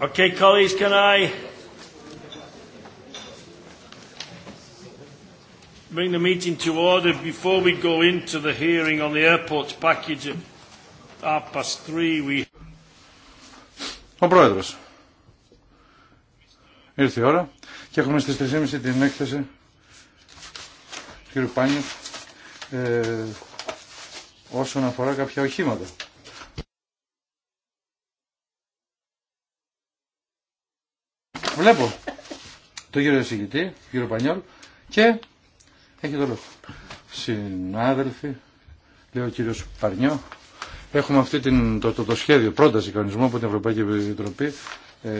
Okay, colleagues, can I bring the meeting to order before we go into the hearing on the airports package at half past three? We. Ο πρόεδρος. Ήρθε η ώρα και έχουμε στις 3.30 την έκθεση του κ. Πάνιου ε, όσον αφορά κάποια οχήματα. βλέπω τον κύριο εισηγητή, κύριο Πανιόλ, και έχει το λόγο. Συνάδελφοι, λέει ο κύριος Παρνιό, έχουμε αυτή την, το, το, σχέδιο πρόταση κανονισμού από την Ευρωπαϊκή Επιτροπή ε,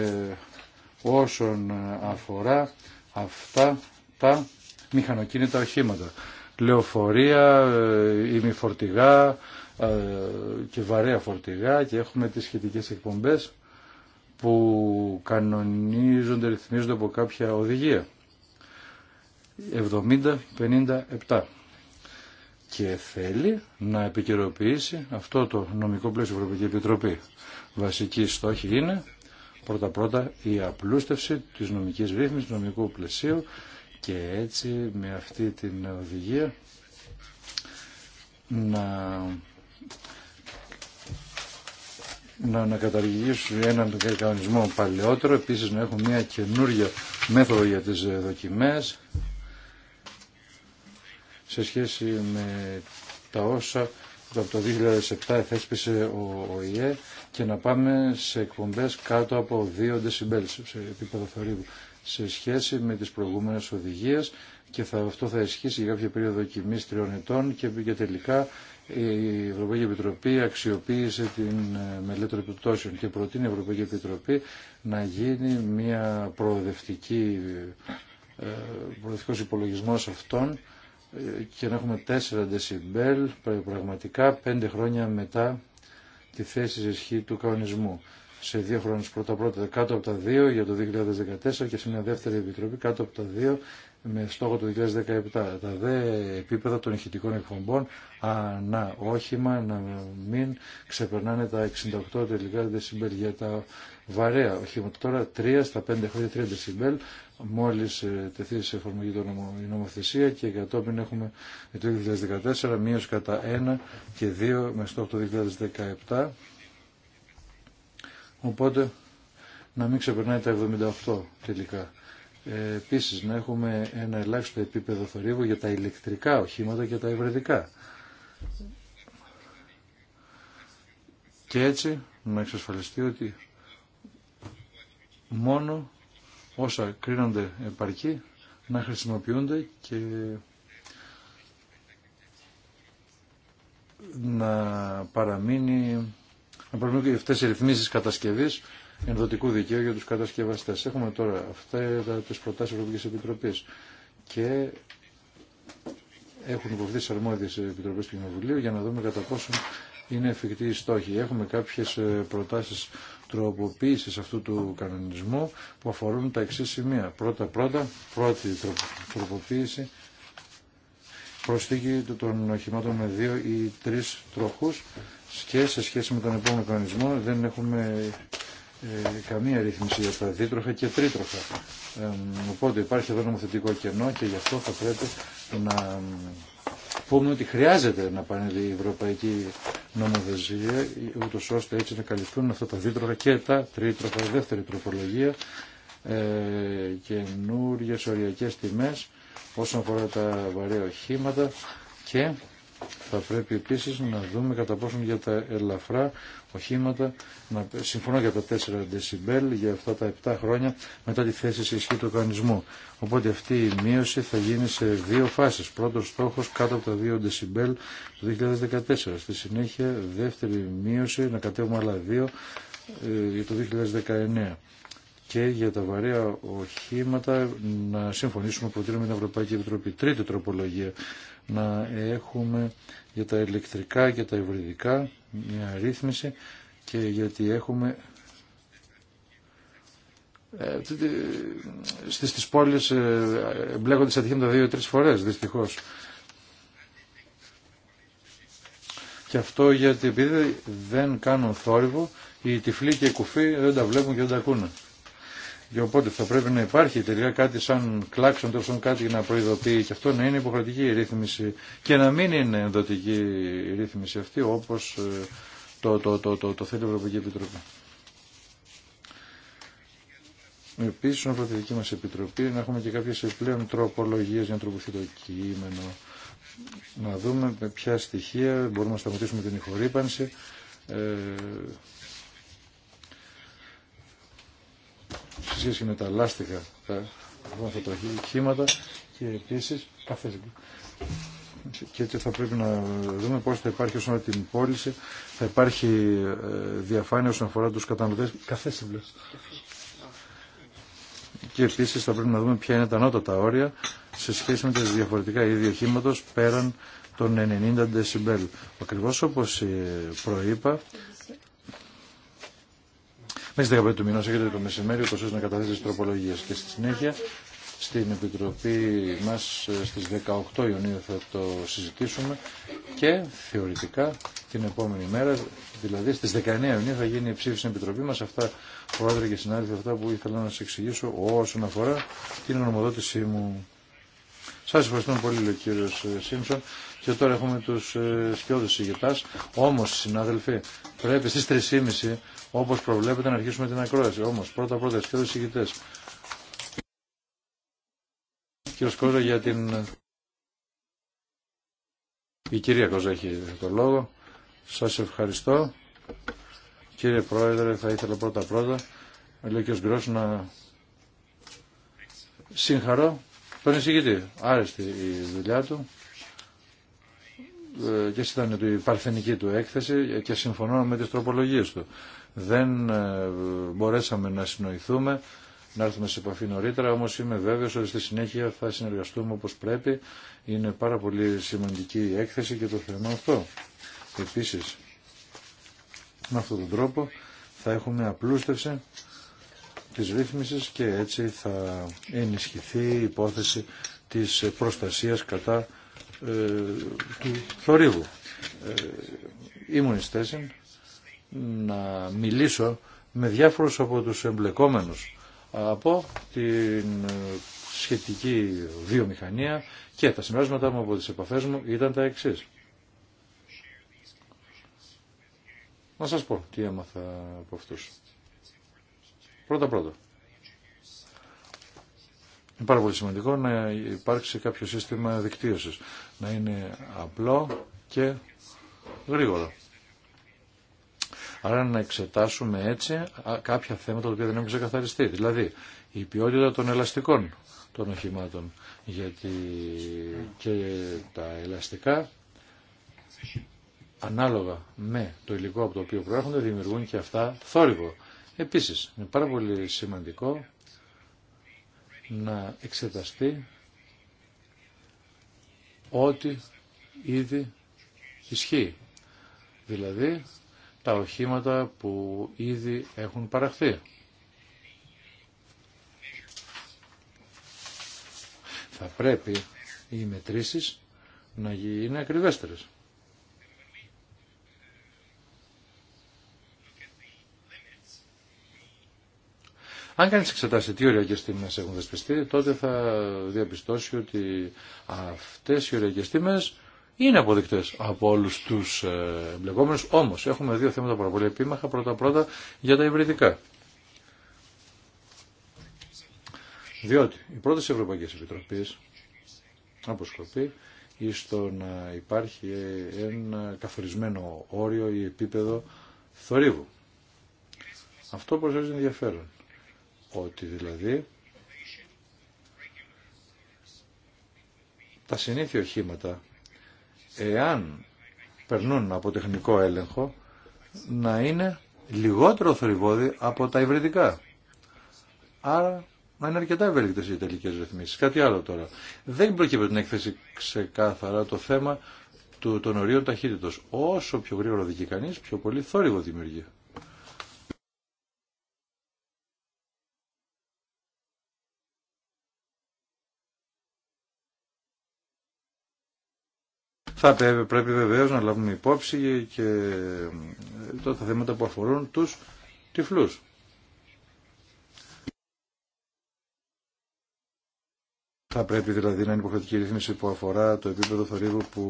όσον αφορά αυτά τα μηχανοκίνητα οχήματα. Λεωφορεία, ε, ημιφορτηγά ε, και βαρέα φορτηγά και έχουμε τις σχετικές εκπομπές που κανονίζονται, ρυθμίζονται από κάποια οδηγία. 70-57 και θέλει να επικαιροποιήσει αυτό το νομικό πλαίσιο Ευρωπαϊκή Επιτροπή. Βασική στόχη είναι πρώτα-πρώτα η απλούστευση της νομικής ρύθμισης, του νομικού πλαισίου και έτσι με αυτή την οδηγία να να, να έναν κανονισμό παλαιότερο, επίσης να έχουν μια καινούργια μέθοδο για τις ε, δοκιμές σε σχέση με τα όσα από το 2007 εθέσπισε ο ΟΗΕ και να πάμε σε εκπομπές κάτω από 2 δεσιμπέλ σε επίπεδο θορύβου σε σχέση με τις προηγούμενες οδηγίες και θα, αυτό θα ισχύσει για κάποια περίοδο κοιμής τριών ετών και, και τελικά η Ευρωπαϊκή Επιτροπή αξιοποίησε την ε, μελέτη των επιπτώσεων και προτείνει η Ευρωπαϊκή Επιτροπή να γίνει μια προοδευτική, ε, προοδευτικός υπολογισμός αυτών ε, και να έχουμε 4 δεσιμπέλ πραγματικά 5 χρόνια μετά τη θέση ισχύ του κανονισμού. Σε δύο χρόνους πρώτα πρώτα κάτω από τα δύο για το 2014 και σε μια δεύτερη επιτροπή κάτω από τα δύο με στόχο το 2017. Τα δε επίπεδα των ηχητικών εκπομπών ανά όχημα να μην ξεπερνάνε τα 68 τελικά δεσιμπέλ για τα βαρέα οχήματα. Τώρα 3 στα 5 χρόνια 3 δεσιμπέλ μόλις ε, τεθεί σε εφαρμογή το η νομοθεσία και κατόπιν έχουμε το 2014 μείωση κατά 1 και 2 με στόχο το 2017. Οπότε να μην ξεπερνάει τα 78 τελικά. Ε, επίσης να έχουμε ένα ελάχιστο επίπεδο θορύβου για τα ηλεκτρικά οχήματα και τα υβριδικά. Και έτσι να εξασφαλιστεί ότι μόνο όσα κρίνονται επαρκή να χρησιμοποιούνται και να παραμείνει να παραμείνουν και αυτές οι ρυθμίσεις κατασκευής ενδοτικού δικαίου για τους κατασκευαστές. Έχουμε τώρα αυτά τι τις προτάσεις Ευρωπαϊκής Επιτροπής και έχουν υποβληθεί σε αρμόδιες επιτροπές του Κοινοβουλίου για να δούμε κατά πόσο είναι εφικτή η στόχη. Έχουμε κάποιες ε, προτάσεις τροποποίησης αυτού του κανονισμού που αφορούν τα εξής σημεία. Πρώτα-πρώτα, πρώτη τροποποίηση, προσθήκη των οχημάτων με δύο ή τρεις τροχούς και σε σχέση με τον επόμενο κανονισμό δεν έχουμε ε, καμία ρύθμιση για τα δίτροφα και τρίτροφα. οπότε υπάρχει εδώ νομοθετικό κενό και γι' αυτό θα πρέπει να πούμε ότι χρειάζεται να πάνε η Ευρωπαϊκή Νομοθεσία ούτω ώστε έτσι να καλυφθούν αυτά τα δίτροφα και τα τρίτροφα. Η δεύτερη τροπολογία ε, καινούριε οριακέ τιμές όσον αφορά τα βαρέα οχήματα και θα πρέπει επίσης να δούμε κατά πόσον για τα ελαφρά οχήματα, να, συμφωνώ για τα 4 δεσιμπέλ για αυτά τα 7 χρόνια μετά τη θέση σε ισχύ του οργανισμού. Οπότε αυτή η μείωση θα γίνει σε δύο φάσεις. Πρώτος στόχος κάτω από τα 2 δεσιμπέλ το 2014. Στη συνέχεια δεύτερη μείωση να κατέβουμε άλλα 2 ε, το 2019 και για τα βαρέα οχήματα να συμφωνήσουμε προτείνουμε την Ευρωπαϊκή Επιτροπή. Τρίτη τροπολογία να έχουμε για τα ηλεκτρικά και τα υβριδικά μια ρύθμιση και γιατί έχουμε ε, στις, στις πόλεις ε, μπλέκονται σε ατυχήματα δύο-τρεις φορές δυστυχώς. Και αυτό γιατί επειδή δεν κάνουν θόρυβο, οι τυφλοί και οι κουφοί δεν τα βλέπουν και δεν τα ακούνε. Και οπότε θα πρέπει να υπάρχει τελικά κάτι σαν κλάξον, τόσο κάτι να προειδοποιεί και αυτό να είναι υποχρεωτική η ρύθμιση και να μην είναι ενδοτική η ρύθμιση αυτή όπως το, το, το, το, το θέλει η Ευρωπαϊκή Επιτροπή. Επίση, όσον η δική μα επιτροπή, να έχουμε και κάποιε επιπλέον τροπολογίε για να τροποθεί το κείμενο. Να δούμε με ποια στοιχεία μπορούμε να σταματήσουμε την ηχορύπανση. Ε, σε σχέση με τα λάστιχα, τα χήματα και επίσης καθές. Και έτσι θα πρέπει να δούμε πώς θα υπάρχει όσον αφορά την πώληση, θα υπάρχει ε, διαφάνεια όσον αφορά τους καταναλωτές καθές. Και επίσης θα πρέπει να δούμε ποια είναι τα ανώτατα όρια σε σχέση με τα διαφορετικά είδη οχήματος πέραν των 90 δεσιμπέλ. Ακριβώς όπως ε, προείπα, μέσα στις 15 του μηνός έχετε το μεσημέρι, ούτως ώστε να καταθέσετε τροπολογίες. Και στη συνέχεια, στην Επιτροπή μας ε, στις 18 Ιουνίου θα το συζητήσουμε και θεωρητικά την επόμενη μέρα, δηλαδή στις 19 Ιουνίου θα γίνει η ψήφιση στην Επιτροπή μας. Αυτά, πρόεδρε και συνάδελφοι, αυτά που ήθελα να σας εξηγήσω όσον αφορά την ονομοδότησή μου. Σας ευχαριστούμε πολύ, λέει ο κύριος ε, Σίμψον. Και τώρα έχουμε τους ε, σκιώδους ηγετάς. Όμως, συνάδελφοι, πρέπει στις 3.30, όπως προβλέπετε, να αρχίσουμε την ακρόαση. Όμως, πρώτα-πρώτα, σκιώδους ηγετές. Κύριος Κόζα για την... Η κυρία Κόζα έχει το λόγο. Σας ευχαριστώ. Κύριε Πρόεδρε, θα ήθελα πρώτα-πρώτα, λέει ο κύριος Γκρός, να συγχαρώ τον εισηγητή. Άρεστη η δουλειά του ε, και ήταν η παρθενική του έκθεση και συμφωνώ με τις τροπολογίες του. Δεν ε, μπορέσαμε να συνοηθούμε, να έρθουμε σε επαφή νωρίτερα, όμως είμαι βέβαιος ότι στη συνέχεια θα συνεργαστούμε όπως πρέπει. Είναι πάρα πολύ σημαντική η έκθεση και το θέμα αυτό. Επίσης, με αυτόν τον τρόπο θα έχουμε απλούστευση της ρύθμισης και έτσι θα ενισχυθεί η υπόθεση της προστασίας κατά ε, του θορύβου. Ε, ήμουν εις να μιλήσω με διάφορους από τους εμπλεκόμενους από την σχετική βιομηχανία και τα συμπεράσματά μου από τις επαφές μου ήταν τα εξής. Να σας πω τι έμαθα από αυτούς. Πρώτα πρώτα. Είναι πάρα πολύ σημαντικό να υπάρξει κάποιο σύστημα δικτύωσης. Να είναι απλό και γρήγορο. Άρα να εξετάσουμε έτσι κάποια θέματα τα οποία δεν έχουν ξεκαθαριστεί. Δηλαδή η ποιότητα των ελαστικών των οχημάτων. Γιατί και τα ελαστικά ανάλογα με το υλικό από το οποίο προέρχονται δημιουργούν και αυτά θόρυβο. Επίσης, είναι πάρα πολύ σημαντικό να εξεταστεί ό,τι ήδη ισχύει. Δηλαδή, τα οχήματα που ήδη έχουν παραχθεί. Θα πρέπει οι μετρήσεις να γίνουν ακριβέστερες. Αν κάνει εξετάσει τι ωριακέ τιμέ έχουν δεσπιστεί, τότε θα διαπιστώσει ότι αυτές οι ωριακέ τιμέ είναι αποδεκτέ από όλους τους ε, εμπλεκομενου ομως Όμως έχουμε δύο θέματα πάρα πολύ επίμαχα. Πρώτα-πρώτα για τα υβριδικά. Διότι η πρώτε Ευρωπαϊκής Επιτροπής αποσκοπεί ή στο να υπάρχει ένα καθορισμένο όριο ή επίπεδο θορύβου. Αυτό προσέχει ενδιαφέρον ότι δηλαδή τα συνήθεια οχήματα εάν περνούν από τεχνικό έλεγχο να είναι λιγότερο θορυβόδη από τα υβριδικά. Άρα να είναι αρκετά ευέλικτε οι τελικέ ρυθμίσει. Κάτι άλλο τώρα. Δεν προκύπτει την έκθεση ξεκάθαρα το θέμα του, των ορίων ταχύτητο. Όσο πιο γρήγορα οδηγεί κανεί, πιο πολύ θόρυβο δημιουργεί. Θα πρέπει βεβαίως να λάβουμε υπόψη και ε, τα θέματα που αφορούν τους τυφλούς. Θα πρέπει δηλαδή να είναι υποχρεωτική ρύθμιση που αφορά το επίπεδο θορύβου που,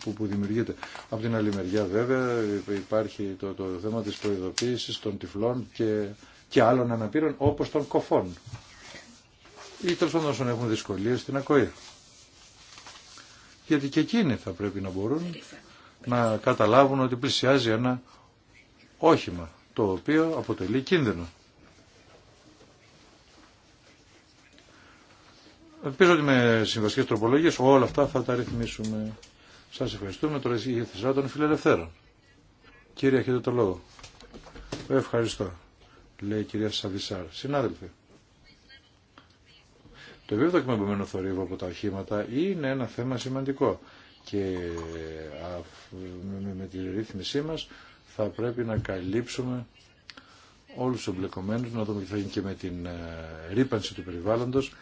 που, που, δημιουργείται. Από την άλλη μεριά βέβαια υπάρχει το, το θέμα της προειδοποίησης των τυφλών και, και άλλων αναπήρων όπως των κοφών. Ή τόσο όσων έχουν δυσκολίες στην ακοή γιατί και εκείνοι θα πρέπει να μπορούν να καταλάβουν ότι πλησιάζει ένα όχημα το οποίο αποτελεί κίνδυνο. Ελπίζω ότι με συμβασικές τροπολογίες όλα αυτά θα τα ρυθμίσουμε. Σας ευχαριστούμε. Τώρα η σειρά των φιλελευθέρων. Κύριε, έχετε το λόγο. Ευχαριστώ. Λέει η κυρία Σαββισάρ. Συνάδελφοι. Το επίπεδο εκμεμπημένου θορύβου από τα οχήματα είναι ένα θέμα σημαντικό και με τη ρύθμισή μας θα πρέπει να καλύψουμε όλους τους εμπλεκομένους, να δούμε τι θα γίνει και με την ε, ρήπανση του περιβάλλοντος.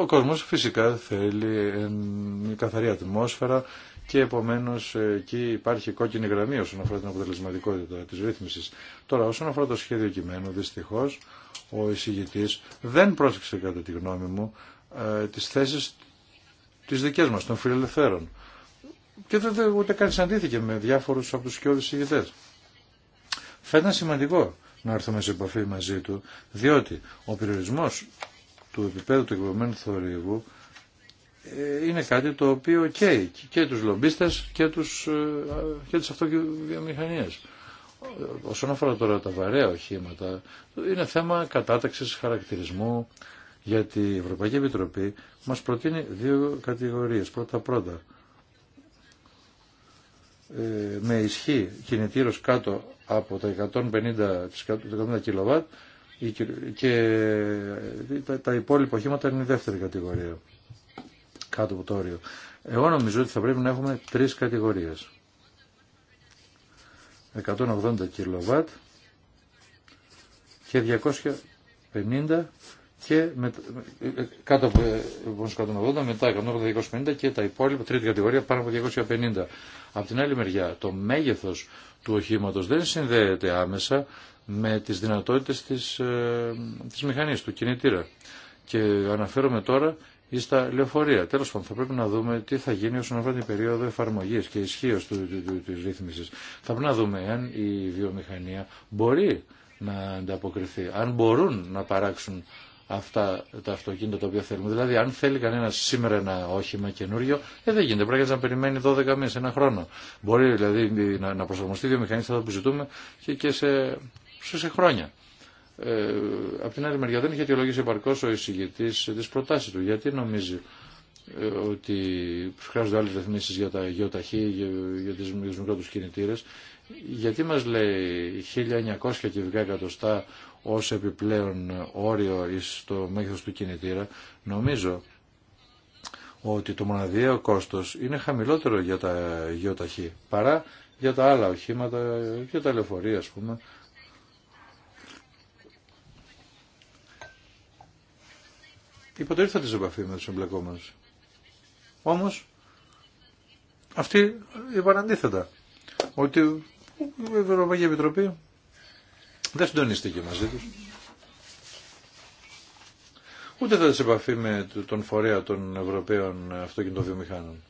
Ο κόσμος φυσικά θέλει ε, μια καθαρή ατμόσφαιρα και επομένως εκεί υπάρχει κόκκινη γραμμή όσον αφορά την αποτελεσματικότητα της ρύθμισης. Τώρα όσον αφορά το σχέδιο κειμένου δυστυχώς ο εισηγητής δεν πρόσεξε κατά τη γνώμη μου ε, τις θέσεις τις δικές μας, των φιλελευθέρων. Και δεν δε, ούτε καν συναντήθηκε με διάφορους από τους σκιώδεις εισηγητές. Φαίνεται σημαντικό να έρθουμε σε επαφή μαζί του, διότι ο περιορισμός του επίπεδου του εκπαιδευμένου θορύβου ε, είναι κάτι το οποίο καίει και τους λομπίστες και, τους, ε, και τις Όσον αφορά τώρα τα βαρέα οχήματα, είναι θέμα κατάταξης χαρακτηρισμού, γιατί η Ευρωπαϊκή Επιτροπή μας προτείνει δύο κατηγορίες. Πρώτα-πρώτα, ε, με ισχύ κινητήρος κάτω από τα 150 κιλοβάτ και ε, τα, τα υπόλοιπα οχήματα είναι η δεύτερη κατηγορία κάτω από το όριο. Εγώ νομίζω ότι θα πρέπει να έχουμε τρεις κατηγορίες. 180 κιλοβάτ και 250 και με, ε, κάτω από 180, ε, μετά 180-250 και τα υπόλοιπα τρίτη κατηγορία πάνω από 250. Από την άλλη μεριά, το μέγεθος του οχήματος δεν συνδέεται άμεσα με τις δυνατότητες της, ε, της μηχανής, του κινητήρα. Και αναφέρομαι τώρα ή στα λεωφορεία. Τέλος πάντων, θα πρέπει να δούμε τι θα γίνει όσον αφορά την περίοδο εφαρμογής και ισχύω του, του, του, της ρύθμισης. Θα πρέπει να δούμε αν η βιομηχανία μπορεί να ανταποκριθεί, αν μπορούν να παράξουν αυτά τα αυτοκίνητα τα οποία θέλουμε. Δηλαδή, αν θέλει κανένα σήμερα ένα όχημα καινούριο, ε, δεν γίνεται. Πρέπει να περιμένει 12 μήνε, ένα χρόνο. Μπορεί δηλαδή να, προσαρμοστεί η βιομηχανία αυτό που ζητούμε και, και σε, σε χρόνια ε, από την άλλη μεριά δεν είχε αιτιολογήσει επαρκώ ο εισηγητή τι προτάσει του. Γιατί νομίζει ε, ότι χρειάζονται άλλε ρυθμίσει για τα γεωταχή, για, για τις, μικρότερου κινητήρε, Γιατί μα λέει 1900 κυβικά εκατοστά ω επιπλέον όριο στο μέγεθο του κινητήρα. Νομίζω ότι το μοναδιαίο κόστο είναι χαμηλότερο για τα γεωταχή παρά για τα άλλα οχήματα, για τα λεωφορεία α πούμε Υποτελεί θα σε επαφή με τους εμπλεκόμενους. Όμως, αυτοί είπαν αντίθετα. Ότι η Ευρωπαϊκή Επιτροπή δεν συντονίστηκε μαζί τους. Ούτε θα σε επαφή με τον φορέα των Ευρωπαίων αυτοκινητοβιομηχάνων.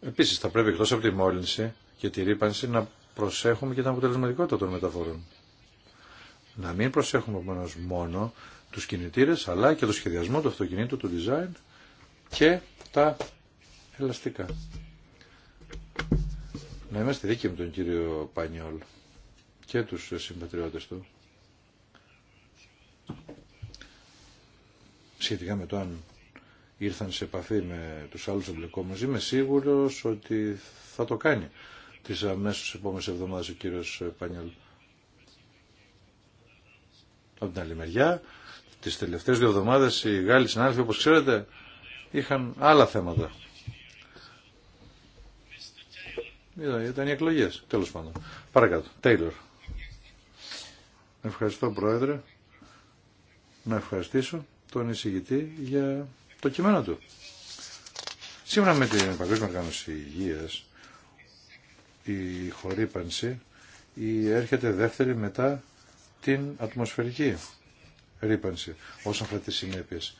Επίσης θα πρέπει εκτός από τη μόλυνση και τη ρήπανση να προσέχουμε και την αποτελεσματικότητα των μεταφορών να μην προσέχουμε μόνο του κινητήρε, αλλά και το σχεδιασμό του αυτοκινήτου, το design και τα ελαστικά. Να είμαστε δίκαιοι με τον κύριο Πανιόλ και του συμπατριώτες του. Σχετικά με το αν ήρθαν σε επαφή με του άλλου εμπλεκόμενου, είμαι σίγουρο ότι θα το κάνει τι αμέσως επόμενες εβδομάδες ο κύριο Πανιόλ. Από την άλλη μεριά, τις τελευταίες δύο εβδομάδες οι Γάλλοι συνάδελφοι, όπως ξέρετε, είχαν άλλα θέματα. Ήταν οι εκλογέ τέλο πάντων. Παρακάτω, Τέιλορ. Ευχαριστώ, Πρόεδρε. Να ευχαριστήσω τον εισηγητή για το κείμενο του. Σήμερα με την Παγκόσμια Οργάνωση Υγείας, η χορύπανση η έρχεται δεύτερη μετά την ατμοσφαιρική ρήπανση όσον αφορά τις συνέπειες.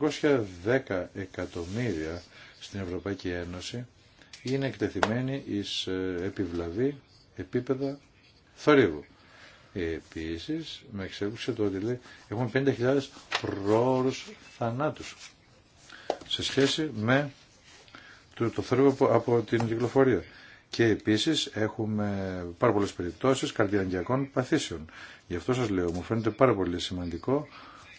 210 εκατομμύρια στην Ευρωπαϊκή Ένωση είναι εκτεθειμένοι εις ε, επιβλαβή επίπεδα θορύβου. Επίσης, με εξέλιξε το ότι λέει, έχουμε 50.000 πρόωρους θανάτους σε σχέση με το, το θόρυβο από, από την κυκλοφορία. Και επίσης έχουμε πάρα πολλέ περιπτώσεις καρδιαγγειακών παθήσεων. Γι' αυτό σας λέω, μου φαίνεται πάρα πολύ σημαντικό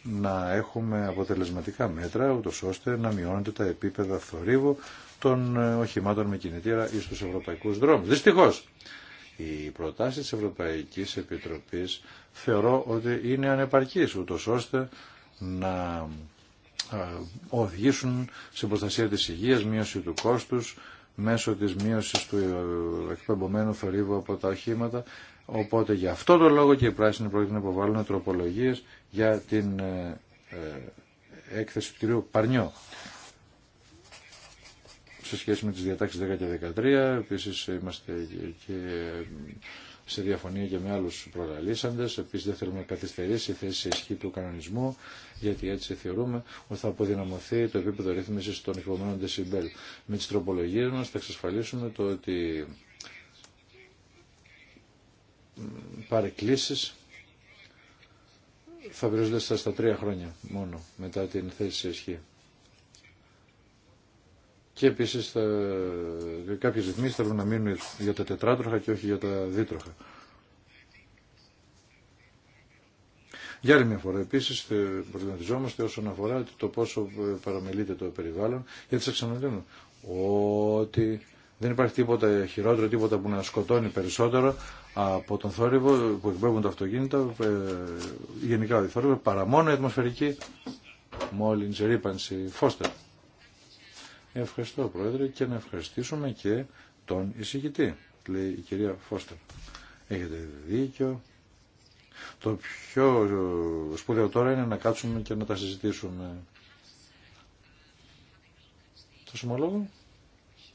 να έχουμε αποτελεσματικά μέτρα, ούτως ώστε να μειώνονται τα επίπεδα θορύβου των ε, οχημάτων με κινητήρα ή στου Ευρωπαϊκού δρόμους. Δυστυχώ. οι προτάσει τη Ευρωπαϊκής Επιτροπής θεωρώ ότι είναι ανεπαρκείς, ούτω ώστε να ε, οδηγήσουν σε προστασία της υγείας, μείωση του κόστους μέσω της μείωσης του εκπαιμπωμένου θορύβου από τα οχήματα. Οπότε για αυτό το λόγο και οι πράσινοι πρόκειται να υποβάλουν τροπολογίες για την ε, ε, έκθεση του κυρίου Παρνιό σε σχέση με τις διατάξεις 10 και 13. Επίσης είμαστε και σε διαφωνία και με άλλους προλαλήσαντες. Επίσης δεν θέλουμε να καθυστερήσει η θέση ισχύ του κανονισμού, γιατί έτσι θεωρούμε ότι θα αποδυναμωθεί το επίπεδο ρύθμισης των υπομένων δεσιμπέλ. Με τις τροπολογίες μας θα εξασφαλίσουμε το ότι παρεκκλήσεις θα βρίσκονται στα, στα τρία χρόνια μόνο μετά την θέση σε ισχύ. Και επίση κάποιε ρυθμίσει θέλουν να μείνουν για τα τετράτροχα και όχι για τα δίτροχα. Για άλλη μια φορά επίση, προβληματιζόμαστε όσον αφορά το πόσο ε, παραμελείται το περιβάλλον, γιατί σας ξαναλέω ότι δεν υπάρχει τίποτα χειρότερο, τίποτα που να σκοτώνει περισσότερο από τον θόρυβο που εκπέμπουν τα αυτοκίνητα, ε, γενικά ο θόρυβο, παρά μόνο η ατμοσφαιρική μόλυνση, ρήπανση, φώστερ. Ευχαριστώ Πρόεδρε και να ευχαριστήσουμε και τον εισηγητή, λέει η κυρία Φώστερ. Έχετε δίκιο. Το πιο σπουδαίο τώρα είναι να κάτσουμε και να τα συζητήσουμε. το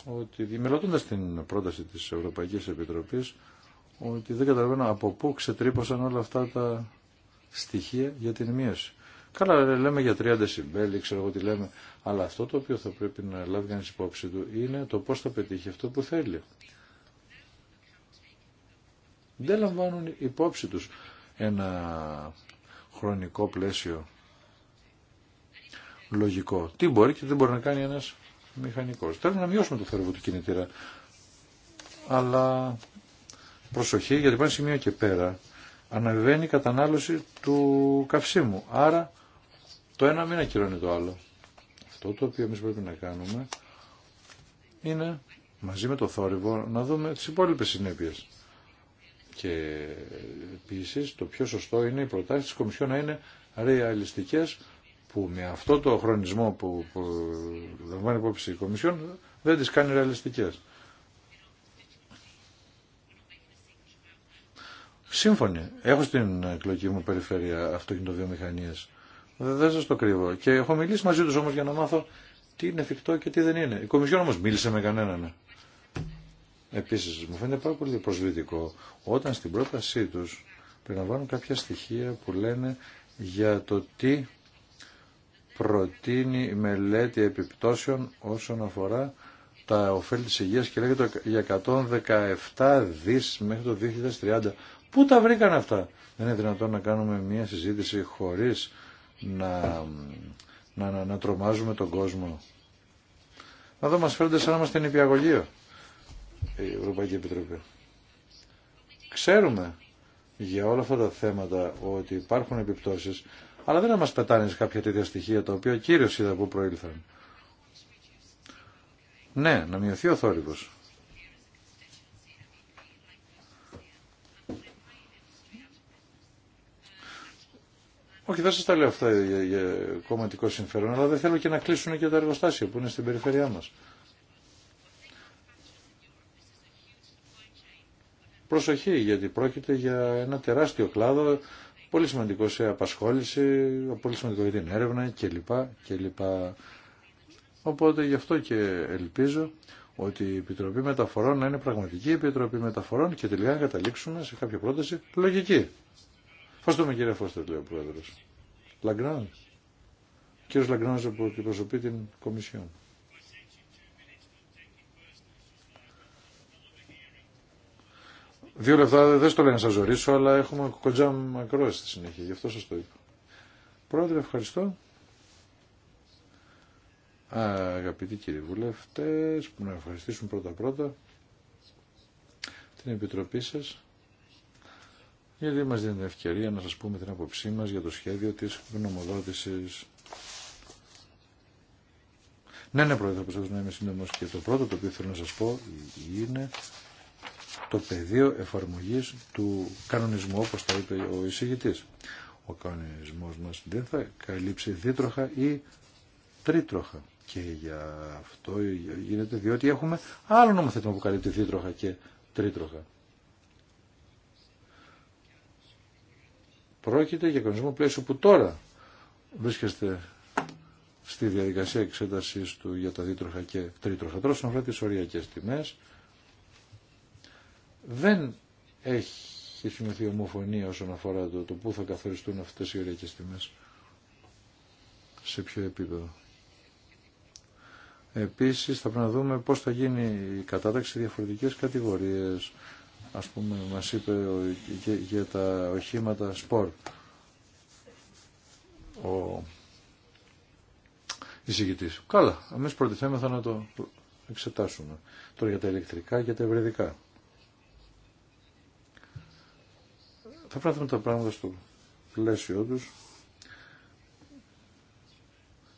ότι δημιουργώντα την πρόταση της Ευρωπαϊκής Επιτροπής ότι δεν καταλαβαίνω από πού ξετρύπωσαν όλα αυτά τα στοιχεία για την μείωση. Καλά λέμε για 30 συμπέλη, ξέρω εγώ τι λέμε, αλλά αυτό το οποίο θα πρέπει να λάβει κανεί υπόψη του είναι το πώ θα πετύχει αυτό που θέλει. Δεν λαμβάνουν υπόψη του ένα χρονικό πλαίσιο λογικό. Τι μπορεί και τι δεν μπορεί να κάνει ένα μηχανικό. Θέλουμε να μειώσουμε το θερμό του κινητήρα. Αλλά προσοχή γιατί πάνε σημείο και πέρα αναβαίνει η κατανάλωση του καυσίμου. Άρα το ένα μην ακυρώνει το άλλο. Αυτό το οποίο εμείς πρέπει να κάνουμε είναι μαζί με το θόρυβο να δούμε τις υπόλοιπες συνέπειες. Και επίση το πιο σωστό είναι οι προτάσει της Κομισιόν να είναι ρεαλιστικές που με αυτό το χρονισμό που, που λαμβάνει υπόψη η Κομισιόν δεν τις κάνει ρεαλιστικές. Σύμφωνοι. Έχω στην εκλογική μου περιφέρεια αυτοκινητοβιομηχανίες δεν σα το κρύβω. Και έχω μιλήσει μαζί του όμω για να μάθω τι είναι εφικτό και τι δεν είναι. Η Κομισιόν όμω μίλησε με κανέναν. Επίση, μου φαίνεται πάρα πολύ προσβλητικό όταν στην πρότασή του περιλαμβάνουν κάποια στοιχεία που λένε για το τι προτείνει η μελέτη επιπτώσεων όσον αφορά τα ωφέλη της υγεία και λέγεται για 117 δις μέχρι το 2030. Πού τα βρήκαν αυτά. Δεν είναι δυνατόν να κάνουμε μια συζήτηση χωρίς να, να, να, τρομάζουμε τον κόσμο. Εδώ μας φαίνονται σαν να είμαστε νηπιαγωγείο η Ευρωπαϊκή Επιτροπή. Ξέρουμε για όλα αυτά τα θέματα ότι υπάρχουν επιπτώσεις, αλλά δεν να μας πετάνε κάποια τέτοια στοιχεία τα οποία κύριος είδα που προήλθαν. Ναι, να μειωθεί ο θόρυβος. Όχι, δεν σα τα λέω αυτά για, κομματικό συμφέρον, αλλά δεν θέλω και να κλείσουν και τα εργοστάσια που είναι στην περιφέρειά μα. Προσοχή, γιατί πρόκειται για ένα τεράστιο κλάδο, πολύ σημαντικό σε απασχόληση, πολύ σημαντικό για την έρευνα κλπ. κλπ. Οπότε γι' αυτό και ελπίζω ότι η Επιτροπή Μεταφορών να είναι πραγματική Επιτροπή Μεταφορών και τελικά να καταλήξουμε σε κάποια πρόταση λογική. Πώς το με κύριε Φώστερ, λέει ο πρόεδρος. Λαγκράν. Ο κύριος Λαγκράνος που εκπροσωπεί την Κομισιόν. Δύο λεπτά δεν στο λένε να σας ζωρίσω, αλλά έχουμε κοντζά μακρόες στη συνέχεια, γι' αυτό σας το είπα. Πρόεδρε, ευχαριστώ. Α, αγαπητοί κύριοι βουλευτές, που να ευχαριστήσουν πρώτα-πρώτα την Επιτροπή σας γιατί μας δίνει την ευκαιρία να σας πούμε την άποψή μας για το σχέδιο της γνωμοδότησης. Ναι, ναι, πρόεδρε, προσπαθώ να είμαι σύντομος. και το πρώτο το οποίο θέλω να σας πω είναι το πεδίο εφαρμογής του κανονισμού, όπως το είπε ο εισηγητής. Ο κανονισμός μας δεν θα καλύψει δίτροχα ή τρίτροχα. Και για αυτό γίνεται διότι έχουμε άλλο νομοθέτημα που καλύπτει δίτροχα και τρίτροχα. Πρόκειται για κανονισμό πλαίσιο που τώρα βρίσκεστε στη διαδικασία εξέτασή του για τα δίτροχα και τρίτροχα. Τώρα, σαν τι οριακέ τιμέ, δεν έχει σημειωθεί ομοφωνία όσον αφορά το, το πού θα καθοριστούν αυτές οι οριακέ τιμές. Σε ποιο επίπεδο. Επίσης θα πρέπει να δούμε πώς θα γίνει η κατάταξη σε διαφορετικές κατηγορίες ας πούμε μας είπε για, τα οχήματα σπορ ο εισηγητής. Καλά, εμείς θα να το εξετάσουμε. Τώρα για τα ηλεκτρικά και τα ευρυδικά. Θα πράθουμε τα πράγματα στο πλαίσιο τους.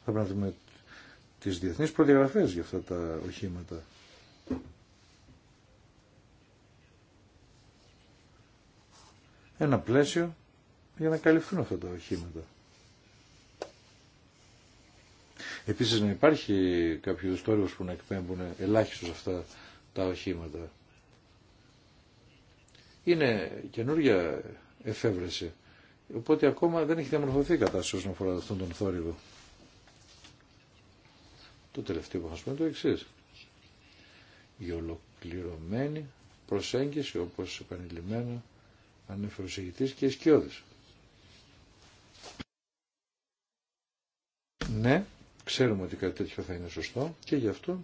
Θα πρέπει να δούμε τις διεθνείς προδιαγραφές για αυτά τα οχήματα. ένα πλαίσιο για να καλυφθούν αυτά τα οχήματα. Επίσης να υπάρχει κάποιος τόρυβος που να εκπέμπουν ελάχιστος αυτά τα οχήματα. Είναι καινούργια εφεύρεση, οπότε ακόμα δεν έχει διαμορφωθεί η κατάσταση όσον αφορά αυτόν τον θόρυβο. Το τελευταίο που θα είναι το εξή. Η ολοκληρωμένη προσέγγιση όπως επανειλημμένα ανέφερε ο και οι Ναι, ξέρουμε ότι κάτι τέτοιο θα είναι σωστό και γι' αυτό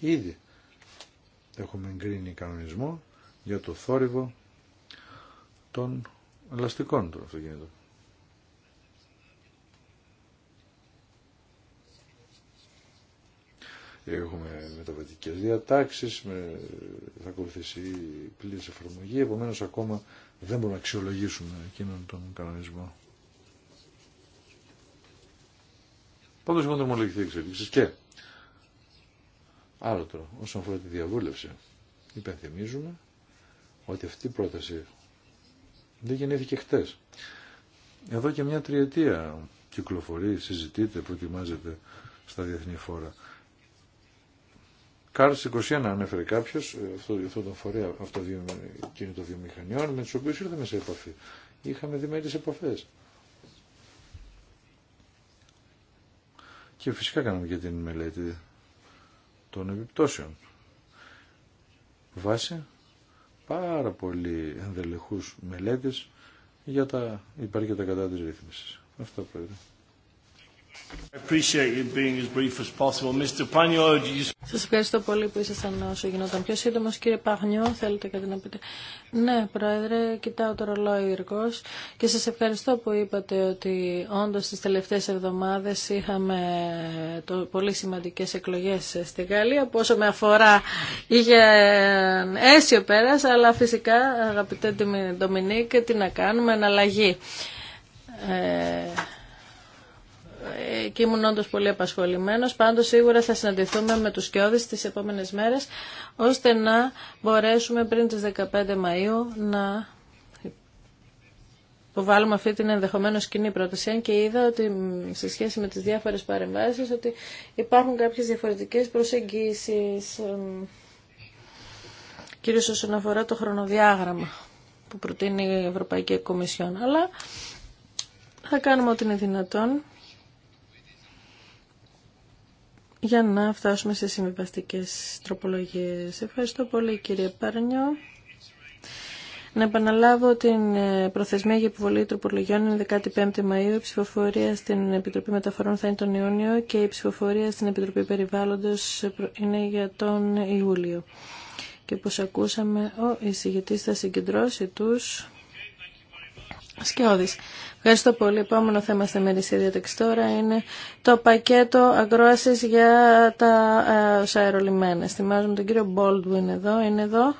ήδη έχουμε εγκρίνει κανονισμό για το θόρυβο των ελαστικών των αυτοκινήτων. έχουμε μεταβατικέ διατάξει με, θα ακολουθήσει η εφαρμογή, Επομένω ακόμα δεν μπορούμε να αξιολογήσουμε εκείνον τον κανονισμό. Πάντως έχουν δρομολογηθεί εξελίξεις και άλλο τώρα, όσον αφορά τη διαβούλευση, υπενθυμίζουμε ότι αυτή η πρόταση δεν γεννήθηκε χτες. Εδώ και μια τριετία κυκλοφορεί, συζητείται, προετοιμάζεται στα διεθνή φόρα. Κάρτ 21 ανέφερε κάποιο, ε, αυτό, αυτό τον φορέα αυτοκινητοβιομηχανιών, με του οποίου ήρθαμε σε επαφή. Είχαμε διμερεί επαφέ. Και φυσικά κάναμε και την μελέτη των επιπτώσεων. Βάσει πάρα πολύ ενδελεχούς μελέτες για τα υπάρχει και τα κατά της ρύθμισης. Αυτό πρέπει. Σα ευχαριστώ πολύ που ήσασταν όσο γινόταν πιο σύντομο, Κύριε Παγνιό, θέλετε κάτι να πείτε. Ναι, Πρόεδρε, κοιτάω το ρολόι εργός και σα ευχαριστώ που είπατε ότι όντω τι τελευταίε εβδομάδε είχαμε το, πολύ σημαντικέ εκλογέ στη Γαλλία που όσο με αφορά είχε αίσιο πέρα, αλλά φυσικά αγαπητέ Ντομινίκ, τι να κάνουμε, εναλλαγή. Ε, και ήμουν όντω πολύ απασχολημένος. Πάντως σίγουρα θα συναντηθούμε με τους Σκιώδης τις επόμενες μέρες, ώστε να μπορέσουμε πριν τι 15 Μαΐου να υποβάλουμε αυτή την ενδεχομένω κοινή πρόταση και είδα ότι σε σχέση με τις διάφορες παρεμβάσει ότι υπάρχουν κάποιες διαφορετικές προσεγγίσεις κυρίως όσον αφορά το χρονοδιάγραμμα που προτείνει η Ευρωπαϊκή Κομισιόν αλλά θα κάνουμε ό,τι είναι δυνατόν για να φτάσουμε σε συμβιβαστικές τροπολογίες. Ευχαριστώ πολύ κύριε Πάρνιο. Να επαναλάβω την ε, προθεσμία για υποβολή τροπολογιών είναι 15η Μαΐου, η ψηφοφορία στην Επιτροπή Μεταφορών θα είναι τον Ιούνιο και η ψηφοφορία στην Επιτροπή Περιβάλλοντος ε, είναι για τον Ιούλιο. Και όπως ακούσαμε, ο εισηγητής θα συγκεντρώσει τους σκιώδης. Ευχαριστώ πολύ. Επόμενο θέμα στη μερισσία διαταξή τώρα είναι το πακέτο ακρόασης για τα ε, αερολιμένες. Θυμάζομαι τον κύριο είναι εδώ. Είναι εδώ.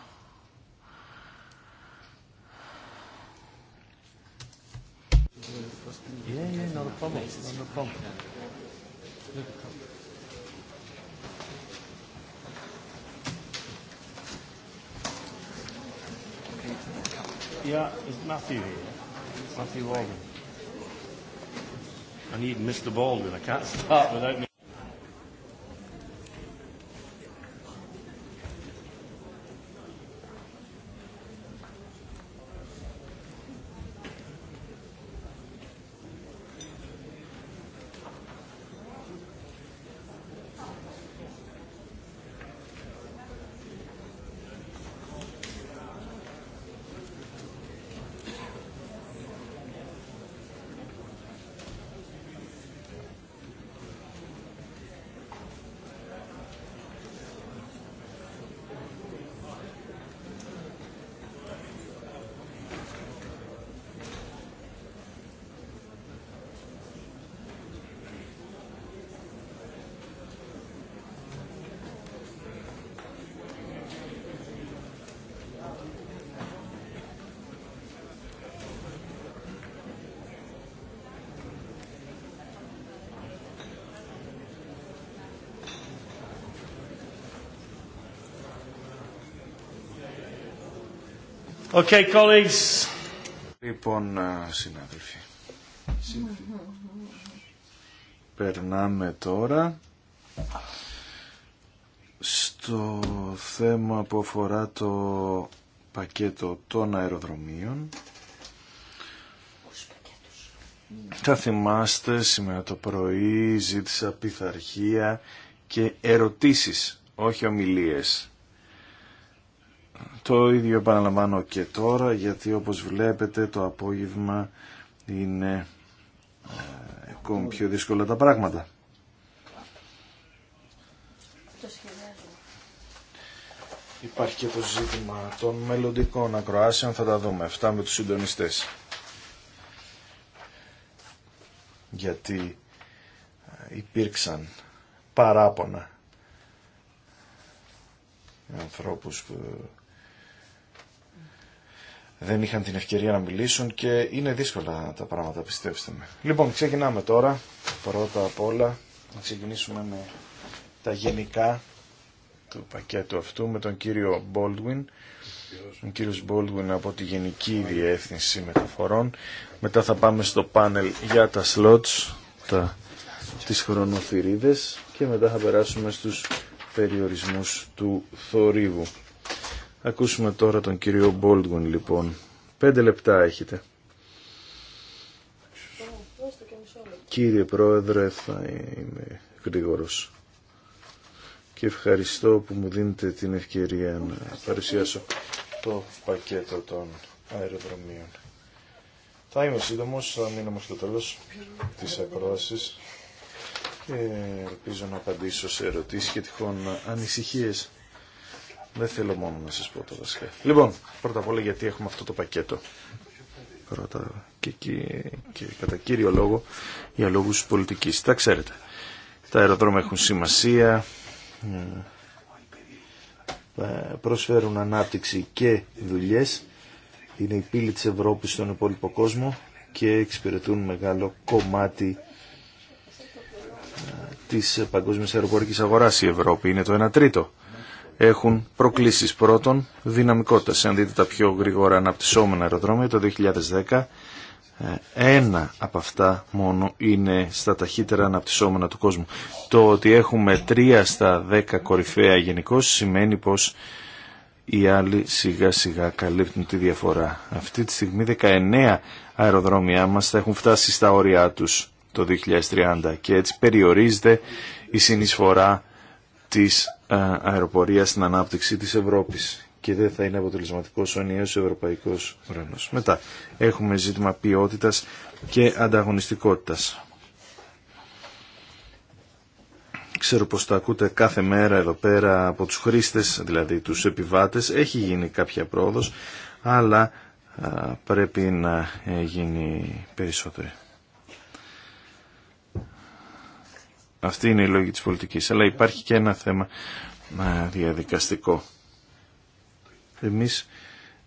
Yeah, it's Matthew here? Matthew Walden. I need Mr. Baldwin. I can't start without Okay, colleagues. Λοιπόν, συνάδελφοι. Περνάμε τώρα στο θέμα που αφορά το πακέτο των αεροδρομίων. Θα θυμάστε, σήμερα το πρωί ζήτησα πειθαρχία και ερωτήσεις, όχι ομιλίες το ίδιο επαναλαμβάνω και τώρα γιατί όπως βλέπετε το απόγευμα είναι ε, ακόμη πιο δύσκολα τα πράγματα. Υπάρχει και το ζήτημα των μελλοντικών ακροάσεων, θα τα δούμε. Αυτά με τους συντονιστές. Γιατί ε, υπήρξαν παράπονα ανθρώπους που δεν είχαν την ευκαιρία να μιλήσουν και είναι δύσκολα τα πράγματα, πιστέψτε με. Λοιπόν, ξεκινάμε τώρα. Πρώτα απ' όλα να ξεκινήσουμε με τα γενικά του πακέτου αυτού με τον κύριο Baldwin. Ο κύριος Baldwin από τη Γενική Διεύθυνση Μεταφορών. Μετά θα πάμε στο πάνελ για τα slots, τα, τις χρονοθυρίδες και μετά θα περάσουμε στους περιορισμούς του θορύβου. Ακούσουμε τώρα τον κύριο Μπόλτγουν λοιπόν. Πέντε λεπτά έχετε. Κύριε Πρόεδρε, θα είμαι γρήγορος και ευχαριστώ που μου δίνετε την ευκαιρία να παρουσιάσω το πακέτο των αεροδρομίων. Θα είμαι σύντομος, θα μείνω μέχρι το τέλος της ακρόασης και ε, ελπίζω να απαντήσω σε ερωτήσεις και τυχόν ανησυχίες. Δεν θέλω μόνο να σας πω το βασικά. Λοιπόν, πρώτα απ' όλα γιατί έχουμε αυτό το πακέτο. Πρώτα και, και κατά κύριο λόγο για λόγους πολιτικής. Τα ξέρετε. Τα αεροδρόμια έχουν σημασία, ε, προσφέρουν ανάπτυξη και δουλειές, είναι η πύλη της Ευρώπης στον υπόλοιπο κόσμο και εξυπηρετούν μεγάλο κομμάτι ε, της παγκόσμιας αεροπορικής αγοράς η Ευρώπη. Είναι το 1 τρίτο έχουν προκλήσεις. Πρώτον, δυναμικότητα. Αν δείτε τα πιο γρήγορα αναπτυσσόμενα αεροδρόμια, το 2010 ε, ένα από αυτά μόνο είναι στα ταχύτερα αναπτυσσόμενα του κόσμου. Το ότι έχουμε τρία στα δέκα κορυφαία γενικώ σημαίνει πως οι άλλοι σιγά σιγά καλύπτουν τη διαφορά. Αυτή τη στιγμή 19 αεροδρόμια μας θα έχουν φτάσει στα όρια τους το 2030 και έτσι περιορίζεται η συνεισφορά της ε, αεροπορίας στην ανάπτυξη της Ευρώπης και δεν θα είναι αποτελεσματικός ο ενιαίος ευρωπαϊκός ουρανός. Μετά έχουμε ζήτημα ποιότητας και ανταγωνιστικότητας. Ξέρω πως το ακούτε κάθε μέρα εδώ πέρα από τους χρήστες, δηλαδή τους επιβάτες. Έχει γίνει κάποια πρόοδος, αλλά ε, πρέπει να ε, γίνει περισσότερο. Αυτή είναι η λόγη της πολιτικής. Αλλά υπάρχει και ένα θέμα διαδικαστικό. Εμείς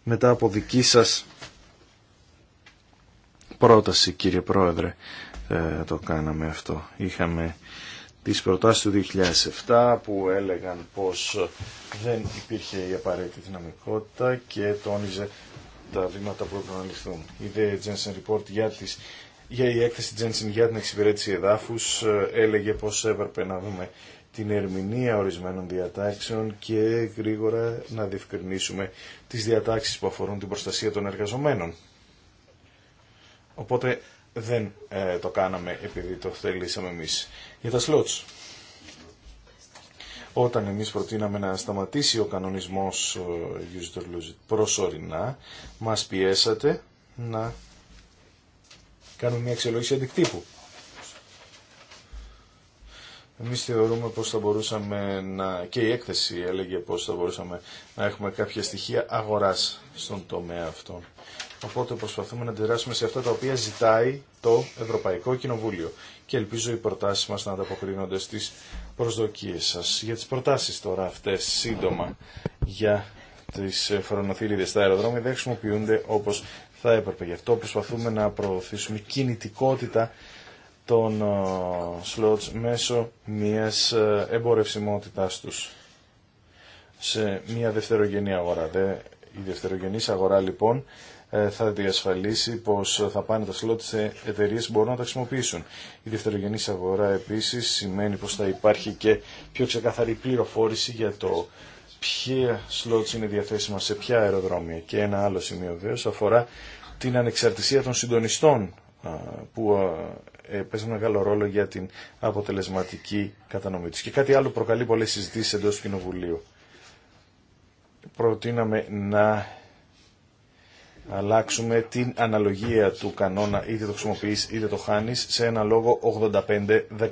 μετά από δική σας πρόταση κύριε Πρόεδρε ε, το κάναμε αυτό. Είχαμε τις προτάσεις του 2007 που έλεγαν πως δεν υπήρχε η απαραίτητη δυναμικότητα και τόνιζε τα βήματα που έπρεπε να ληφθούν. Η The Jensen Report για τις για η έκθεση Τζένσιν για την εξυπηρέτηση εδάφους ε, έλεγε πως έπρεπε να δούμε την ερμηνεία ορισμένων διατάξεων και γρήγορα να διευκρινίσουμε τις διατάξει που αφορούν την προστασία των εργαζομένων. Οπότε δεν ε, το κάναμε επειδή το θέλησαμε εμείς. Για τα slots. Όταν εμείς προτείναμε να σταματήσει ο κανονισμός ε, user προσωρινά, μας πιέσατε να κάνουμε μια αξιολόγηση αντικτύπου. Εμείς θεωρούμε πως θα μπορούσαμε να... και η έκθεση έλεγε πως θα μπορούσαμε να έχουμε κάποια στοιχεία αγοράς στον τομέα αυτό. Οπότε προσπαθούμε να αντιδράσουμε σε αυτά τα οποία ζητάει το Ευρωπαϊκό Κοινοβούλιο. Και ελπίζω οι προτάσεις μας να ανταποκρίνονται στις προσδοκίες σας. Για τις προτάσεις τώρα αυτές σύντομα για τις φρονοθύλιδες στα αεροδρόμια δεν χρησιμοποιούνται όπως θα έπρεπε. Γι' αυτό προσπαθούμε να προωθήσουμε κινητικότητα των σλότς ε, μέσω μιας ε, εμπορευσιμότητάς τους σε μια δευτερογενή αγορά. Η δευτερογενής αγορά λοιπόν ε, θα διασφαλίσει πως θα πάνε τα σλότ σε εταιρείες που μπορούν να τα χρησιμοποιήσουν. Η δευτερογενής αγορά επίσης σημαίνει πως θα υπάρχει και πιο ξεκαθαρή πληροφόρηση για το ποια σλότς είναι διαθέσιμα σε ποια αεροδρόμια. Και ένα άλλο σημείο βέβαια αφορά την ανεξαρτησία των συντονιστών που παίζουν μεγάλο ρόλο για την αποτελεσματική κατανομή τους. Και κάτι άλλο προκαλεί πολλές συζητήσεις εντός του Κοινοβουλίου. Προτείναμε να αλλάξουμε την αναλογία του κανόνα είτε το χρησιμοποιείς είτε το χάνεις σε ένα λόγο 85-15.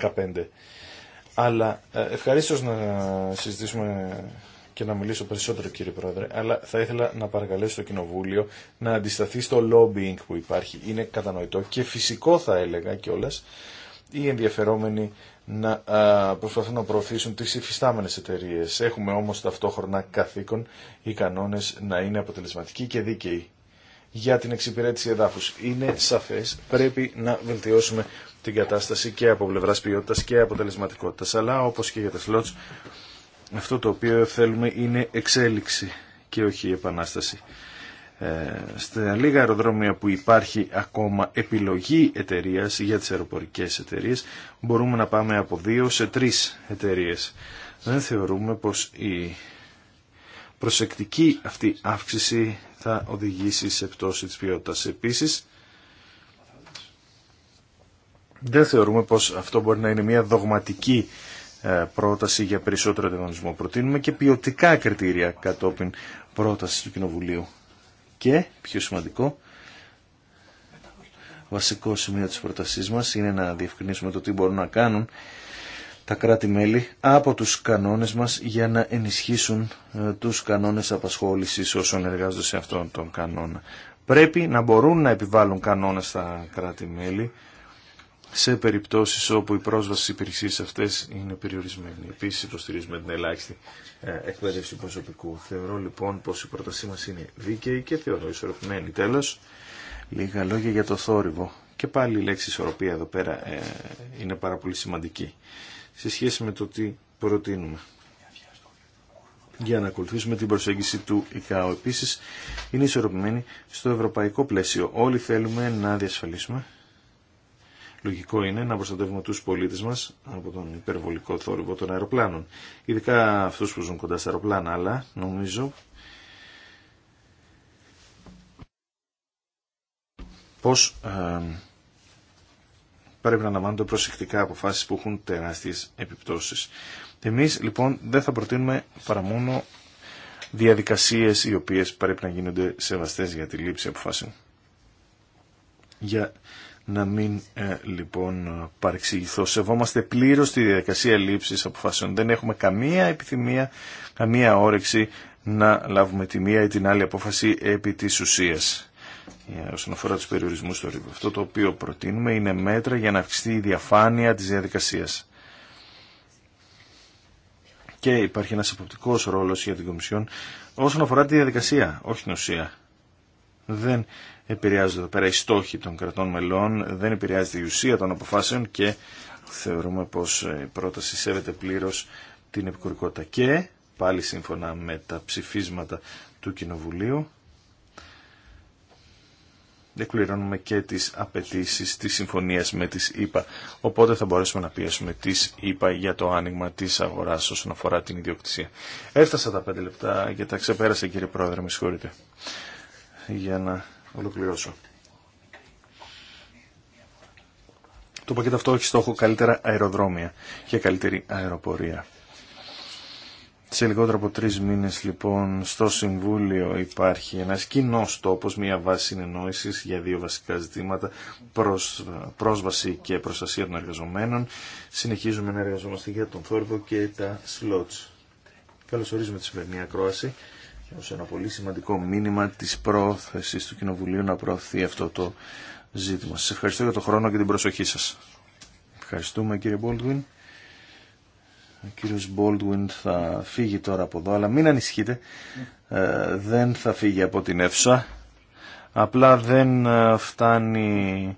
Αλλά ε, ευχαρίστως να συζητήσουμε και να μιλήσω περισσότερο κύριε Πρόεδρε, αλλά θα ήθελα να παρακαλέσω το Κοινοβούλιο να αντισταθεί στο lobbying που υπάρχει. Είναι κατανοητό και φυσικό θα έλεγα κιόλας οι ενδιαφερόμενοι να προσπαθούν να προωθήσουν τις υφιστάμενες εταιρείε. Έχουμε όμως ταυτόχρονα καθήκον οι κανόνες να είναι αποτελεσματικοί και δίκαιοι για την εξυπηρέτηση εδάφους. Είναι σαφές, πρέπει να βελτιώσουμε την κατάσταση και από πλευρά ποιότητα και αποτελεσματικότητα. Αλλά όπως και για τα σλότς αυτό το οποίο θέλουμε είναι εξέλιξη και όχι επανάσταση. Ε, στα λίγα αεροδρόμια που υπάρχει ακόμα επιλογή εταιρεία για τις αεροπορικές εταιρείε, μπορούμε να πάμε από δύο σε τρεις εταιρείε. Δεν θεωρούμε πως η προσεκτική αυτή αύξηση θα οδηγήσει σε πτώση της ποιότητας. Επίσης, δεν θεωρούμε πως αυτό μπορεί να είναι μια δογματική ε, πρόταση για περισσότερο ανταγωνισμό. Προτείνουμε και ποιοτικά κριτήρια κατόπιν πρόταση του Κοινοβουλίου. Και, πιο σημαντικό, βασικό σημείο της πρότασής μας είναι να διευκρινίσουμε το τι μπορούν να κάνουν τα κράτη-μέλη από τους κανόνες μας για να ενισχύσουν ε, τους κανόνες απασχόλησης όσων εργάζονται σε αυτόν τον κανόνα. Πρέπει να μπορούν να επιβάλλουν κανόνες στα κράτη-μέλη σε περιπτώσεις όπου η πρόσβαση στις υπηρεσίες αυτές είναι περιορισμένη. Επίσης υποστηρίζουμε την ελάχιστη ε, εκπαίδευση προσωπικού. Θεωρώ λοιπόν πως η πρότασή μας είναι δίκαιη και θεωρώ ισορροπημένη. Τέλος, λίγα λόγια για το θόρυβο. Και πάλι η λέξη ισορροπία εδώ πέρα ε, είναι πάρα πολύ σημαντική σε σχέση με το τι προτείνουμε για να ακολουθήσουμε την προσέγγιση του ΙΚΑΟ. Επίσης, είναι ισορροπημένη στο ευρωπαϊκό πλαίσιο. Όλοι θέλουμε να διασφαλίσουμε Λογικό είναι να προστατεύουμε τους πολίτες μας από τον υπερβολικό θόρυβο των αεροπλάνων. Ειδικά αυτούς που ζουν κοντά στα αεροπλάνα, αλλά νομίζω πως ε, πρέπει να λαμβάνονται προσεκτικά αποφάσει που έχουν τεράστιες επιπτώσεις. Εμείς λοιπόν δεν θα προτείνουμε παρά μόνο διαδικασίες οι οποίες πρέπει να γίνονται σεβαστές για τη λήψη αποφάσεων. Για να μην ε, λοιπόν παρεξηγηθώ. Σεβόμαστε πλήρως τη διαδικασία λήψη αποφάσεων. Δεν έχουμε καμία επιθυμία, καμία όρεξη να λάβουμε τη μία ή την άλλη απόφαση επί της ουσίας. όσον αφορά του περιορισμού στο ρυθμό Αυτό το οποίο προτείνουμε είναι μέτρα για να αυξηθεί η διαφάνεια της διαδικασίας. Και υπάρχει ένα αποπτικό ρόλο για την Κομισιόν όσον αφορά τη διαδικασία, όχι την ουσία. Δεν επηρεάζονται εδώ πέρα οι στόχοι των κρατών μελών, δεν επηρεάζεται η ουσία των αποφάσεων και θεωρούμε πως η πρόταση σέβεται πλήρως την επικουρικότητα. Και πάλι σύμφωνα με τα ψηφίσματα του Κοινοβουλίου, εκπληρώνουμε και τις απαιτήσει της συμφωνίας με τις ΗΠΑ. Οπότε θα μπορέσουμε να πιέσουμε τις ΗΠΑ για το άνοιγμα της αγοράς όσον αφορά την ιδιοκτησία. Έφτασα τα πέντε λεπτά και τα ξεπέρασα κύριε Πρόεδρε, με συγχωρείτε. Για να ολοκληρώσω. Το πακέτο αυτό έχει στόχο καλύτερα αεροδρόμια και καλύτερη αεροπορία. Σε λιγότερο από τρεις μήνες λοιπόν στο Συμβούλιο υπάρχει ένας κοινό τόπος, μια βάση συνεννόησης για δύο βασικά ζητήματα, πρόσβαση και προστασία των εργαζομένων. Συνεχίζουμε να εργαζόμαστε για τον θόρυβο και τα σλότς. Καλώς ορίζουμε τη σημερινή ακρόαση ω ένα πολύ σημαντικό μήνυμα της πρόθεσης του Κοινοβουλίου να προωθεί αυτό το ζήτημα. Σα ευχαριστώ για τον χρόνο και την προσοχή σας. Ευχαριστούμε κύριε Μπόλτουιν. Ο κύριος Μπόλτουιν θα φύγει τώρα από εδώ, αλλά μην ανησυχείτε. Ε, δεν θα φύγει από την αίθουσα. Απλά δεν ε, φτάνει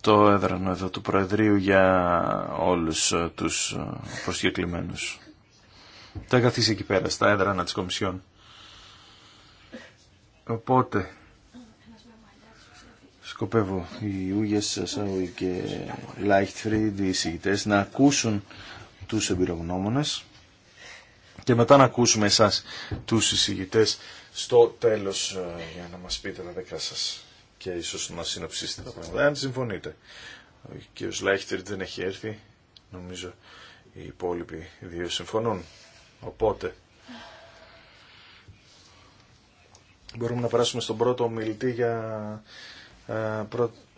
το έδρανο εδώ του Προεδρείου για όλους ε, τους προσκεκλημένους τα καθίσει εκεί πέρα, στα έδρανα της Κομισιόν. Οπότε, σκοπεύω οι Ούγες Σασάουι και Λάιχτφριντ, οι εισηγητές, να ακούσουν τους εμπειρογνώμονες και μετά να ακούσουμε εσάς τους εισηγητές στο τέλος ε, για να μας πείτε τα δικά σας και ίσως να συνοψίσετε τα πράγματα. Αν συμφωνείτε. Ο κ. Λάιχτφριντ δεν έχει έρθει. Νομίζω οι υπόλοιποι δύο συμφωνούν. Οπότε, μπορούμε να περάσουμε στον πρώτο ομιλητή για, ε,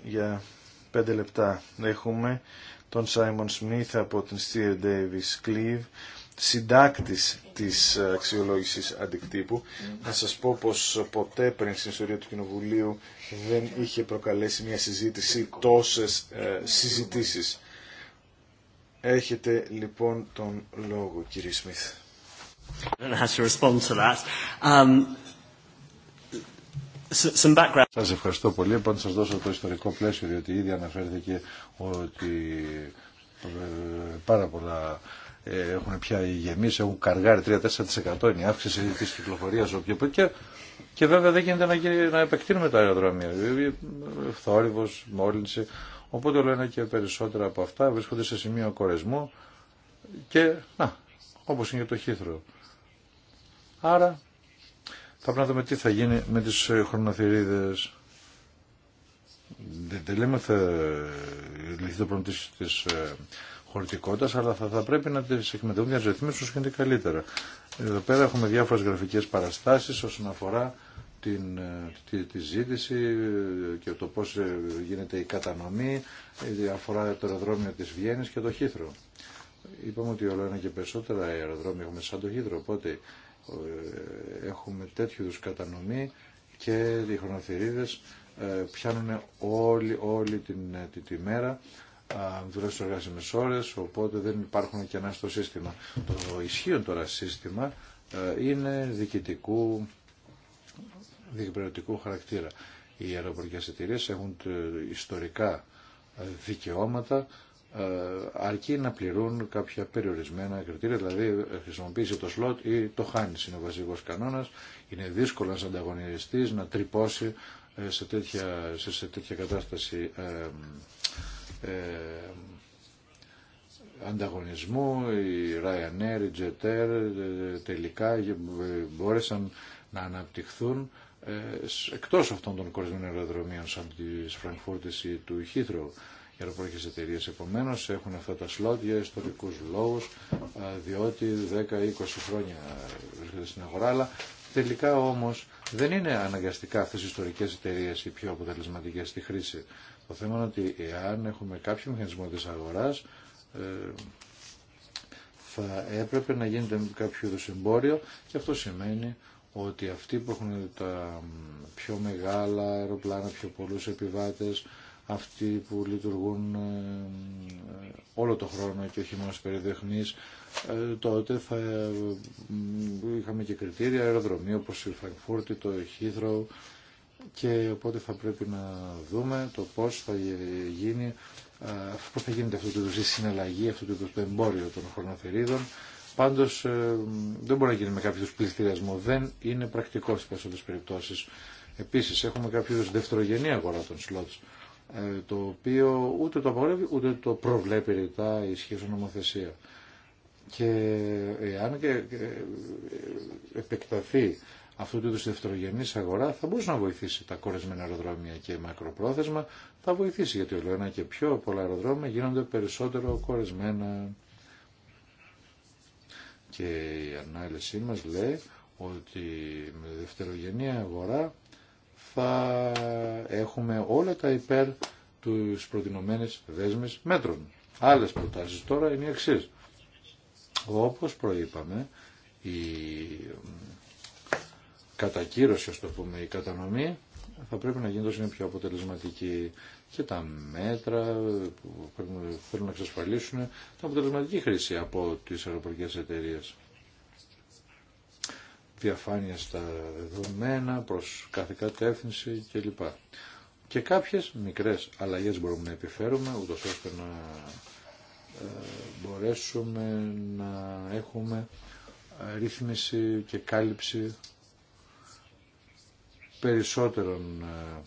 για πέντε λεπτά. Έχουμε τον Σάιμον Σμιθ από την Steer Ντέιβις Κλίβ, συντάκτης της αξιολόγησης αντικτύπου. Να σας πω πως ποτέ πριν στην ιστορία του Κοινοβουλίου δεν είχε προκαλέσει μια συζήτηση τόσες ε, συζητήσεις. Έχετε λοιπόν τον λόγο κύριε Σμιθ. Σας ευχαριστώ πολύ. Πάντα σας δώσω το ιστορικό πλαίσιο, διότι ήδη αναφέρθηκε ότι ε, πάρα πολλά ε, έχουν πια γεμίσει, έχουν καργάρει 3-4% είναι η αύξηση της κυκλοφορίας και, και βέβαια δεν γίνεται να, να επεκτείνουμε τα αεροδρόμια. Ε, θόρυβος, μόλυνση. Οπότε όλο ένα και περισσότερα από αυτά βρίσκονται σε σημείο κορεσμού και να, όπως είναι για το χήθρο. Άρα θα πρέπει να δούμε τι θα γίνει με τις ε, χρονοθυρίδες. Δεν, λέμε θα λυθεί το πρόβλημα της, της ε, αλλά θα, πρέπει να τις εκμεταλλεύουν για ρυθμίσεις όσο γίνεται καλύτερα. Εδώ πέρα έχουμε διάφορες γραφικές παραστάσεις όσον αφορά την, ε, τη, τη ζήτηση και το πώς γίνεται η κατανομή, αφορά το αεροδρόμιο της Βιέννης και το Χήθρο είπαμε ότι όλο ένα και περισσότερα αεροδρόμια έχουμε σαν το Χίδρο, οπότε ε, έχουμε τέτοιου είδους κατανομή και οι χρονοθυρίδες ε, πιάνουν όλη, όλη την, την, την ημέρα στις εργάσιμες ώρες, οπότε δεν υπάρχουν κενά στο σύστημα. Το ισχύον τώρα σύστημα ε, είναι διοικητικού, διεκπαιρεωτικού χαρακτήρα. Οι αεροπορικές εταιρείε έχουν ιστορικά δικαιώματα ε, αρκεί να πληρούν κάποια περιορισμένα κριτήρια, δηλαδή χρησιμοποιήσει το σλότ ή το χάνει είναι ο βασικός κανόνας. Είναι δύσκολο ένα ανταγωνιστής να τρυπώσει ε, σε τέτοια, σε τέτοια κατάσταση ε, ανταγωνισμού. Η Ryanair, η Jeter τελικά μπόρεσαν να αναπτυχθούν εκτός αυτών των κορισμένων αεροδρομίων σαν τη Φραγκφούρτης ή του χύθρου οι αεροπορικέ εταιρείε επομένως έχουν αυτά τα σλότ για ιστορικού λόγους, διότι 10-20 χρόνια βρίσκονται στην αγορά, αλλά τελικά όμω δεν είναι αναγκαστικά αυτέ οι ιστορικές εταιρείε οι πιο αποτελεσματικέ στη χρήση. Το θέμα είναι ότι εάν έχουμε κάποιο μηχανισμό τη αγορά ε, θα έπρεπε να γίνεται κάποιο είδου εμπόριο και αυτό σημαίνει ότι αυτοί που έχουν τα πιο μεγάλα αεροπλάνα, πιο πολλούς επιβάτες, αυτοί που λειτουργούν ε, ε, όλο το χρόνο και όχι μόνο στις περιδεχνείς, ε, τότε θα είχαμε και κριτήρια αεροδρομίου όπως η Φραγκφούρτη, το Χίθρο και οπότε θα πρέπει να δούμε το πώς θα γίνει πώς θα γίνεται αυτό το η συναλλαγή, αυτό το εμπόριο των χρονοθερίδων. Πάντως δεν μπορεί να γίνει με κάποιο πληστηριασμό. Δεν είναι πρακτικό στις περισσότερες περιπτώσεις. Επίσης έχουμε κάποιο δευτερογενή αγορά των σλότς ε, το οποίο ούτε το απαγορεύει ούτε το προβλέπει ρητά η ισχύουσα νομοθεσία. Και εάν και ε, επεκταθεί αυτού του είδους δευτερογενή αγορά θα μπορούσε να βοηθήσει τα κόρεσμενα αεροδρόμια και μακροπρόθεσμα θα βοηθήσει γιατί όλο ένα και πιο πολλά αεροδρόμια γίνονται περισσότερο κορεσμένα. Και η ανάλυση μας λέει ότι με δευτερογενή αγορά θα έχουμε όλα τα υπέρ τους προτινομένες δέσμες μέτρων. Άλλες προτάσεις τώρα είναι οι εξής. Όπως προείπαμε, η κατακύρωση, ας το πούμε, η κατανομή θα πρέπει να γίνει τόσο πιο αποτελεσματική και τα μέτρα που θέλουν να εξασφαλίσουν την αποτελεσματική χρήση από τις αεροπορικές εταιρείες διαφάνεια στα δεδομένα, προς κάθε κατεύθυνση κλπ. Και κάποιες μικρές αλλαγές μπορούμε να επιφέρουμε, ούτως ώστε να ε, μπορέσουμε να έχουμε ε, ρύθμιση και κάλυψη περισσότερων, ε,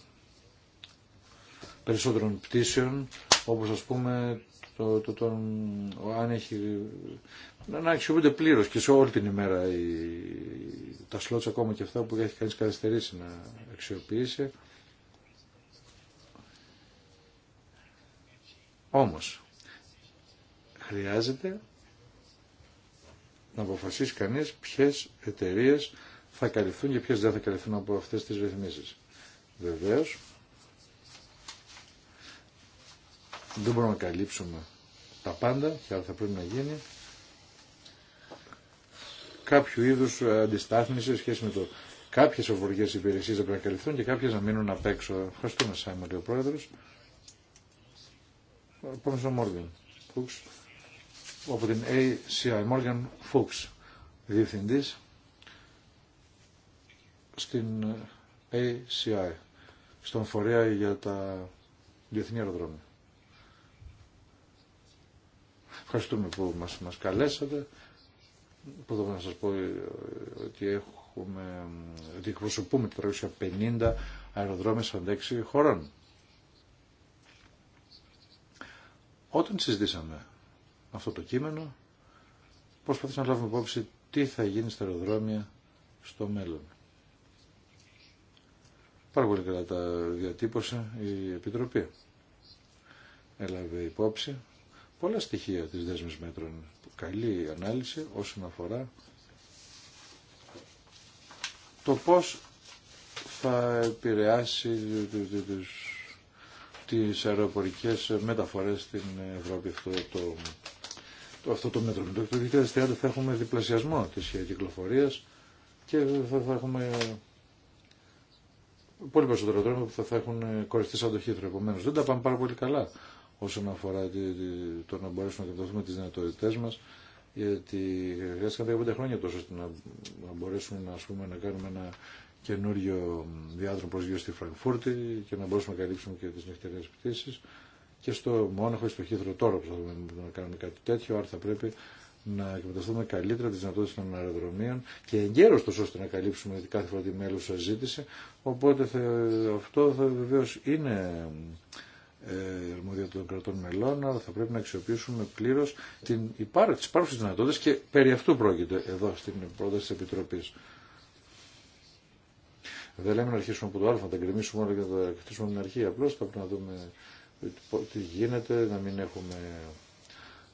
περισσότερων πτήσεων, όπως ας πούμε το, το, το, αν έχει, να αξιοποιούνται πλήρω και σε όλη την ημέρα η, τα σλότς ακόμα και αυτά που έχει κανεί καθυστερήσει να αξιοποιήσει. Όμως, χρειάζεται να αποφασίσει κανείς ποιες εταιρείες θα καλυφθούν και ποιες δεν θα καλυφθούν από αυτές τις ρυθμίσεις. Βεβαίως, Δεν μπορούμε να καλύψουμε τα πάντα και θα πρέπει να γίνει κάποιο είδους ε, αντιστάθμιση σε σχέση με το κάποιες εφορικές υπηρεσίες πρέπει να καλυφθούν και κάποιες να μείνουν απ' έξω. Ευχαριστούμε Σάιμον, ο Πρόεδρος. Πάμε Μόργαν Φούξ, από την ACI Morgan Φούξ, διευθυντής στην ε, ACI, στον φορέα για τα διεθνή αεροδρόμια. Ευχαριστούμε που μας, μας καλέσατε. Που να σας πω ε, ότι έχουμε, ότι εκπροσωπούμε 350 αεροδρόμια 6 χωρών. Όταν συζητήσαμε αυτό το κείμενο, προσπαθήσαμε να λάβουμε υπόψη τι θα γίνει στα αεροδρόμια στο μέλλον. Πάρα πολύ καλά τα διατύπωσε η Επιτροπή. Έλαβε υπόψη πολλά στοιχεία της δέσμης μέτρων. Καλή ανάλυση όσον αφορά το πώς θα επηρεάσει τις αεροπορικές μεταφορές στην Ευρώπη αυτό το, το, αυτό το μέτρο. Το 2030 θα έχουμε διπλασιασμό της κυκλοφορίας και θα, έχουμε πολύ περισσότερο τρόπο που θα, θα έχουν κορεστεί σαν το χύθρο. Επομένως δεν τα πάμε πάρα πολύ καλά όσον αφορά το να μπορέσουμε να καταφέρουμε τις δυνατότητές μας γιατί χρειάστηκαν 15 χρόνια τόσο ώστε να, μπορέσουμε να, πούμε, να κάνουμε ένα καινούριο διάδρομο προς γύρω στη Φραγκφούρτη και να μπορέσουμε να καλύψουμε και τις νυχτερές πτήσεις και στο Μόναχο, στο Χίθρο τώρα που θα δούμε να κάνουμε κάτι τέτοιο, άρα θα πρέπει να εκμεταλλευτούμε καλύτερα τι δυνατότητε των αεροδρομίων και εγκαίρω τόσο ώστε να καλύψουμε κάθε φορά τη μέλου ζήτηση. Οπότε αυτό θα βεβαίω είναι ε, αρμόδια των κρατών μελών, αλλά θα πρέπει να αξιοποιήσουμε πλήρω την υπάρχουσε δυνατότητε δυνατότητα και περί αυτού πρόκειται εδώ στην πρόταση τη Επιτροπή. Δεν λέμε να αρχίσουμε από το Α, να τα γκρεμίσουμε όλα και να τα χτίσουμε την αρχή. Απλώ θα πρέπει να δούμε τι γίνεται, να μην έχουμε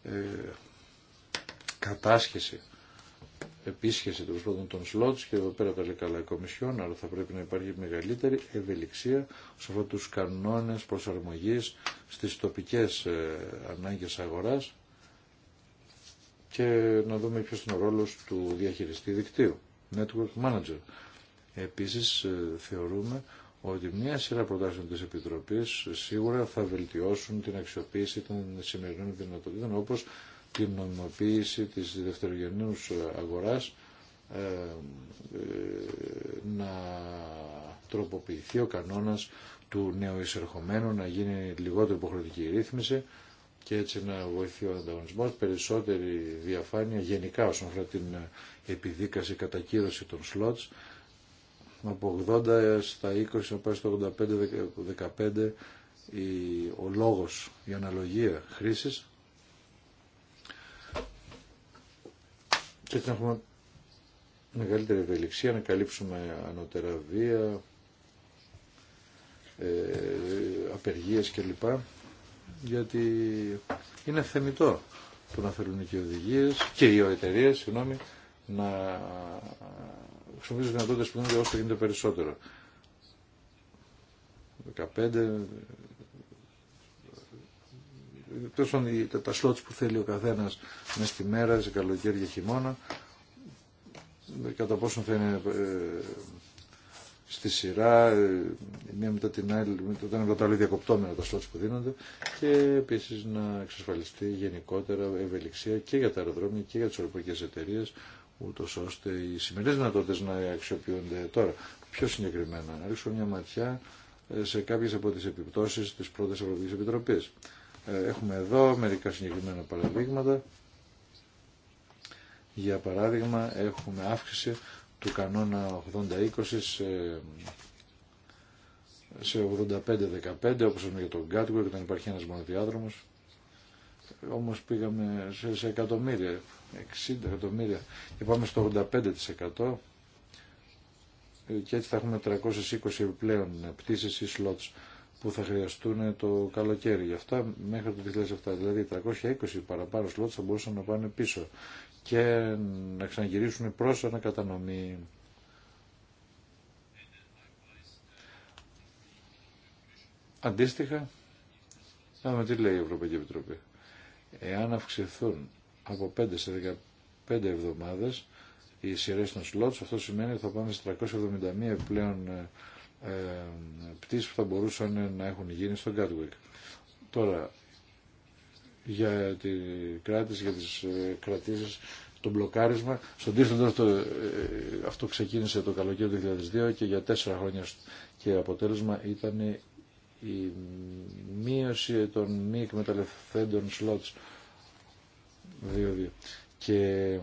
ε, κατάσχεση επίσχεση των πρώτων των σλότς και εδώ πέρα τα λέει καλά η Κομισιόν, αλλά θα πρέπει να υπάρχει μεγαλύτερη ευελιξία σε του τους κανόνες προσαρμογής στις τοπικές ε, ανάγκες αγοράς και να δούμε ποιος είναι ο ρόλο του διαχειριστή δικτύου, Network Manager. Επίσης ε, θεωρούμε ότι μια σειρά προτάσεων της Επιτροπής σίγουρα θα βελτιώσουν την αξιοποίηση των σημερινών δυνατοτήτων όπως την νομιμοποίηση της δευτερογενούς αγοράς ε, ε, να τροποποιηθεί ο κανόνας του νεοεισερχομένου να γίνει λιγότερο υποχρεωτική ρύθμιση και έτσι να βοηθεί ο ανταγωνισμός, περισσότερη διαφάνεια γενικά όσον αφορά την επιδίκαση, κατακύρωση των σλότς από 80 στα 20 να πάει στο 85-15 ο λόγος, η αναλογία χρήσης Και έτσι να έχουμε μεγαλύτερη ευελιξία, να καλύψουμε ανώτερα βία, ε, απεργίες κλπ. Γιατί είναι θεμητό που να θέλουν και οι οδηγίες και οι εταιρείε, συγγνώμη, να χρησιμοποιήσουν δυνατότητες που δίνονται όσο γίνεται περισσότερο. 15 τα σλότς που θέλει ο καθένας μέσα στη μέρα, σε καλοκαίρια, χειμώνα, ε, κατά πόσο θα είναι ε, στη σειρά, ε, η μία μετά την άλλη, μετά την άλλη, διακοπτόμενα τα σλότς που δίνονται και επίσης να εξασφαλιστεί γενικότερα ευελιξία και για τα αεροδρόμια και για τις ευρωπαϊκές εταιρείε ούτω ώστε οι σημερινές δυνατότητες να αξιοποιούνται τώρα. Πιο συγκεκριμένα, να ρίξω μια ματιά σε κάποιες από τις επιπτώσεις της πρώτης Ευρωπαϊκής Επιτροπής. Ε, έχουμε εδώ μερικά συγκεκριμένα παραδείγματα. Για παράδειγμα έχουμε αύξηση του κανόνα 80-20 σε, σε 85-15 όπως για τον και όταν υπάρχει ένας μονοδιάδρομος. Όμως πήγαμε σε, σε εκατομμύρια, 60 εκατομμύρια και πάμε στο 85% ε, και έτσι θα έχουμε 320 επιπλέον πτήσεις ή σλότς που θα χρειαστούν το καλοκαίρι. Γι' αυτά μέχρι το 2007, δηλαδή 320 παραπάνω σλότ θα μπορούσαν να πάνε πίσω και να ξαναγυρίσουν προς ανακατανομή. Αντίστοιχα, θα δούμε τι λέει η Ευρωπαϊκή Επιτροπή. Εάν αυξηθούν από 5 σε 15 εβδομάδες οι σειρές των σλότς, αυτό σημαίνει ότι θα πάμε σε 371 πλέον ε, ε, πτήσεις που θα μπορούσαν να έχουν γίνει στον Κάτουικ. Τώρα, για την κράτηση, για τις ε, κρατήσεις, το μπλοκάρισμα. Στον Τίρφεντ ε, αυτό, ξεκίνησε το καλοκαίρι του 2002 και για τέσσερα χρόνια και αποτέλεσμα ήταν η μείωση των μη εκμεταλλευθέντων σλότς. σλότς Και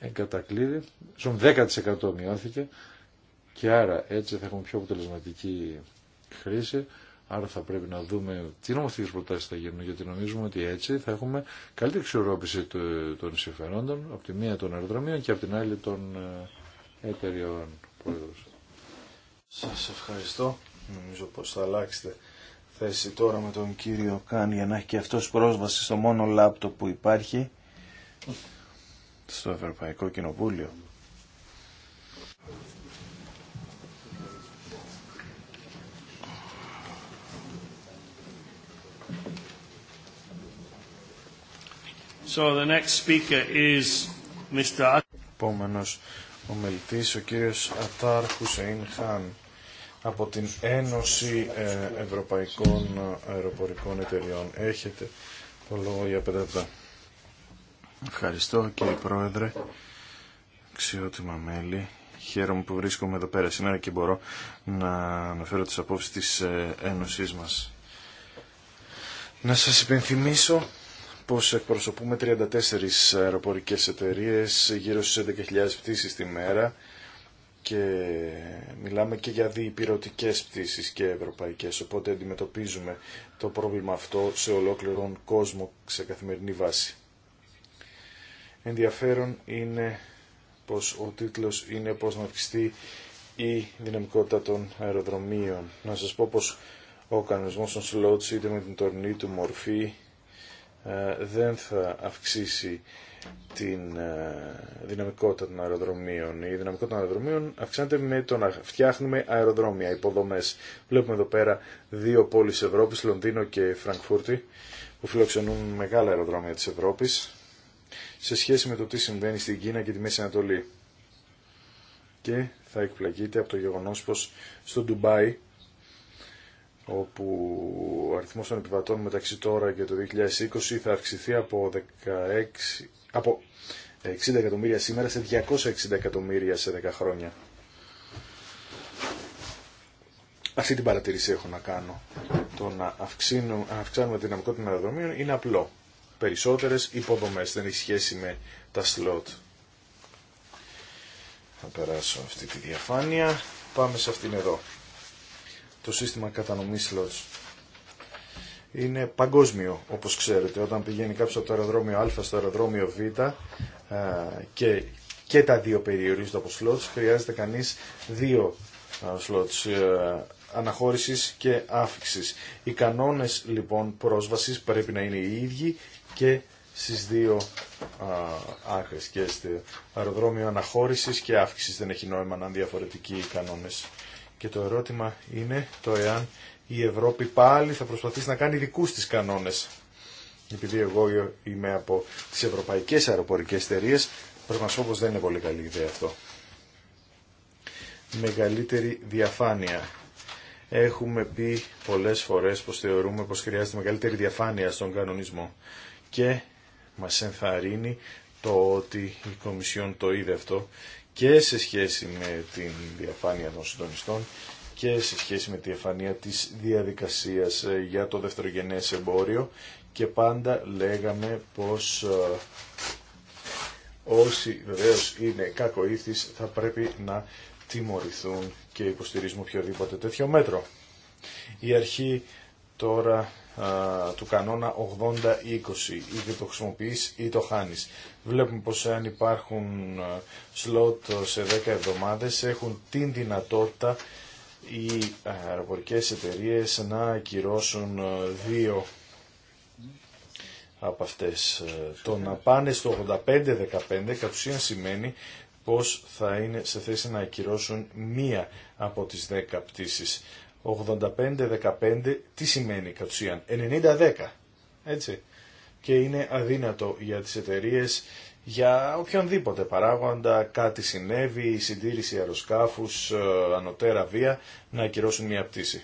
εγκατακλείδη, στον 10% μειώθηκε και άρα έτσι θα έχουμε πιο αποτελεσματική χρήση. Άρα θα πρέπει να δούμε τι νομοθετικές προτάσεις θα γίνουν, γιατί νομίζουμε ότι έτσι θα έχουμε καλύτερη εξορρόπηση των συμφερόντων, από τη μία των αεροδρομίων και από την άλλη των ε, εταιριών. Σας ευχαριστώ. Νομίζω πως θα αλλάξετε θέση τώρα με τον κύριο Καν για να έχει και αυτός πρόσβαση στο μόνο λάπτο που υπάρχει στο Ευρωπαϊκό Κοινοβούλιο. So the next Επόμενος ο ο κύριος Ατάρ Χουσέιν Χάν από την Ένωση ε, Ευρωπαϊκών Αεροπορικών Εταιριών. Έχετε το λόγο για πέντε Ευχαριστώ κύριε Πρόεδρε, αξιότιμα μέλη. Χαίρομαι που βρίσκομαι εδώ πέρα σήμερα και μπορώ να αναφέρω τις απόψεις της ε, Ένωσής μας. Να σας υπενθυμίσω πως εκπροσωπούμε 34 αεροπορικές εταιρείες, γύρω στις 11.000 πτήσεις τη μέρα και μιλάμε και για διυπηρωτικές πτήσεις και ευρωπαϊκές, οπότε αντιμετωπίζουμε το πρόβλημα αυτό σε ολόκληρον κόσμο σε καθημερινή βάση ενδιαφέρον είναι πως ο τίτλος είναι πως να αυξηθεί η δυναμικότητα των αεροδρομίων. Να σας πω πως ο κανονισμός των σλότς είτε με την τωρινή του μορφή ε, δεν θα αυξήσει την ε, δυναμικότητα των αεροδρομίων. Η δυναμικότητα των αεροδρομίων αυξάνεται με το να φτιάχνουμε αεροδρόμια, υποδομές. Βλέπουμε εδώ πέρα δύο πόλεις Ευρώπης, Λονδίνο και Φραγκφούρτη, που φιλοξενούν μεγάλα αεροδρόμια της Ευρώπης σε σχέση με το τι συμβαίνει στην Κίνα και τη Μέση Ανατολή. Και θα εκπλαγείτε από το γεγονός πως στο Ντουμπάι, όπου ο αριθμός των επιβατών μεταξύ τώρα και το 2020 θα αυξηθεί από, 16, από 60 εκατομμύρια σήμερα σε 260 εκατομμύρια σε 10 χρόνια. Αυτή την παρατηρήση έχω να κάνω. Το να αυξάνουμε την δυναμικότητα των αεροδρομίων είναι απλό περισσότερες υποδομές. Δεν έχει σχέση με τα σλότ. Θα περάσω αυτή τη διαφάνεια. Πάμε σε αυτήν εδώ. Το σύστημα κατανομής σλότ. Είναι παγκόσμιο, όπως ξέρετε. Όταν πηγαίνει κάποιος από το αεροδρόμιο Α στο αεροδρόμιο Β ε, και, και τα δύο περιορίζονται από σλότ. χρειάζεται κανείς δύο ε, σλότ. Ε, αναχώρησης και άφηξης. Οι κανόνες λοιπόν πρόσβασης πρέπει να είναι οι ίδιοι και στις δύο άκρες και στο αεροδρόμιο αναχώρησης και αύξησης δεν έχει νόημα να είναι διαφορετικοί οι κανόνες. Και το ερώτημα είναι το εάν η Ευρώπη πάλι θα προσπαθήσει να κάνει δικούς της κανόνες. Επειδή εγώ είμαι από τις ευρωπαϊκές αεροπορικές εταιρείε, πρέπει πω δεν είναι πολύ καλή ιδέα αυτό. Μεγαλύτερη διαφάνεια. Έχουμε πει πολλές φορές πως θεωρούμε πως χρειάζεται μεγαλύτερη διαφάνεια στον κανονισμό και μας ενθαρρύνει το ότι η Κομισιόν το είδε αυτό και σε σχέση με την διαφάνεια των συντονιστών και σε σχέση με τη διαφάνεια της διαδικασίας ε, για το δευτερογενές εμπόριο και πάντα λέγαμε πως ε, όσοι βεβαίω είναι κακοήθης θα πρέπει να τιμωρηθούν και υποστηρίζουμε οποιοδήποτε τέτοιο μέτρο. Η αρχή τώρα του κανόνα 80-20, είτε το χρησιμοποιείς ή το χάνεις. Βλέπουμε πως αν υπάρχουν σλότ σε 10 εβδομάδες έχουν την δυνατότητα οι αεροπορικές εταιρείες να ακυρώσουν δύο από αυτές. Το να πάνε στο 85-15 κατ' ουσίαν σημαίνει πως θα είναι σε θέση να ακυρώσουν μία από τις 10 πτήσεις. 85-15 τι σημαίνει κατ' ουσίαν. 90-10. Έτσι. Και είναι αδύνατο για τις εταιρείε για οποιονδήποτε παράγοντα κάτι συνέβη, η συντήρηση αεροσκάφους, ε, ανωτέρα βία, να ακυρώσουν μια πτήση.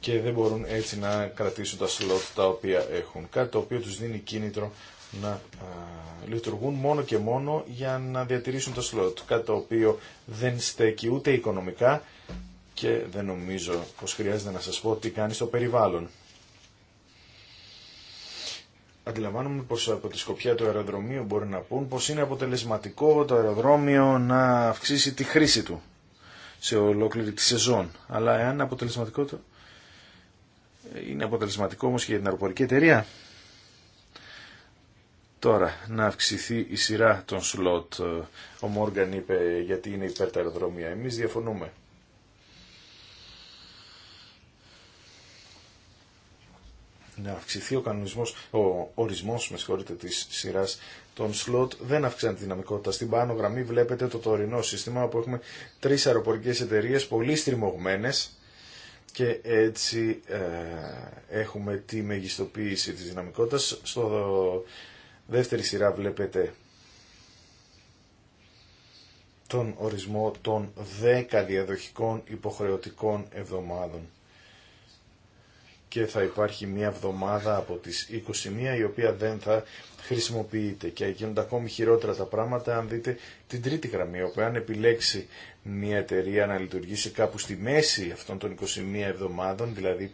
Και δεν μπορούν έτσι να κρατήσουν τα σλότ τα οποία έχουν. Κάτι το οποίο τους δίνει κίνητρο να λειτουργούν μόνο και μόνο για να διατηρήσουν το σλότ. Κάτι το οποίο δεν στέκει ούτε οικονομικά και δεν νομίζω πως χρειάζεται να σας πω τι κάνει στο περιβάλλον. Αντιλαμβάνομαι πως από τη σκοπιά του αεροδρομίου μπορεί να πούν πως είναι αποτελεσματικό το αεροδρόμιο να αυξήσει τη χρήση του σε ολόκληρη τη σεζόν. Αλλά εάν είναι αποτελεσματικό το... Είναι αποτελεσματικό όμως και για την αεροπορική εταιρεία. Τώρα, να αυξηθεί η σειρά των σλότ. Ο Μόργαν είπε γιατί είναι υπέρ τα αεροδρόμια. Εμείς διαφωνούμε. να αυξηθεί ο κανονισμός, ο ορισμός με της σειράς των σλότ δεν αυξάνει τη δυναμικότητα. Στην πάνω γραμμή βλέπετε το τωρινό σύστημα όπου έχουμε τρεις αεροπορικές εταιρείες πολύ στριμωγμένες και έτσι ε, έχουμε τη μεγιστοποίηση της δυναμικότητας. Στο δεύτερη σειρά βλέπετε τον ορισμό των 10 διαδοχικών υποχρεωτικών εβδομάδων και θα υπάρχει μία εβδομάδα από τις 21 η οποία δεν θα χρησιμοποιείται και γίνονται ακόμη χειρότερα τα πράγματα αν δείτε την τρίτη γραμμή όπου αν επιλέξει μία εταιρεία να λειτουργήσει κάπου στη μέση αυτών των 21 εβδομάδων δηλαδή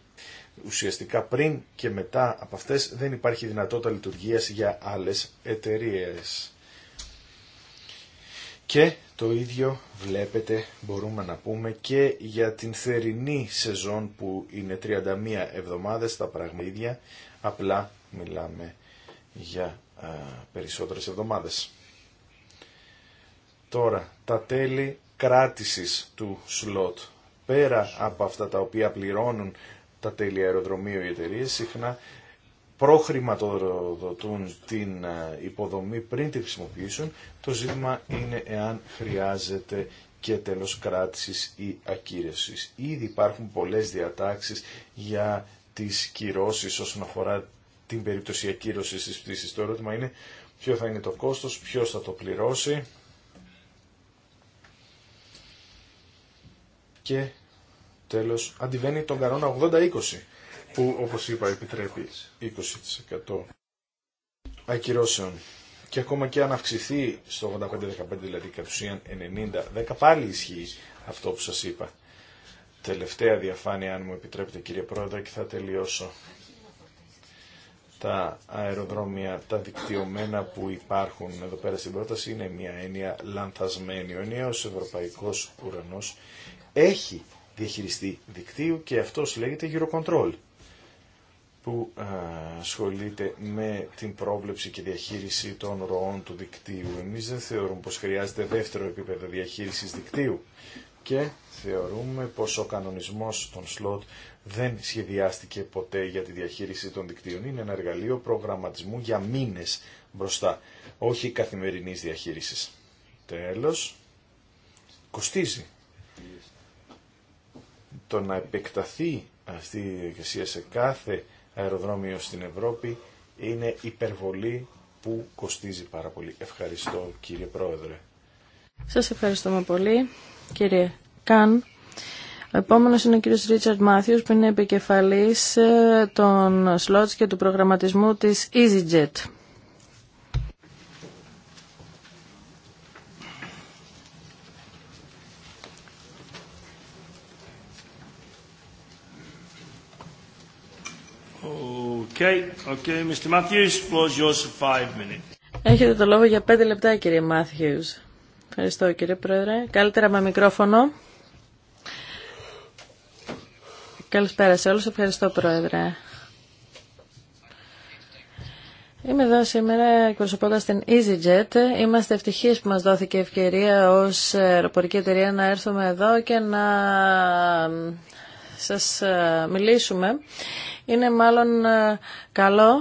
ουσιαστικά πριν και μετά από αυτές δεν υπάρχει δυνατότητα λειτουργίας για άλλες εταιρείες. Και το ίδιο βλέπετε μπορούμε να πούμε και για την θερινή σεζόν που είναι 31 εβδομάδες τα πραγματίδια, απλά μιλάμε για α, περισσότερες εβδομάδες. Τώρα, τα τέλη κράτησης του σλότ. Πέρα από αυτά τα οποία πληρώνουν τα τέλη αεροδρομίου οι εταιρείε, συχνά προχρηματοδοτούν την ε, υποδομή πριν τη χρησιμοποιήσουν. Το ζήτημα είναι εάν χρειάζεται και τέλος κράτησης ή ακύρωσης. Ήδη υπάρχουν πολλές διατάξεις για τις κυρώσεις όσον αφορά την περίπτωση ακύρωσης της πτήσης. Το ερώτημα είναι ποιο θα είναι το κόστος, ποιος θα το πληρώσει και τέλος αντιβαίνει τον κανόνα 80-20 που όπως είπα επιτρέπει 20% ακυρώσεων και ακόμα και αν αυξηθεί στο 85-15 δηλαδή κατ' ουσίαν 90-10 πάλι ισχύει αυτό που σας είπα. Τελευταία διαφάνεια αν μου επιτρέπετε κύριε Πρόεδρε και θα τελειώσω. Τα αεροδρόμια, τα δικτυωμένα που υπάρχουν εδώ πέρα στην πρόταση είναι μια έννοια λανθασμένη. Ο νέος ευρωπαϊκός ουρανός έχει διαχειριστεί δικτύου και αυτός λέγεται Eurocontrol που ε, ασχολείται με την πρόβλεψη και διαχείριση των ροών του δικτύου. Εμείς δεν θεωρούμε πως χρειάζεται δεύτερο επίπεδο διαχείρισης δικτύου και θεωρούμε πως ο κανονισμός των σλότ δεν σχεδιάστηκε ποτέ για τη διαχείριση των δικτύων. Είναι ένα εργαλείο προγραμματισμού για μήνες μπροστά, όχι καθημερινής διαχείρισης. Τέλος, κοστίζει το να επεκταθεί αυτή η διαδικασία σε κάθε αεροδρόμιο στην Ευρώπη είναι υπερβολή που κοστίζει πάρα πολύ. Ευχαριστώ κύριε Πρόεδρε. Σας ευχαριστούμε πολύ κύριε Καν. Ο επόμενος είναι ο κύριος Ρίτσαρντ Μάθιος που είναι επικεφαλής ε, των σλότς και του προγραμματισμού της EasyJet. Okay, okay, Mr. Matthews, is yours for five minutes. Έχετε το λόγο για πέντε λεπτά, κύριε Μάθιους. Ευχαριστώ, κύριε Πρόεδρε. Καλύτερα με μικρόφωνο. Καλησπέρα σε όλους. Ευχαριστώ, Πρόεδρε. Είμαι εδώ σήμερα εκπροσωπώντας την EasyJet. Είμαστε ευτυχείς που μας δόθηκε ευκαιρία ως αεροπορική εταιρεία να έρθουμε εδώ και να σας ε, μιλήσουμε, είναι μάλλον ε, καλό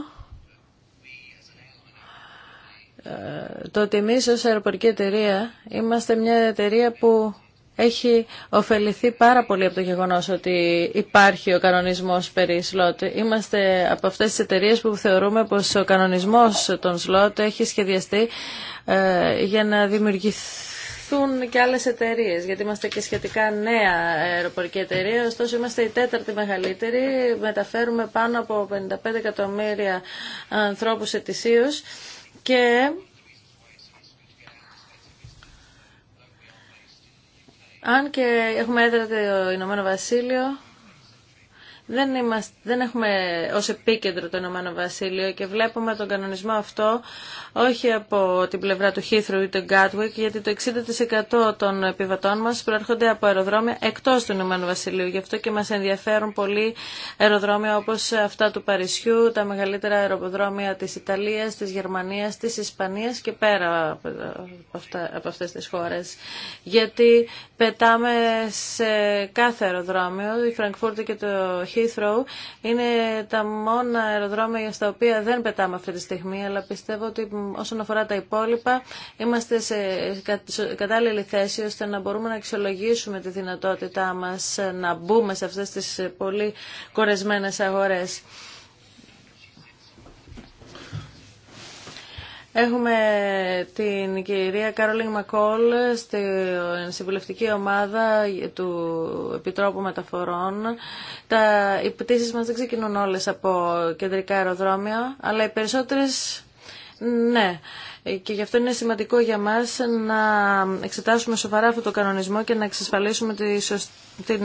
ε, το ότι εμείς ως αεροπορική εταιρεία είμαστε μια εταιρεία που έχει ωφεληθεί πάρα πολύ από το γεγονός ότι υπάρχει ο κανονισμός περί σλότ. Είμαστε από αυτές τις εταιρείες που θεωρούμε πως ο κανονισμός των σλότ έχει σχεδιαστεί για να δημιουργηθεί ακολουθούν και άλλες εταιρείες, γιατί είμαστε και σχετικά νέα αεροπορική εταιρεία, ωστόσο είμαστε η τέταρτη μεγαλύτερη, μεταφέρουμε πάνω από 55 εκατομμύρια ανθρώπους ετησίως και αν και έχουμε έδρα το Ηνωμένο Βασίλειο, δεν, είμαστε, δεν έχουμε ως επίκεντρο το Ηνωμένο Βασίλειο και βλέπουμε τον κανονισμό αυτό όχι από την πλευρά του Heathrow ή του Gatwick γιατί το 60% των επιβατών μας προέρχονται από αεροδρόμια εκτός του Ηνωμένου Βασιλείου. Γι' αυτό και μας ενδιαφέρουν πολύ αεροδρόμια όπως αυτά του Παρισιού, τα μεγαλύτερα αεροδρόμια της Ιταλίας, της Γερμανίας, της Ισπανίας και πέρα από, αυτά, από αυτές τις χώρες. Γιατί πετάμε σε κάθε αεροδρόμιο, η Φραγκφούρτη και το Heathrow είναι τα μόνα αεροδρόμια στα οποία δεν πετάμε αυτή τη στιγμή, αλλά πιστεύω ότι όσον αφορά τα υπόλοιπα είμαστε σε κατάλληλη θέση ώστε να μπορούμε να αξιολογήσουμε τη δυνατότητά μας να μπούμε σε αυτές τις πολύ κορεσμένες αγορές. Έχουμε την κυρία Κάρολιν Μακόλ στην συμβουλευτική ομάδα του Επιτρόπου Μεταφορών. Τα, οι πτήσεις μας δεν ξεκινούν όλες από κεντρικά αεροδρόμια, αλλά οι περισσότερες ναι. Ε, και γι' αυτό είναι σημαντικό για μας να εξετάσουμε σοβαρά αυτό το κανονισμό και να εξασφαλίσουμε τη την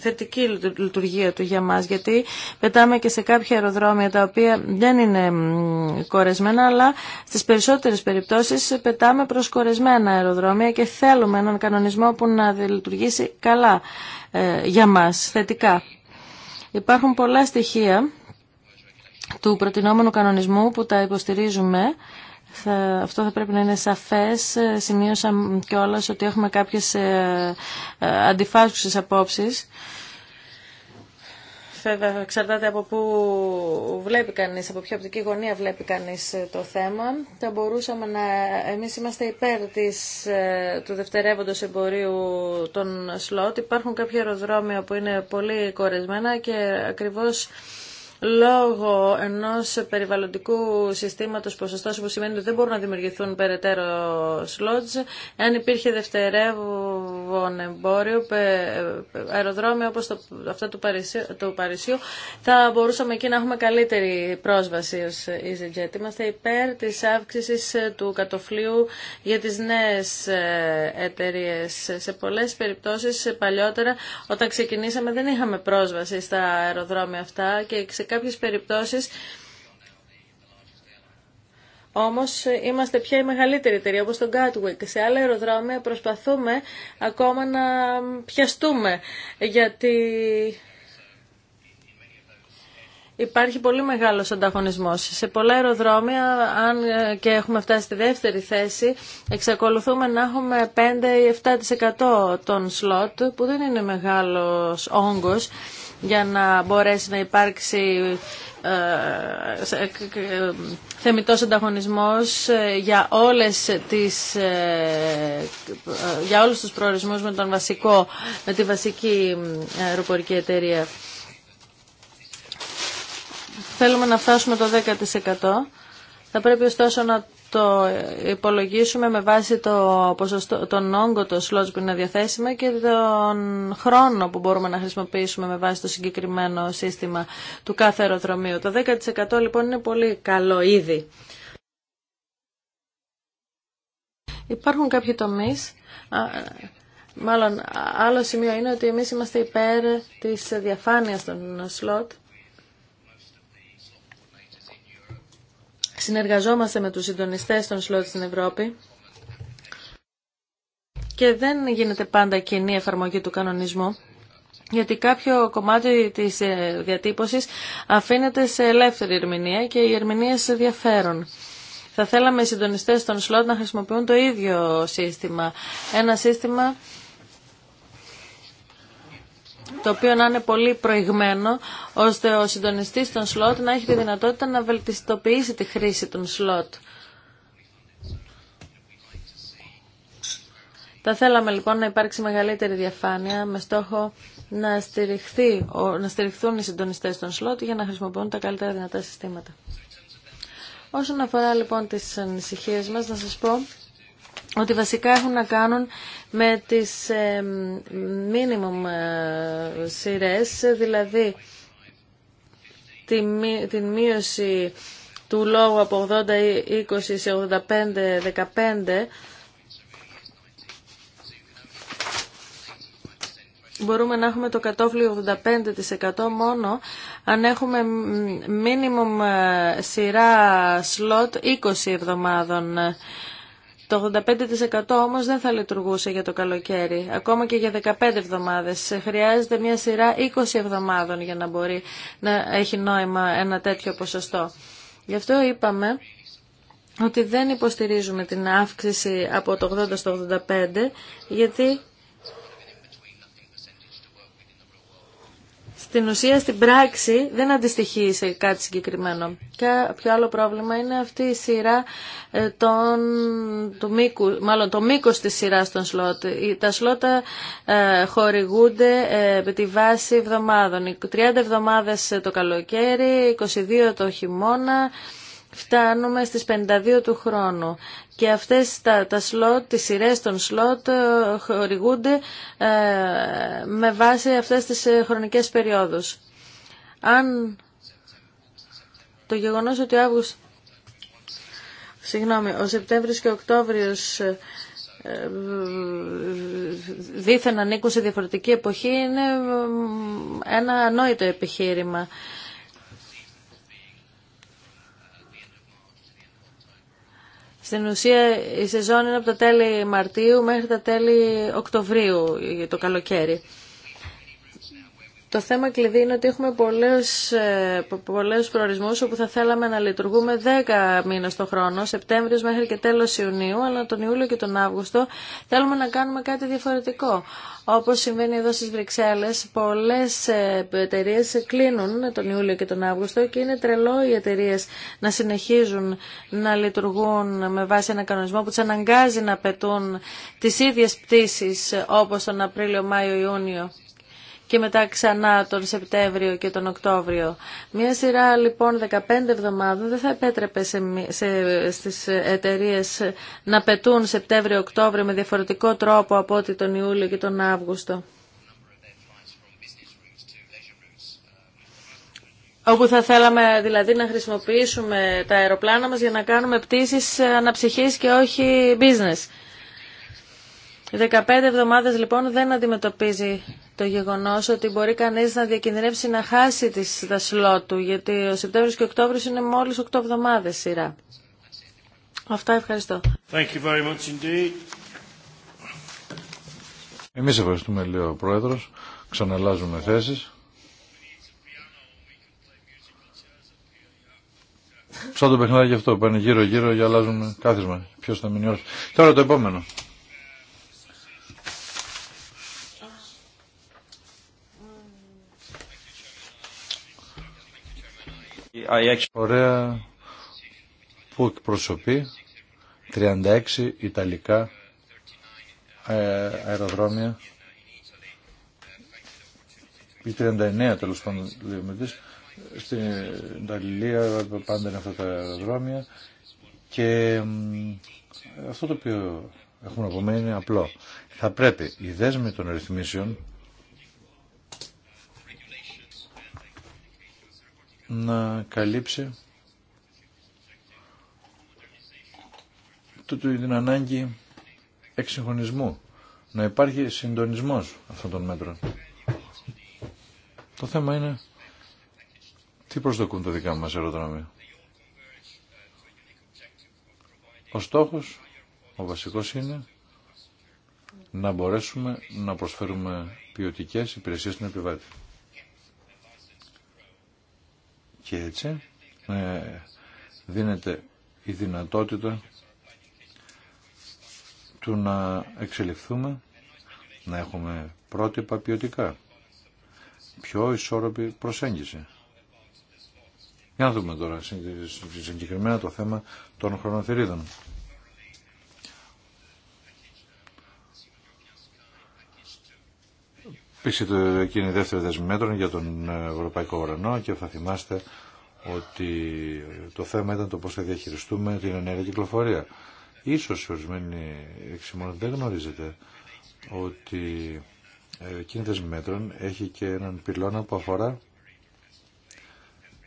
θετική λειτουργία του για μας γιατί πετάμε και σε κάποια αεροδρόμια τα οποία δεν είναι κορεσμένα αλλά στις περισσότερες περιπτώσεις πετάμε προς κορεσμένα αεροδρόμια και θέλουμε έναν κανονισμό που να λειτουργήσει καλά ε, για μας θετικά. Υπάρχουν πολλά στοιχεία του προτινόμενου κανονισμού που τα υποστηρίζουμε αυτό θα πρέπει να είναι σαφές. Σημείωσα κιόλας ότι έχουμε κάποιες ε, ε, αντιφάσκουσες απόψεις. Βέβαια, εξαρτάται από πού βλέπει κανείς, από ποια οπτική γωνία βλέπει κανείς ε, το θέμα. Θα μπορούσαμε να... Εμείς είμαστε υπέρ της, ε, του δευτερεύοντος εμπορίου των σλότ. Υπάρχουν κάποια αεροδρόμια που είναι πολύ κορεσμένα και ακριβώς λόγω ενό περιβαλλοντικού συστήματο ποσοστό που σημαίνει ότι δεν μπορούν να δημιουργηθούν περαιτέρω σλότζ, αν υπήρχε δευτερεύον εμπόριο, αεροδρόμιο όπω το, αυτά του Παρισιού, του Παρισιού, θα μπορούσαμε εκεί να έχουμε καλύτερη πρόσβαση ως EasyJet. Είμαστε υπέρ τη αύξηση του κατοφλίου για τι νέε εταιρείε. Σε πολλέ περιπτώσει, παλιότερα όταν ξεκινήσαμε δεν είχαμε πρόσβαση στα αεροδρόμια αυτά και κάποιες περιπτώσεις Όμω είμαστε πια η μεγαλύτερη εταιρεία όπω το Gatwick. Σε άλλα αεροδρόμια προσπαθούμε ακόμα να πιαστούμε γιατί υπάρχει πολύ μεγάλος ανταγωνισμός. Σε πολλά αεροδρόμια, αν ε, και έχουμε φτάσει στη δεύτερη θέση, εξακολουθούμε να έχουμε 5 ή 7% των σλότ, που δεν είναι μεγάλος όγκο για να μπορέσει να υπάρξει ε, ε, ε, θεμητός ανταγωνισμός για, όλες τις, για όλους τους προορισμούς με, τον βασικό, με τη βασική αεροπορική εταιρεία. Θέλουμε να φτάσουμε το 10%. Θα πρέπει ωστόσο να το υπολογίσουμε με βάση το ποσοστό, τον όγκο των σλότς που είναι διαθέσιμα και τον χρόνο που μπορούμε να χρησιμοποιήσουμε με βάση το συγκεκριμένο σύστημα του κάθε αεροδρομίου. Το 10% λοιπόν είναι πολύ καλό ήδη. Υπάρχουν κάποιοι τομείς, μάλλον άλλο σημείο είναι ότι εμείς είμαστε υπέρ της διαφάνειας των σλότ συνεργαζόμαστε με τους συντονιστές των σλότ στην Ευρώπη και δεν γίνεται πάντα κοινή εφαρμογή του κανονισμού γιατί κάποιο κομμάτι της ε, διατύπωσης αφήνεται σε ελεύθερη ερμηνεία και οι ερμηνείες διαφέρουν. Θα θέλαμε οι συντονιστές των σλότ να χρησιμοποιούν το ίδιο σύστημα. Ένα σύστημα το οποίο να είναι πολύ προηγμένο, ώστε ο συντονιστής των σλότ να έχει τη δυνατότητα να βελτιστοποιήσει τη χρήση των σλότ. Θα θέλαμε λοιπόν να υπάρξει μεγαλύτερη διαφάνεια με στόχο να, στηριχθεί, να στηριχθούν οι συντονιστές των σλότ για να χρησιμοποιούν τα καλύτερα δυνατά συστήματα. Όσον αφορά λοιπόν τις ανησυχίες μας, να σας πω ότι βασικά έχουν να κάνουν με τις ε, μίνιμουμ ε, σειρές, δηλαδή την μείωση του λόγου από 80-20 σε 85-15 μπορούμε να έχουμε το κατόφλι 85% μόνο αν έχουμε μίνιμουμ ε, σειρά σλότ 20 εβδομάδων. Το 85% όμως δεν θα λειτουργούσε για το καλοκαίρι, ακόμα και για 15 εβδομάδες. Χρειάζεται μια σειρά 20 εβδομάδων για να μπορεί να έχει νόημα ένα τέτοιο ποσοστό. Γι' αυτό είπαμε ότι δεν υποστηρίζουμε την αύξηση από το 80 στο 85, γιατί στην ουσία, στην πράξη, δεν αντιστοιχεί σε κάτι συγκεκριμένο. Και ποιο άλλο πρόβλημα είναι αυτή η σειρά ε, των, του μάλλον το μήκο τη σειρά των σλότ. Τα σλότα ε, χορηγούνται με τη βάση εβδομάδων. 30 εβδομάδε το καλοκαίρι, 22 το χειμώνα, φτάνουμε στις 52 του χρόνου και αυτές τα, τα σλότ, τις σειρές των σλότ ε, χορηγούνται ε, με βάση αυτές τις ε, χρονικές περιόδους. Αν το γεγονός ότι ο Αύγουστος, ο Σεπτέμβριος και ο Οκτώβριος δήθεν ανήκουν σε διαφορετική εποχή είναι ένα ανόητο επιχείρημα. Στην ουσία η σεζόν είναι από τα τέλη Μαρτίου μέχρι τα τέλη Οκτωβρίου το καλοκαίρι. Το θέμα κλειδί είναι ότι έχουμε πολλές, ε, πολλές προορισμούς όπου θα θέλαμε να λειτουργούμε 10 μήνες το χρόνο, Σεπτέμβριος μέχρι και τέλος Ιουνίου, αλλά τον Ιούλιο και τον Αύγουστο θέλουμε να κάνουμε κάτι διαφορετικό. Όπως συμβαίνει εδώ στις Βρυξέλλες, πολλές ε, εταιρείε κλείνουν τον Ιούλιο και τον Αύγουστο και είναι τρελό οι εταιρείε να συνεχίζουν να λειτουργούν με βάση ένα κανονισμό που τους αναγκάζει να πετούν τις ίδιες πτήσεις όπως τον Απρίλιο, Μάιο, Ιούνιο και μετά ξανά τον Σεπτέμβριο και τον Οκτώβριο. Μία σειρά λοιπόν 15 εβδομάδων δεν θα επέτρεπε σε, στις εταιρείε να πετούν Σεπτέμβριο-Οκτώβριο με διαφορετικό τρόπο από ότι τον Ιούλιο και τον Αύγουστο. όπου θα θέλαμε δηλαδή να χρησιμοποιήσουμε τα αεροπλάνα μας για να κάνουμε πτήσεις αναψυχής και όχι business. Οι 15 εβδομάδες λοιπόν δεν αντιμετωπίζει το γεγονός ότι μπορεί κανείς να διακινδυνεύσει να χάσει τις, τα του, γιατί ο Σεπτέμβριος και ο Οκτώβριος είναι μόλις οκτώ εβδομάδες σειρά. Αυτά ευχαριστώ. Thank you very much Εμείς ευχαριστούμε, λέει ο Πρόεδρος. Ξαναλάζουμε θέσεις. Σαν το παιχνιδι αυτο αυτό, πάνε γύρω-γύρω για αλλάζουν κάθισμα. Ποιος θα μείνει Τώρα το επόμενο. Ωραία που εκπροσωπεί 36 Ιταλικά ε, αεροδρόμια ή 39 τέλος πάντων διαμετής στην Ιταλία πάντα είναι αυτά τα αεροδρόμια και αυτό το οποίο έχουμε απομένει είναι απλό. Θα πρέπει οι δέσμοι των ρυθμίσεων να καλύψει την ανάγκη εξυγχρονισμού, να υπάρχει συντονισμός αυτών των μέτρων. Το θέμα είναι τι προσδοκούν τα δικά μας αεροδρόμια. Ο στόχος, ο βασικός είναι να μπορέσουμε να προσφέρουμε ποιοτικές υπηρεσίες στην επιβάτη και έτσι ε, δίνεται η δυνατότητα του να εξελιχθούμε, να έχουμε πρότυπα ποιοτικά, πιο ισόρροπη προσέγγιση. Για να δούμε τώρα συγκεκριμένα το θέμα των χρονοθερίδων. Υπήρξε εκείνη δεύτερη δεύτερη για τον ε, Ευρωπαϊκό Ουρανό και θα θυμάστε ότι το θέμα ήταν το πώς θα διαχειριστούμε την ενέργεια κυκλοφορία. Ίσως ορισμένοι εξημών δεν γνωρίζετε ότι ε, εκείνη δεσμή έχει και έναν πυλώνα που αφορά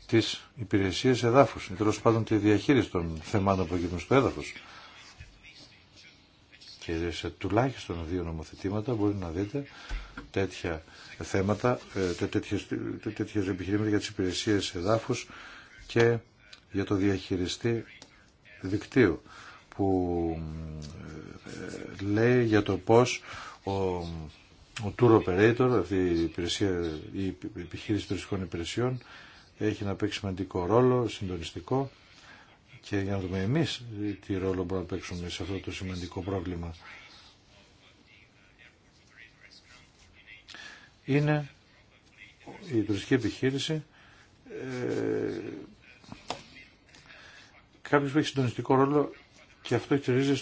τις υπηρεσίες εδάφους, τέλο πάντων τη διαχείριση των θεμάτων που γίνουν στο έδαφος και σε τουλάχιστον δύο νομοθετήματα μπορεί να δείτε τέτοια θέματα, ε, τέτοιες, τέτοιες επιχειρήματα για τις υπηρεσίες εδάφους και για το διαχειριστή δικτύου που ε, λέει για το πώς ο, tour operator, αυτή η, υπηρεσία, η επιχείρηση τουριστικών υπηρεσιών έχει να παίξει σημαντικό ρόλο, συντονιστικό και για να δούμε εμείς τι ρόλο μπορούμε να παίξουμε σε αυτό το σημαντικό πρόβλημα. Είναι η τουριστική επιχείρηση ε, κάποιος που έχει συντονιστικό ρόλο και αυτό έχει ρίζες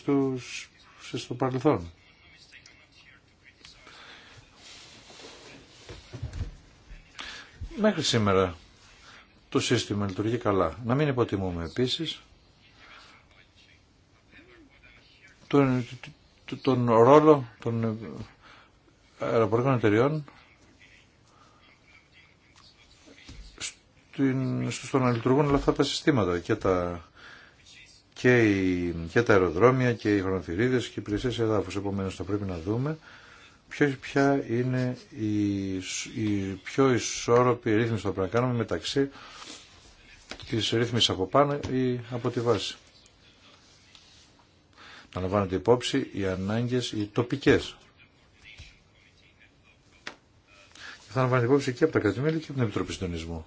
στο παρελθόν. Μέχρι σήμερα το σύστημα λειτουργεί καλά. Να μην υποτιμούμε επίσης τον, τον ρόλο των αεροπορικών εταιριών στην, στο να λειτουργούν όλα αυτά τα συστήματα και τα, και, η και τα αεροδρόμια και οι χρονοθυρίδες και οι υπηρεσίες εδάφους. Επομένως θα πρέπει να δούμε ποιο ποια είναι η, η πιο ισόρροπη ρύθμιση που θα πρέπει να κάνουμε μεταξύ της ρύθμισης από πάνω ή από τη βάση να λαμβάνονται υπόψη οι ανάγκες οι τοπικές. Και θα λαμβάνονται υπόψη και από τα κρατημέλη και από την Επιτροπή Συντονισμού.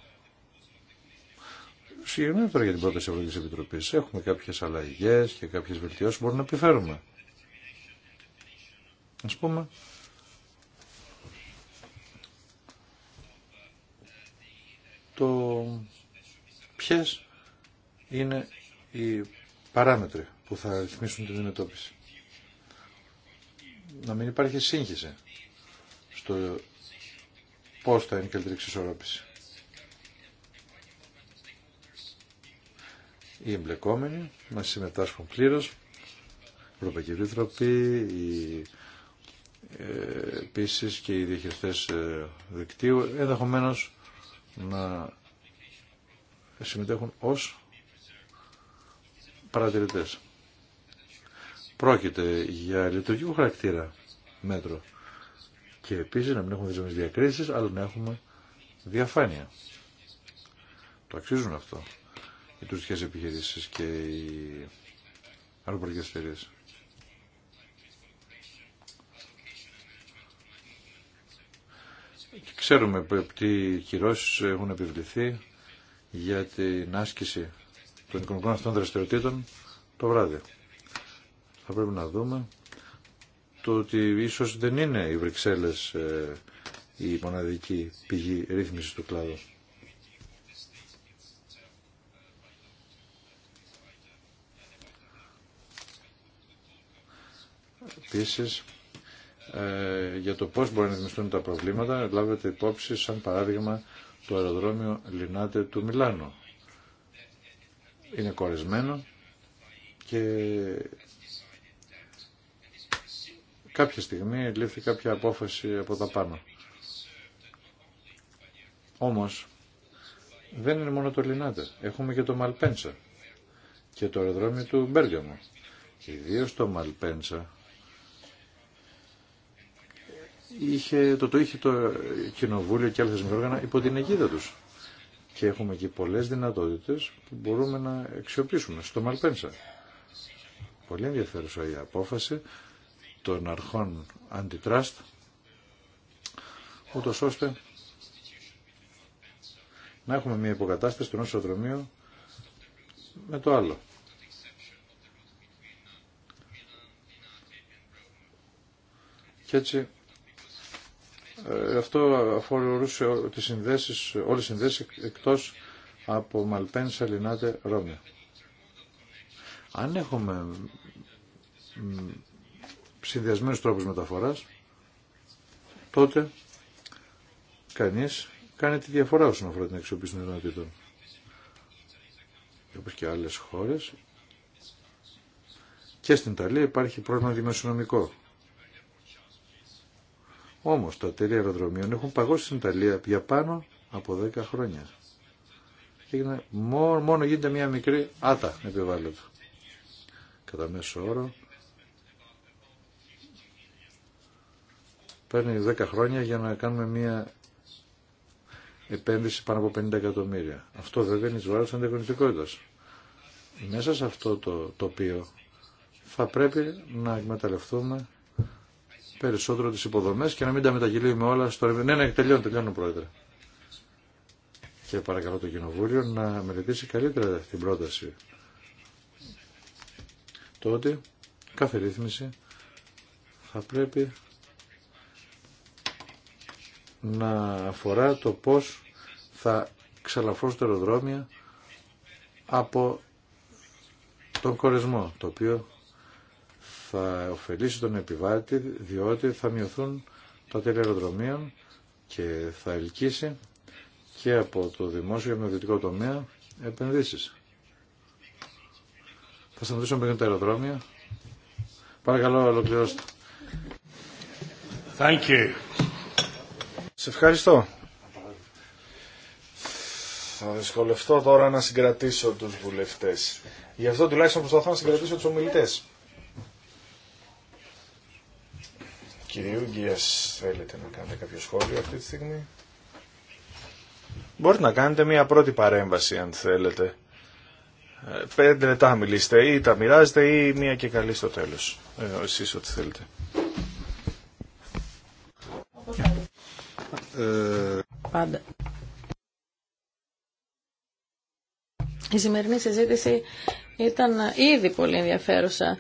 Συγγνώμη τώρα για την πρόταση της Ευρωπαϊκής Επιτροπής. Έχουμε κάποιες αλλαγές και κάποιες βελτιώσεις που μπορούμε να επιφέρουμε. Ας πούμε, το ποιες είναι οι παράμετροι που θα ρυθμίσουν την αντιμετώπιση. Να μην υπάρχει σύγχυση στο πώς θα είναι καλύτερη εξισορρόπηση. Οι εμπλεκόμενοι μας συμμετάσχουν πλήρως, η Ευρωπαϊκή Επιτροπή, οι ε, επίση και οι διαχειριστές ε, δικτύου, ενδεχομένω να συμμετέχουν ως παρατηρητές. Πρόκειται για λειτουργικό χαρακτήρα μέτρο. Και επίσης να μην έχουμε δυσμενείς διακρίσεις, αλλά να έχουμε διαφάνεια. Το αξίζουν αυτό οι τουριστικές επιχειρήσεις και οι αεροπορικές εταιρείε. Ξέρουμε τι κυρώσεις έχουν επιβληθεί για την άσκηση των οικονομικών αυτών δραστηριοτήτων το βράδυ θα πρέπει να δούμε το ότι ίσως δεν είναι οι Βρυξέλλες ε, η μοναδική πηγή ρύθμισης του κλάδου. Επίση, ε, για το πώς μπορεί να ρυθμιστούν τα προβλήματα, λάβετε υπόψη σαν παράδειγμα το αεροδρόμιο Λινάτε του Μιλάνου. Είναι κορεσμένο και κάποια στιγμή λήφθη κάποια απόφαση από τα πάνω. Όμως, δεν είναι μόνο το Λινάτε. Έχουμε και το Μαλπένσα και το αεροδρόμιο του Μπέργαμο. Ιδίω το Μαλπένσα είχε, το, το είχε το κοινοβούλιο και άλλα θεσμικά όργανα υπό την αιγίδα τους. Και έχουμε και πολλές δυνατότητες που μπορούμε να αξιοποιήσουμε στο Μαλπέντσα. Πολύ ενδιαφέρουσα η απόφαση των αρχών αντιτράστ, ούτως ώστε να έχουμε μια υποκατάσταση του νοσοδρομίου με το άλλο. Και έτσι ε, αυτό αφορούσε τις συνδέσεις, όλες τις συνδέσεις εκτός από Μαλπέν, Σαλινάτε, Ρώμιο. Αν έχουμε συνδυασμένους τρόπους μεταφοράς, τότε κανείς κάνει τη διαφορά όσον αφορά την αξιοποίηση των δυνατήτων. Όπως και άλλες χώρες, και στην Ιταλία υπάρχει πρόβλημα δημοσιονομικό. Όμως τα τέλη αεροδρομίων έχουν παγώσει στην Ιταλία για πάνω από 10 χρόνια. Έγινε, μόνο, γίνεται μια μικρή άτα επιβάλλεται. Κατά μέσο όρο παίρνει 10 χρόνια για να κάνουμε μια επένδυση πάνω από 50 εκατομμύρια. Αυτό βέβαια είναι εις βάρος ανταγωνιστικότητας. Μέσα σε αυτό το τοπίο θα πρέπει να εκμεταλλευτούμε περισσότερο τις υποδομές και να μην τα μεταγγελίουμε όλα στο Ναι, ναι, τελειώνω, τελειώνω, Πρόεδρε. Και παρακαλώ το Κοινοβούλιο να μελετήσει καλύτερα την πρόταση. Το ότι κάθε ρύθμιση θα πρέπει να αφορά το πώς θα ξαλαφρώσουν τα αεροδρόμια από τον κορεσμό, το οποίο θα ωφελήσει τον επιβάτη διότι θα μειωθούν τα τέλη αεροδρομίων και θα ελκύσει και από το δημόσιο και το τομέα επενδύσεις. Θα σταματήσουμε πριν τα αεροδρόμια. Παρακαλώ, ολοκληρώστε. Thank you. Σε ευχαριστώ. Θα δυσκολευτώ τώρα να συγκρατήσω τους βουλευτές. Γι' αυτό τουλάχιστον προσπαθώ να συγκρατήσω τους ομιλητές. Κύριε Ούγγιας, θέλετε να κάνετε κάποιο σχόλιο αυτή τη στιγμή. Μπορείτε να κάνετε μια πρώτη παρέμβαση αν θέλετε. Ε, πέντε λεπτά μιλήστε ή τα μοιράζετε ή μια και καλή στο τέλος. Ε, εσείς ό,τι θέλετε. Πάντα. Η σημερινή συζήτηση ήταν ήδη πολύ ενδιαφέρουσα.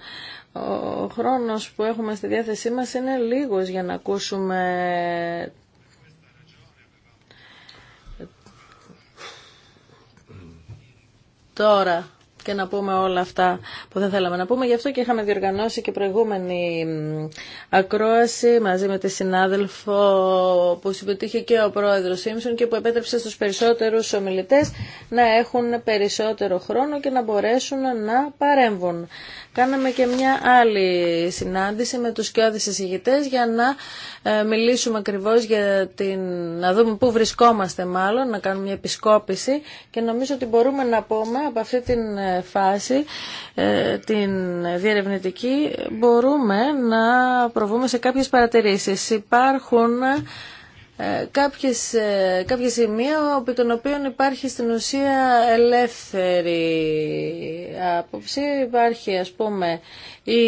Ο χρόνος που έχουμε στη διάθεσή μας είναι λίγος για να ακούσουμε τώρα και να πούμε όλα αυτά που δεν θέλαμε να πούμε. Γι' αυτό και είχαμε διοργανώσει και προηγούμενη ακρόαση μαζί με τη συνάδελφο που συμμετείχε και ο πρόεδρος Σίμψον και που επέτρεψε στους περισσότερους ομιλητές να έχουν περισσότερο χρόνο και να μπορέσουν να παρέμβουν. Κάναμε και μια άλλη συνάντηση με τους κοιόδης εισηγητές για να ε, μιλήσουμε ακριβώς για την... να δούμε πού βρισκόμαστε μάλλον, να κάνουμε μια επισκόπηση και νομίζω ότι μπορούμε να πούμε από αυτή την ε, φάση, ε, την διερευνητική, μπορούμε να προβούμε σε κάποιες παρατηρήσεις. Υπάρχουν ε, κάποιες, ε, κάποια σημεία από τον οποίο υπάρχει στην ουσία ελεύθερη άποψη. Υπάρχει ας πούμε η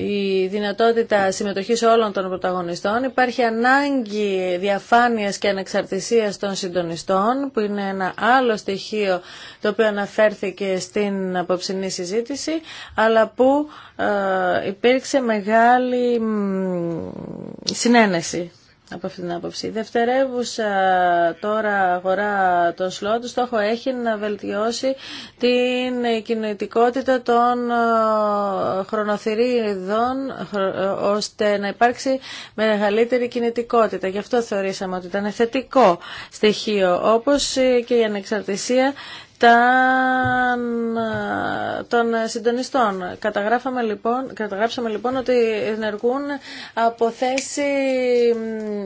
η δυνατότητα συμμετοχής όλων των πρωταγωνιστών. Υπάρχει ανάγκη διαφάνειας και ανεξαρτησίας των συντονιστών, που είναι ένα άλλο στοιχείο το οποίο αναφέρθηκε στην απόψινή συζήτηση, αλλά που ε, υπήρξε μεγάλη συνένεση από αυτή την άποψη. δευτερεύουσα τώρα αγορά των σλότ στόχο έχει να βελτιώσει την κινητικότητα των ε, χρονοθυρίδων ε, ώστε να υπάρξει μεγαλύτερη κινητικότητα. Γι' αυτό θεωρήσαμε ότι ήταν θετικό στοιχείο όπως και η ανεξαρτησία των συντονιστών. Καταγράφαμε λοιπόν, καταγράψαμε λοιπόν ότι ενεργούν από θέση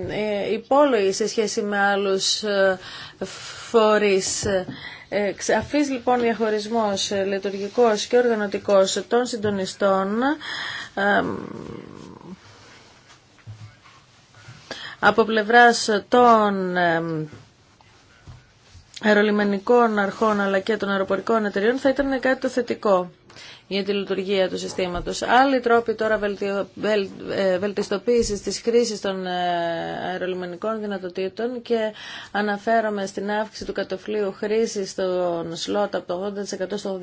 ε, υπόλογη σε σχέση με άλλους ε, φορείς. Ε, Αφής λοιπόν διαχωρισμός λειτουργικός και οργανωτικός των συντονιστών από πλευράς των αερολιμενικών αρχών αλλά και των αεροπορικών εταιριών θα ήταν κάτι το θετικό για τη λειτουργία του συστήματος. Άλλοι τρόποι τώρα βελτιο... βελ... Ε, βελτιστοποίησης της χρήσης των ε, αερολιμενικών δυνατοτήτων και αναφέρομαι στην αύξηση του κατοφλίου χρήσης των σλότ από το 80% στο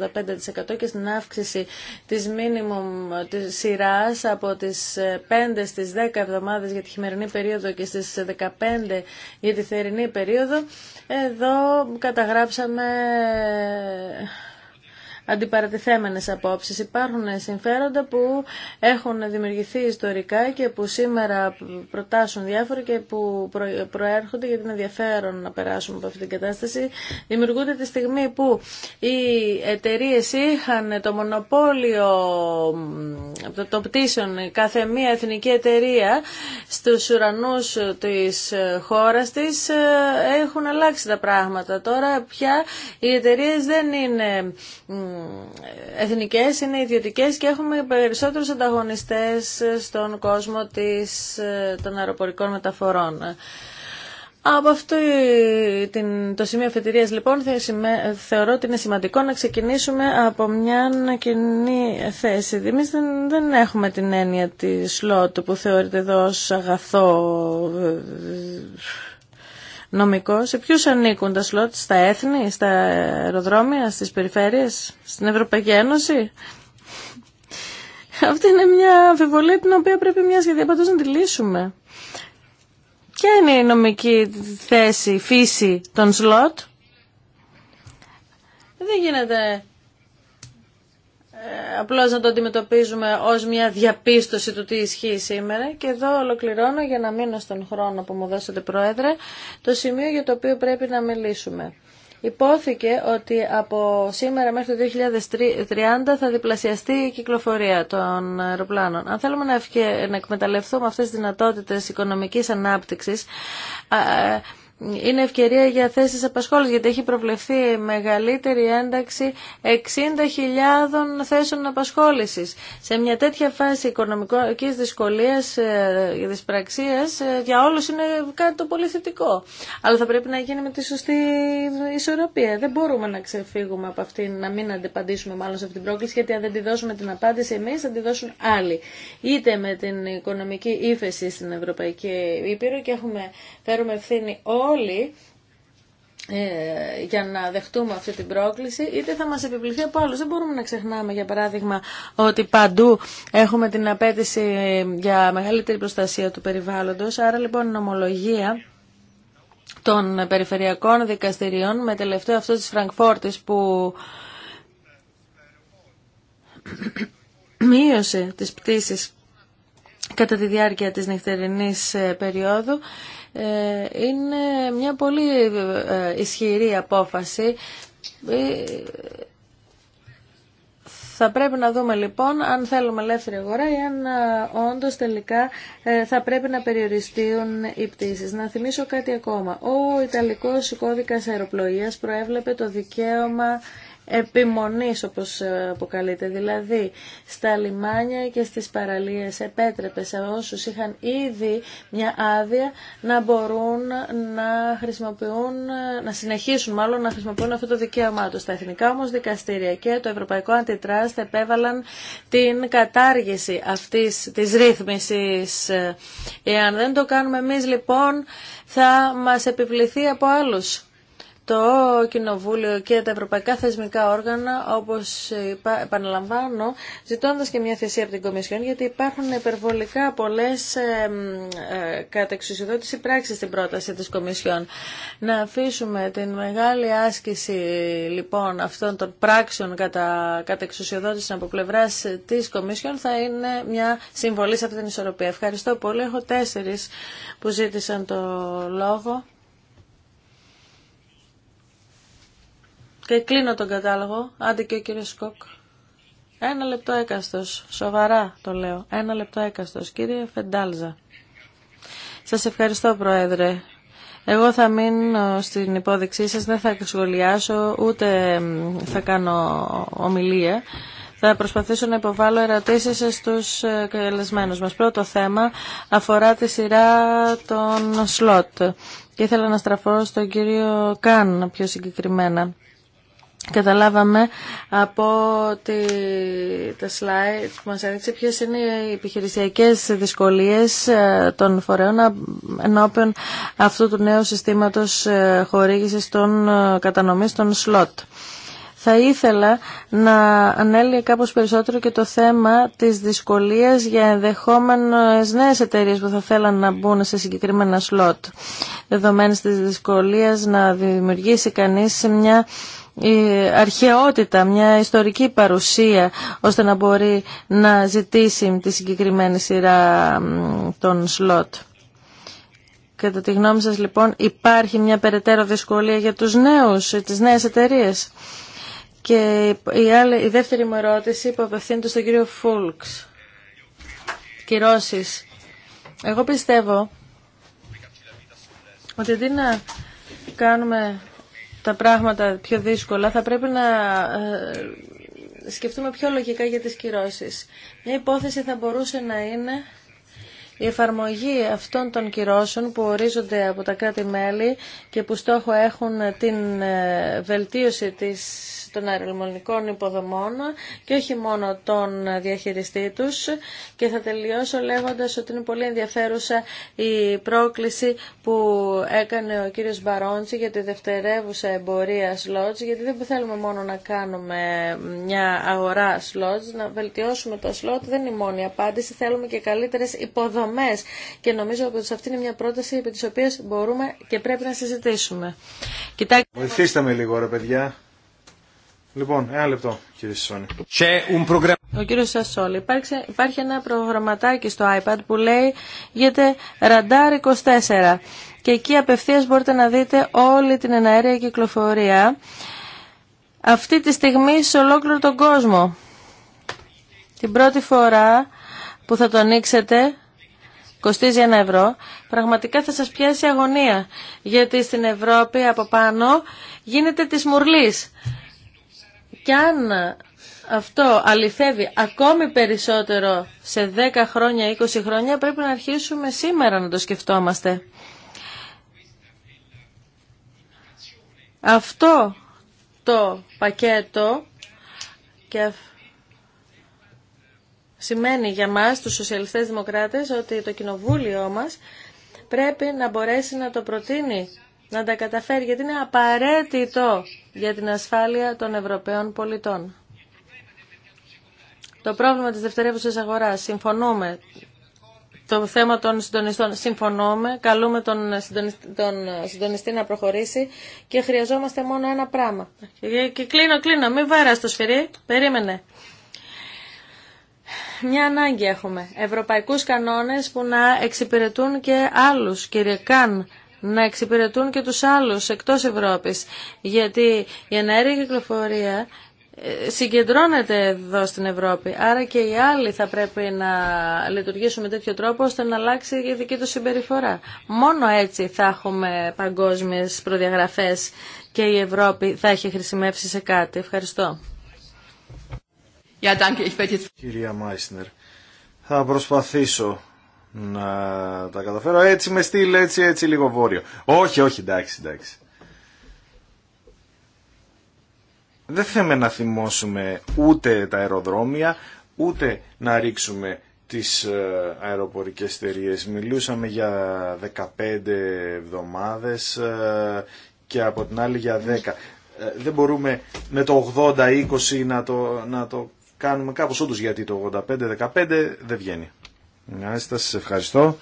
85% και στην αύξηση της μίνιμουμ της σειράς από τις 5 ε, στις 10 εβδομάδες για τη χειμερινή περίοδο και στις 15 για τη θερινή περίοδο. Εδώ καταγράψαμε αντιπαρατηθέμενες απόψεις. Υπάρχουν συμφέροντα που έχουν δημιουργηθεί ιστορικά και που σήμερα προτάσουν διάφορα και που προέρχονται γιατί είναι ενδιαφέρον να περάσουμε από αυτή την κατάσταση. Δημιουργούνται τη στιγμή που οι εταιρείε είχαν το μονοπόλιο το πτήσεων κάθε μία εθνική εταιρεία στους ουρανούς της χώρας της ε, έχουν αλλάξει τα πράγματα. Τώρα πια οι εταιρείε δεν είναι εθνικές είναι ιδιωτικές και έχουμε περισσότερους ανταγωνιστές στον κόσμο της, των αεροπορικών μεταφορών. Από αυτό το σημείο αφετηρίας λοιπόν θεωρώ ότι είναι σημαντικό να ξεκινήσουμε από μια κοινή θέση. Εμεί δεν, δεν έχουμε την έννοια της σλότ που θεωρείται εδώ αγαθό ε, νομικό, σε ποιους ανήκουν τα σλότ, στα έθνη, στα αεροδρόμια, στις περιφέρειες, στην Ευρωπαϊκή Ένωση. Αυτή είναι μια αμφιβολία την οποία πρέπει μια σχεδία παντός να τη λύσουμε. Ποια είναι η νομική θέση, φύση των σλότ. Δεν γίνεται ε, Απλώ να το αντιμετωπίζουμε ως μια διαπίστωση του τι ισχύει σήμερα και εδώ ολοκληρώνω για να μείνω στον χρόνο που μου δώσατε Πρόεδρε το σημείο για το οποίο πρέπει να μιλήσουμε. Υπόθηκε ότι από σήμερα μέχρι το 2030 θα διπλασιαστεί η κυκλοφορία των αεροπλάνων. Αν θέλουμε να, ευκαι... να εκμεταλλευτούμε αυτές τις δυνατότητες οικονομικής ανάπτυξης, ε, είναι ευκαιρία για θέσεις απασχόλησης, γιατί έχει προβλεφθεί μεγαλύτερη ένταξη 60.000 θέσεων απασχόλησης. Σε μια τέτοια φάση οικονομικής δυσκολίας, ε, δυσπραξίας, ε, για όλους είναι κάτι το πολύ θετικό. Αλλά θα πρέπει να γίνει με τη σωστή ισορροπία. Δεν μπορούμε να ξεφύγουμε από αυτήν, να μην αντιπαντήσουμε μάλλον σε αυτή την πρόκληση, γιατί αν δεν τη δώσουμε την απάντηση εμείς, θα τη δώσουν άλλοι. Είτε με την οικονομική ύφεση στην Ευρωπαϊκή Ήπειρο και έχουμε, φέρουμε ευθύνη όλοι ε, για να δεχτούμε αυτή την πρόκληση είτε θα μας επιβληθεί από άλλους. Δεν μπορούμε να ξεχνάμε για παράδειγμα ότι παντού έχουμε την απέτηση για μεγαλύτερη προστασία του περιβάλλοντος. Άρα λοιπόν η νομολογία των περιφερειακών δικαστηριών με τελευταίο αυτό της Φραγκφόρτης που μείωσε τις πτήσεις κατά τη διάρκεια της νυχτερινής ε, περίοδου ε, είναι μια πολύ ε, ισχυρή απόφαση. Θα πρέπει να δούμε λοιπόν αν θέλουμε ελεύθερη αγορά ή αν όντως τελικά θα πρέπει να περιοριστούν οι πτήσεις. Να θυμίσω κάτι ακόμα. Ο Ιταλικός κώδικας αεροπλοείας προέβλεπε το δικαίωμα επιμονής όπως ε, αποκαλείται, δηλαδή στα λιμάνια και στις παραλίες επέτρεπε σε όσους είχαν ήδη μια άδεια να μπορούν να χρησιμοποιούν, να συνεχίσουν μάλλον να χρησιμοποιούν αυτό το δικαίωμά τους. Τα εθνικά όμως δικαστήρια και το Ευρωπαϊκό Αντιτράστ επέβαλαν την κατάργηση αυτής της ρύθμισης. Ε, εάν δεν το κάνουμε εμείς λοιπόν θα μας επιβληθεί από άλλους το Κοινοβούλιο και τα ευρωπαϊκά θεσμικά όργανα, όπως επαναλαμβάνω, ζητώντας και μια θεσία από την Κομισιόν, γιατί υπάρχουν υπερβολικά πολλές ε, ε, πράξεις στην πρόταση της Κομισιόν. Να αφήσουμε την μεγάλη άσκηση λοιπόν αυτών των πράξεων κατά κατεξουσιοδότηση από πλευρά της Κομισιόν θα είναι μια συμβολή σε αυτή την ισορροπία. Ευχαριστώ πολύ. Έχω τέσσερις που ζήτησαν το λόγο. Και κλείνω τον κατάλογο, άντε και ο κύριο Κοκ. Ένα λεπτό έκαστος, σοβαρά το λέω, ένα λεπτό έκαστος, κύριε Φεντάλζα. Σας ευχαριστώ Πρόεδρε. Εγώ θα μείνω στην υπόδειξή σας, δεν θα σχολιάσω ούτε θα κάνω ομιλία. Θα προσπαθήσω να υποβάλω ερωτήσεις στους ε, καλεσμένους μας. Πρώτο θέμα αφορά τη σειρά των σλότ. Και ήθελα να στραφώ στον κύριο Καν πιο συγκεκριμένα. Καταλάβαμε από τη, τα slides που μας έδειξε ποιες είναι οι επιχειρησιακές δυσκολίες ε, των φορέων ενώπιον αυτού του νέου συστήματος ε, χορήγησης των ε, κατανομής των σλότ. Θα ήθελα να ανέλυε κάπως περισσότερο και το θέμα της δυσκολίας για ενδεχόμενες νέες εταιρείε που θα θέλαν να μπουν σε συγκεκριμένα σλότ. Δεδομένες της δυσκολίας να δημιουργήσει κανείς μια η αρχαιότητα, μια ιστορική παρουσία ώστε να μπορεί να ζητήσει τη συγκεκριμένη σειρά των σλότ. Κατά τη γνώμη σας λοιπόν υπάρχει μια περαιτέρω δυσκολία για τους νέους, τις νέες εταιρείες. Και η, η δεύτερη μου ερώτηση που απευθύνεται στον κύριο Φούλξ. Κυρώσεις. Εγώ πιστεύω ότι αντί να κάνουμε τα πράγματα πιο δύσκολα, θα πρέπει να ε, σκεφτούμε πιο λογικά για τις κυρώσεις. Μια υπόθεση θα μπορούσε να είναι η εφαρμογή αυτών των κυρώσεων που ορίζονται από τα κράτη-μέλη και που στόχο έχουν την ε, βελτίωση της των αερολμονικών υποδομών και όχι μόνο τον διαχειριστή τους και θα τελειώσω λέγοντας ότι είναι πολύ ενδιαφέρουσα η πρόκληση που έκανε ο κύριος Μπαρόντσι για τη δευτερεύουσα εμπορία σλότς γιατί δεν θέλουμε μόνο να κάνουμε μια αγορά σλότς να βελτιώσουμε το σλότ δεν είναι η μόνη απάντηση θέλουμε και καλύτερες υποδομές και νομίζω ότι αυτή είναι μια πρόταση επί της οποίας μπορούμε και πρέπει να συζητήσουμε. Κοιτάξτε... Βοηθήστε με λίγο ρε παιδιά. Λοιπόν, ένα λεπτό, κύριε Σασόλη. Ο κύριο Σασόλη, υπάρχει, υπάρχει ένα προγραμματάκι στο iPad που λέει γίνεται Radar 24 και εκεί απευθείας μπορείτε να δείτε όλη την εναέρια κυκλοφορία αυτή τη στιγμή σε ολόκληρο τον κόσμο. Την πρώτη φορά που θα το ανοίξετε κοστίζει ένα ευρώ, πραγματικά θα σας πιάσει αγωνία. Γιατί στην Ευρώπη από πάνω γίνεται της μουρλής και αν αυτό αληθεύει ακόμη περισσότερο σε 10 χρόνια, 20 χρόνια, πρέπει να αρχίσουμε σήμερα να το σκεφτόμαστε. Αυτό το πακέτο και σημαίνει για μας, τους σοσιαλιστές δημοκράτες, ότι το κοινοβούλιο μας πρέπει να μπορέσει να το προτείνει να τα καταφέρει, γιατί είναι απαραίτητο για την ασφάλεια των Ευρωπαίων πολιτών. Το πρόβλημα της δευτερεύουσας αγοράς, συμφωνούμε, το θέμα των συντονιστών συμφωνούμε, καλούμε τον συντονιστή, να προχωρήσει και χρειαζόμαστε μόνο ένα πράγμα. Και κλείνω, κλείνω, μην βάρα το σφυρί, περίμενε. Μια ανάγκη έχουμε. Ευρωπαϊκούς κανόνες που να εξυπηρετούν και άλλους, κύριε να εξυπηρετούν και τους άλλους εκτός Ευρώπης. Γιατί η ενέργεια κυκλοφορία ε, συγκεντρώνεται εδώ στην Ευρώπη. Άρα και οι άλλοι θα πρέπει να λειτουργήσουν με τέτοιο τρόπο ώστε να αλλάξει η δική του συμπεριφορά. Μόνο έτσι θα έχουμε παγκόσμιες προδιαγραφές και η Ευρώπη θα έχει χρησιμεύσει σε κάτι. Ευχαριστώ. θα προσπαθήσω να τα καταφέρω. Έτσι με στυλ, έτσι, έτσι λίγο βόρειο. Όχι, όχι, εντάξει, εντάξει. Δεν θέμε να θυμώσουμε ούτε τα αεροδρόμια, ούτε να ρίξουμε τις ε, αεροπορικές εταιρείε. Μιλούσαμε για 15 εβδομάδες ε, και από την άλλη για 10. Ε, δεν μπορούμε με το 80-20 να το, να το κάνουμε κάπως όντως γιατί το 85-15 δεν βγαίνει. Μάλιστα, σας ευχαριστώ.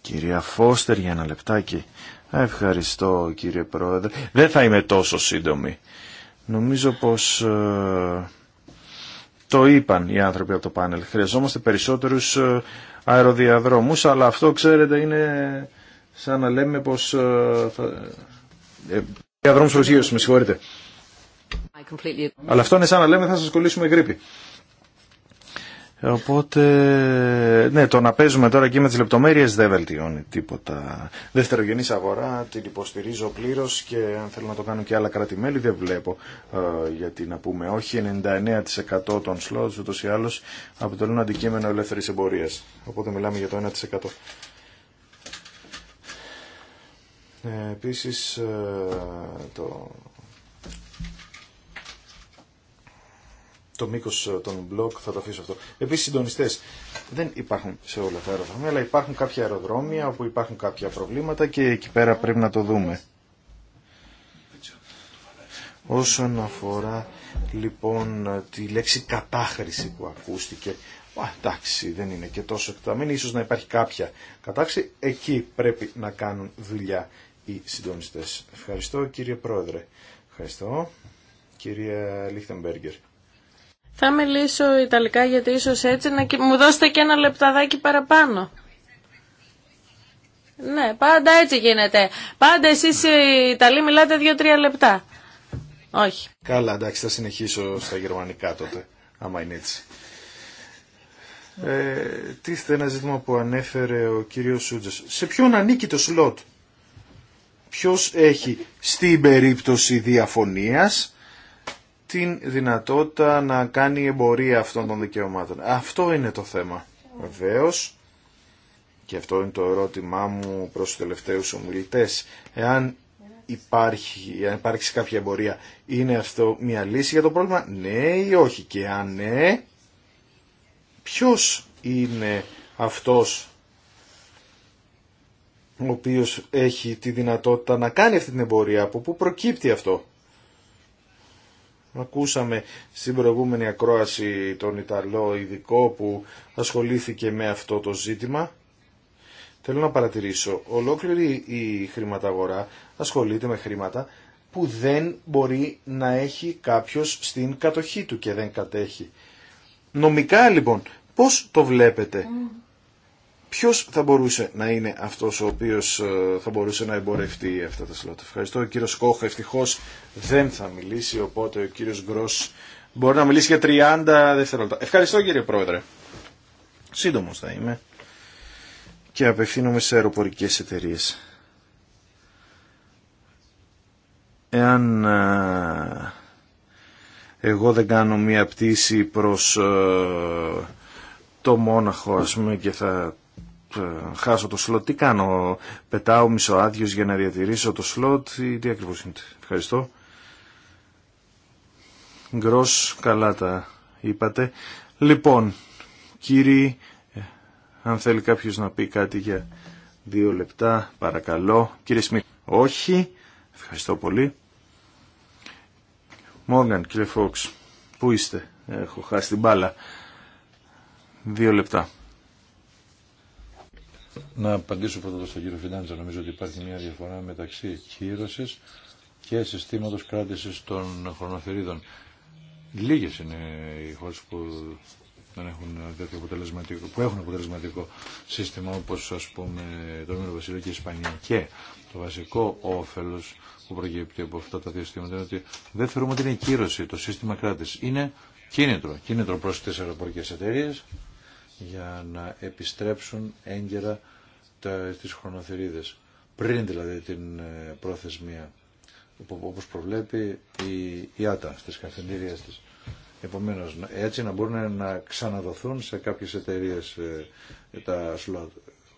Κυρία Φώστερ, για ένα λεπτάκι. Ευχαριστώ κύριε Πρόεδρε. Δεν θα είμαι τόσο σύντομη. Νομίζω πως ε, το είπαν οι άνθρωποι από το πάνελ. Χρειαζόμαστε περισσότερους ε, αεροδιαδρόμους, αλλά αυτό ξέρετε είναι σαν να λέμε πως... Ε, θα, ε, διαδρόμους προσγείωσης, με συγχωρείτε. Αλλά αυτό είναι σαν να λέμε θα σας κολλήσουμε γρήπη. Οπότε, ναι, το να παίζουμε τώρα και με τις λεπτομέρειες δεν βελτιώνει τίποτα. Δευτερογενής αγορά, την υποστηρίζω πλήρως και αν θέλω να το κάνουν και άλλα κράτη-μέλη δεν βλέπω ε, γιατί να πούμε όχι. 99% των σλότς ούτως ή άλλως αποτελούν αντικείμενο ελεύθερης εμπορίας. Οπότε μιλάμε για το 1%. Ε, επίσης, ε, το το μήκο ε, των μπλοκ, θα το αφήσω αυτό. Επίση, συντονιστέ δεν υπάρχουν σε όλα τα αεροδρόμια, αλλά υπάρχουν κάποια αεροδρόμια όπου υπάρχουν κάποια προβλήματα και εκεί πέρα πρέπει να το δούμε. Όσον αφορά λοιπόν τη λέξη κατάχρηση που ακούστηκε, Α, εντάξει, δεν είναι και τόσο εκταμένη, ίσως να υπάρχει κάποια κατάξη, εκεί πρέπει να κάνουν δουλειά οι συντονιστές. Ευχαριστώ κύριε Πρόεδρε. Ευχαριστώ κυρία Λίχτεμπεργκερ. Θα μιλήσω Ιταλικά γιατί ίσως έτσι να μου δώσετε και ένα λεπταδάκι παραπάνω. Ναι, πάντα έτσι γίνεται. Πάντα εσείς οι ε, Ιταλοί μιλάτε δύο-τρία λεπτά. Όχι. Καλά, εντάξει, θα συνεχίσω στα γερμανικά τότε, άμα είναι έτσι. Ε, τίθεται ένα ζήτημα που ανέφερε ο κύριος Σούτζας. Σε ποιον ανήκει το σλότ. Ποιος έχει στην περίπτωση διαφωνίας την δυνατότητα να κάνει εμπορία αυτών των δικαιωμάτων. Αυτό είναι το θέμα. Βεβαίω, και αυτό είναι το ερώτημά μου προς τους τελευταίους ομιλητές, εάν υπάρχει, υπάρξει κάποια εμπορία, είναι αυτό μια λύση για το πρόβλημα, ναι ή όχι. Και αν ναι, ποιος είναι αυτός ο οποίος έχει τη δυνατότητα να κάνει αυτή την εμπορία, από πού προκύπτει αυτό. Ακούσαμε στην προηγούμενη ακρόαση τον Ιταλό ειδικό που ασχολήθηκε με αυτό το ζήτημα. Θέλω να παρατηρήσω, ολόκληρη η χρηματαγορά ασχολείται με χρήματα που δεν μπορεί να έχει κάποιος στην κατοχή του και δεν κατέχει. Νομικά λοιπόν, πώς το βλέπετε. Ποιο θα μπορούσε να είναι αυτός ο οποίος ε, θα μπορούσε να εμπορευτεί αυτά τα σλότ. Ευχαριστώ. Ο κύριος Κόχ ευτυχώς δεν θα μιλήσει, οπότε ο κύριος Γκρό μπορεί να μιλήσει για 30 δευτερόλεπτα. Ευχαριστώ κύριε Πρόεδρε. Σύντομος θα είμαι και απευθύνομαι σε αεροπορικέ εταιρείε. Εάν ε, εγώ δεν κάνω μία πτήση προς ε, το μόναχο ας πούμε και θα ε, χάσω το σλότ, τι κάνω, πετάω μισοάδιος για να διατηρήσω το σλότ ή τι ακριβώς είναι. Ευχαριστώ. Γκρός, καλά τα είπατε. Λοιπόν, κύριοι, ε, αν θέλει κάποιος να πει κάτι για δύο λεπτά, παρακαλώ. Κύριε Σμίτ, όχι, ευχαριστώ πολύ. Μόργαν, κύριε Φόξ, πού είστε, έχω χάσει την μπάλα. Δύο λεπτά. Να απαντήσω πρώτα στον κύριο Φιντάντζα. Νομίζω ότι υπάρχει μια διαφορά μεταξύ κύρωσης και συστήματος κράτησης των χρονοθερίδων. Λίγες είναι οι χώρες που δεν έχουν τέτοιο αποτελεσματικό, που έχουν αποτελεσματικό σύστημα όπως ας πούμε το Μήνο Βασίλειο και η Ισπανία. Και το βασικό όφελος που προκύπτει από αυτά τα δύο συστήματα είναι ότι δεν θεωρούμε ότι είναι κύρωση το σύστημα κράτηση. Είναι κίνητρο. Κίνητρο προς τις αεροπορικές εταιρείες για να επιστρέψουν έγκαιρα τις χρονοθερίδες πριν δηλαδή την ε, προθεσμία όπως προβλέπει η ΙΑΤΑ στις καθημερινές της. Επομένως, έτσι να μπορούν να ξαναδοθούν σε κάποιες εταιρείες ε, τα σλότ.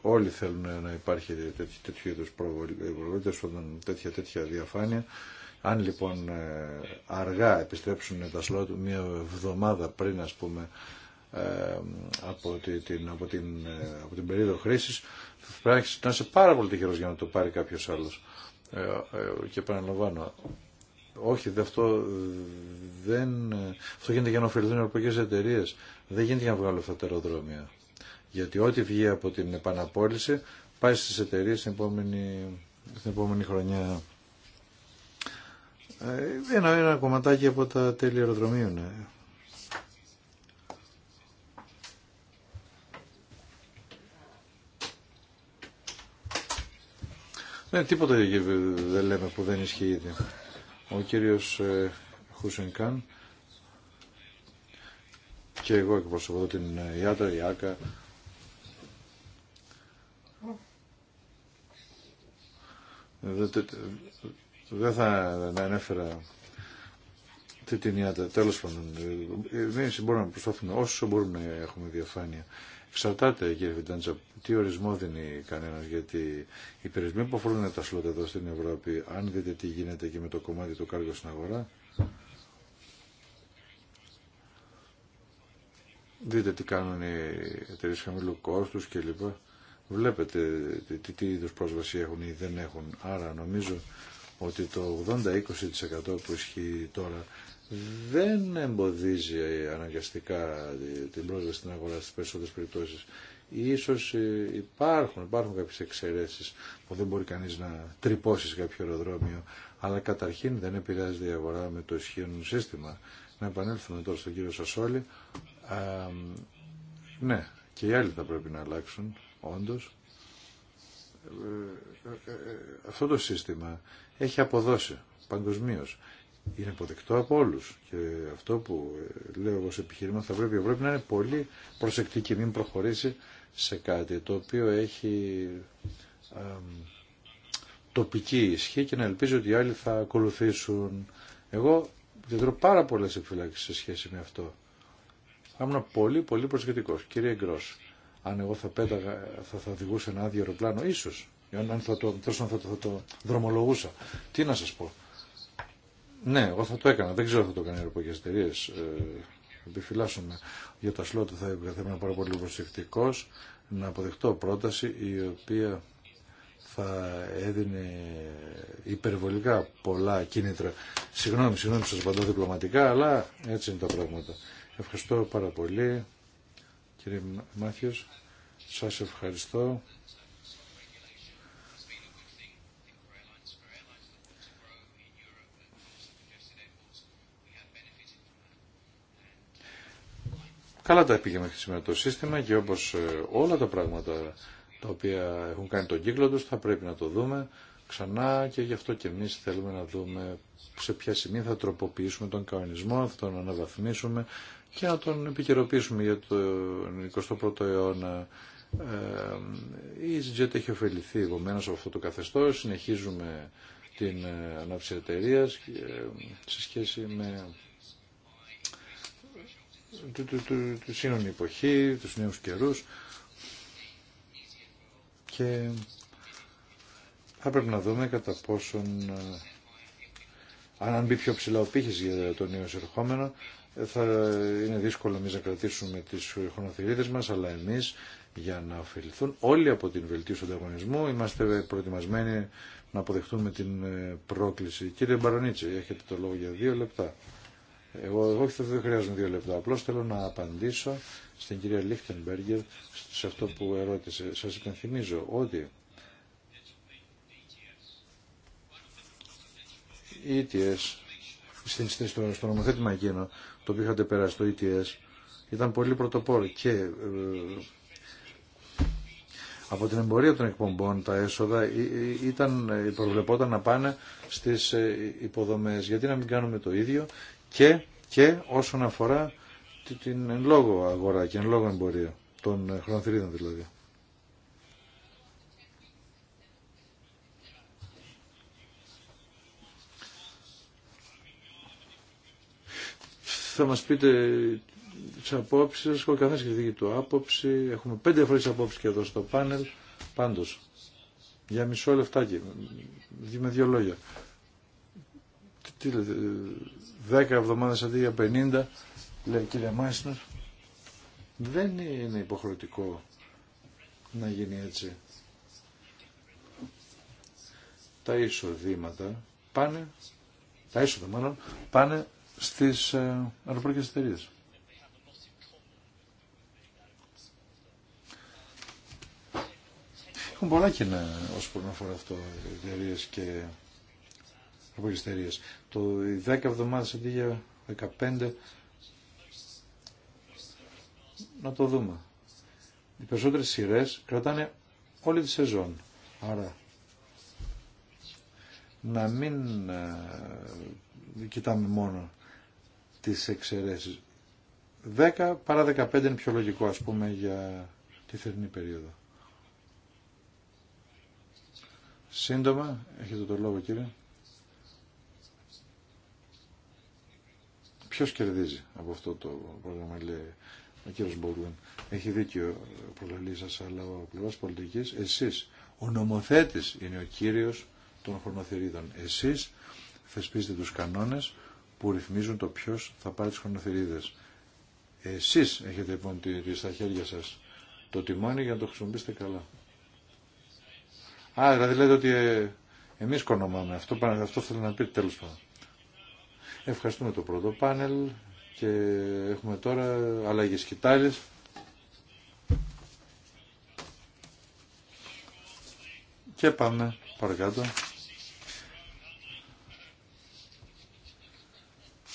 Όλοι θέλουν να υπάρχει τέτοι, τέτοιου είδους προβολήτες, τέτοια, τέτοια διαφάνεια. Αν λοιπόν ε, αργά επιστρέψουν τα σλότ μία εβδομάδα πριν ας πούμε ε, από, την, από, την, ε, από την περίοδο χρήση, πρέπει να είσαι πάρα πολύ τυχερό για να το πάρει κάποιο άλλο. Ε, και επαναλαμβάνω, όχι, δε αυτό, δεν, αυτό γίνεται για να ωφεληθούν οι ευρωπαϊκέ εταιρείε. Δεν γίνεται για να βγάλουν αυτά τα αεροδρόμια. Γιατί ό,τι βγει από την επαναπόληση πάει στι εταιρείε την επόμενη, την επόμενη χρονιά. Ένα, ένα κομματάκι από τα τέλη αεροδρομίων. Ναι. Ναι, τίποτα δεν λέμε που δεν ισχύει. Ο κύριος ε, Χουσενκάν και εγώ εκπροσωπώ την Ιάτρα, ε, Ιάκα. Ε, δεν θα ανέφερα τι την Ιάτρα. Τέλος πάντων, εμείς μπορούμε να προσπαθούμε όσο μπορούμε να έχουμε διαφάνεια. Εξαρτάται, κύριε Φιντάντσα, τι ορισμό δίνει κανένα, γιατί οι περιορισμοί που αφορούν τα σλότ εδώ στην Ευρώπη, αν δείτε τι γίνεται και με το κομμάτι του κάργου στην αγορά, δείτε τι κάνουν οι εταιρείε χαμηλού κόστου κλπ. Βλέπετε τι, τι είδου πρόσβαση έχουν ή δεν έχουν. Άρα νομίζω ότι το 80-20% που ισχύει τώρα δεν εμποδίζει αναγκαστικά την πρόσβαση στην αγορά στις περισσότερες περιπτώσεις. Ίσως ε, υπάρχουν, υπάρχουν κάποιες εξαιρέσεις που δεν μπορεί κανείς να τρυπώσει σε κάποιο αεροδρόμιο, αλλά καταρχήν δεν επηρεάζεται η αγορά με το ισχύον σύστημα. Να επανέλθουμε τώρα στον κύριο Σασόλη. Α, ναι, και οι άλλοι θα πρέπει να αλλάξουν, όντως. Ε, ε, αυτό το σύστημα έχει αποδώσει παγκοσμίω είναι αποδεκτό από όλου. Και αυτό που ε, λέω ω επιχείρημα θα πρέπει η Ευρώπη να είναι πολύ προσεκτική, μην προχωρήσει σε κάτι το οποίο έχει τοπική ισχύ και να ελπίζω ότι οι άλλοι θα ακολουθήσουν. Εγώ διατηρώ πάρα πολλέ επιφυλάξει σε σχέση με αυτό. Θα πολύ πολύ προσεκτικό. Κύριε Γκρό, αν εγώ θα πέταγα, θα, θα οδηγούσα ένα άδειο αεροπλάνο, ίσω. Αν θα το, θα, θα το δρομολογούσα. Τι να σα πω. Ναι, εγώ θα το έκανα. Δεν ξέρω αν θα το έκανα οι ευρωπαϊκέ εταιρείε. Ε, επιφυλάσσομαι για τα σλότ. Θα, είμαι πάρα πολύ προσεκτικό να αποδεχτώ πρόταση η οποία θα έδινε υπερβολικά πολλά κίνητρα. Συγγνώμη, συγγνώμη σα παντώ διπλωματικά, αλλά έτσι είναι τα πράγματα. Ευχαριστώ πάρα πολύ, κύριε Μάθιος. Σας ευχαριστώ. Καλά τα πήγε μέχρι σήμερα το σύστημα και όπως ε, όλα τα πράγματα τα οποία έχουν κάνει τον κύκλο τους θα πρέπει να το δούμε ξανά και γι' αυτό και εμείς θέλουμε να δούμε σε ποια σημεία θα τροποποιήσουμε τον κανονισμό, θα τον αναβαθμίσουμε και να τον επικαιροποιήσουμε για τον 21ο αιώνα. Ε, η EasyJet έχει ωφεληθεί επομένω από αυτό το καθεστώ. συνεχίζουμε την ε, αναψητερία σε σχέση με του, του, του, του σύνων εποχή, τους νέους καιρούς και θα πρέπει να δούμε κατά πόσον ε, αν μπει πιο ψηλά ο πύχης για το νέο εισερχόμενο ε, θα είναι δύσκολο εμεί να κρατήσουμε τις χρονοθυρίδες μας αλλά εμείς για να ωφεληθούν όλοι από την βελτίωση του ανταγωνισμού είμαστε προετοιμασμένοι να αποδεχτούμε την ε, πρόκληση. Κύριε Μπαρονίτση, έχετε το λόγο για δύο λεπτά. Εγώ, εγώ δεν χρειάζομαι δύο λεπτά. Απλώς θέλω να απαντήσω στην κυρία Λίχτενμπέργκερ σε αυτό που ερώτησε. Σας υπενθυμίζω ότι ETS, στην, στο, στο νομοθέτημα εκείνο, το οποίο είχατε περάσει το ETS, ήταν πολύ πρωτοπόρο και ε, από την εμπορία των εκπομπών τα έσοδα ε, ε, ήταν, προβλεπόταν να πάνε στις υποδομές. Γιατί να μην κάνουμε το ίδιο και, και όσον αφορά την εν λόγω αγορά και εν λόγω εμπορία των ε, χρονοθυρίδων δηλαδή. Θα μας πείτε τις απόψεις, ο καθένας και δική του άποψη. Έχουμε πέντε φορές απόψεις και εδώ στο πάνελ. Πάντως, για μισό λεφτάκι, με δύο λόγια. 10 εβδομάδες αντί για 50, λέει κύριε Μάισνερ δεν είναι υποχρεωτικό να γίνει έτσι. Τα εισοδήματα πάνε, τα έσοδα μάλλον, πάνε στις ε, αεροπορικές εταιρείε. Έχουν πολλά κοινά όσον αφορά αυτό οι εταιρείε και το 10 εβδομάδες αντί για 15, να το δούμε. Οι περισσότερες σειρές κρατάνε όλη τη σεζόν. Άρα να μην ε, κοιτάμε μόνο τις εξαιρέσεις. 10 παρά 15 είναι πιο λογικό ας πούμε για τη θερινή περίοδο. Σύντομα, έχετε το λόγο κύριε. Ποιο κερδίζει από αυτό το πρόγραμμα, λέει ο κύριος Έχει δίκιο ο προλαλή αλλά ο πλευρά πολιτική. εσείς, ο νομοθέτης είναι ο κύριος των χρονοθερίδων. Εσείς θεσπίζετε τους κανόνες που ρυθμίζουν το ποιο θα πάρει τις χρονοθερίδες. Εσείς έχετε λοιπόν στα χέρια σα το τιμόνι για να το χρησιμοποιήσετε καλά. Α, δηλαδή λέτε ότι ε, εμείς κονομάμε. Αυτό, αυτό θέλω να πει τέλος πάντων. Ευχαριστούμε το πρώτο πάνελ και έχουμε τώρα αλλαγές κοιτάλες. Και πάμε παρακάτω.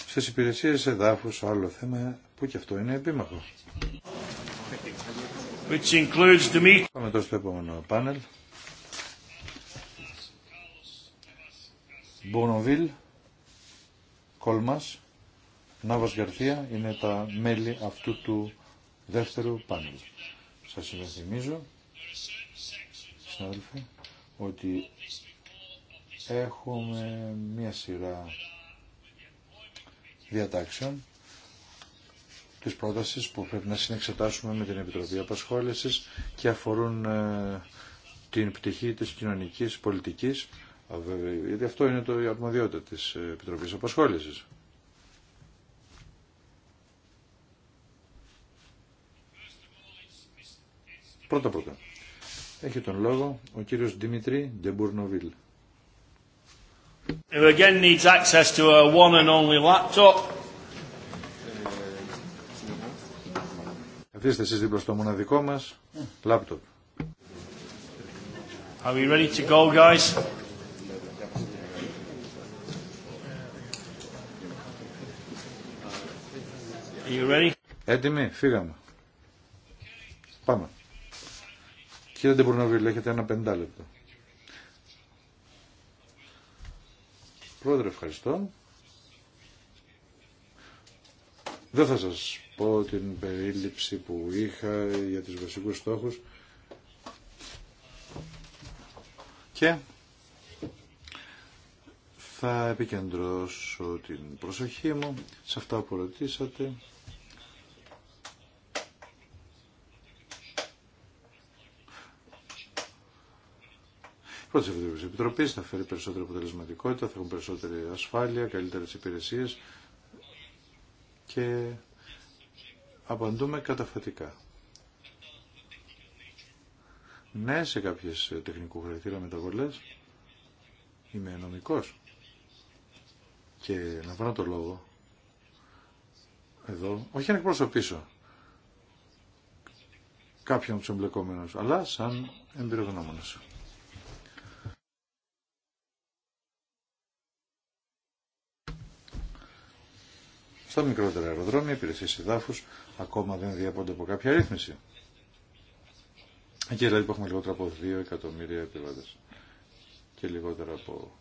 Στις υπηρεσίες εδάφους, άλλο θέμα που και αυτό είναι επίμαχο. Πάμε τώρα στο επόμενο πάνελ. Κόλμας, Νάβας Γαρθία είναι τα μέλη αυτού του δεύτερου πάνελ. Σας υπενθυμίζω, συνάδελφοι, ότι έχουμε μία σειρά διατάξεων της πρότασης που πρέπει να συνεξετάσουμε με την Επιτροπή Απασχόλησης και αφορούν ε, την πτυχή της κοινωνικής πολιτικής γιατί αυτό είναι το, η αρμοδιότητα της ε, Επιτροπής Απασχόλησης. Πρώτα πρώτα. Έχει τον λόγο ο κύριος Δημητρή Ντεμπούρνοβιλ. Who Καθίστε εσείς δίπλα στο μοναδικό μας λάπτοπ. Are we ready to go, guys? Έτοιμοι, φύγαμε. Πάμε. Κύριε Ντεμπορνοβίλ, έχετε ένα πεντάλεπτο. Πρόεδρε, ευχαριστώ. Δεν θα σας πω την περίληψη που είχα για τις βασικούς στόχους. Και θα επικεντρώσω την προσοχή μου σε αυτά που ρωτήσατε πρώτη Ευρωπαϊκή Επιτροπή, θα φέρει περισσότερη αποτελεσματικότητα, θα έχουν περισσότερη ασφάλεια, καλύτερε υπηρεσίε και απαντούμε καταφατικά. Ναι, σε κάποιε τεχνικού χαρακτήρα μεταβολέ. είμαι νομικό. και να βρω το λόγο εδώ, όχι να εκπροσωπήσω κάποιον του αλλά σαν εμπειρογνώμονας. Στα μικρότερα αεροδρόμια, υπηρεσίε εδάφου ακόμα δεν διαπώνται από κάποια ρύθμιση. Εκεί δηλαδή που έχουμε λιγότερα από 2 εκατομμύρια επιβάτε και λιγότερα από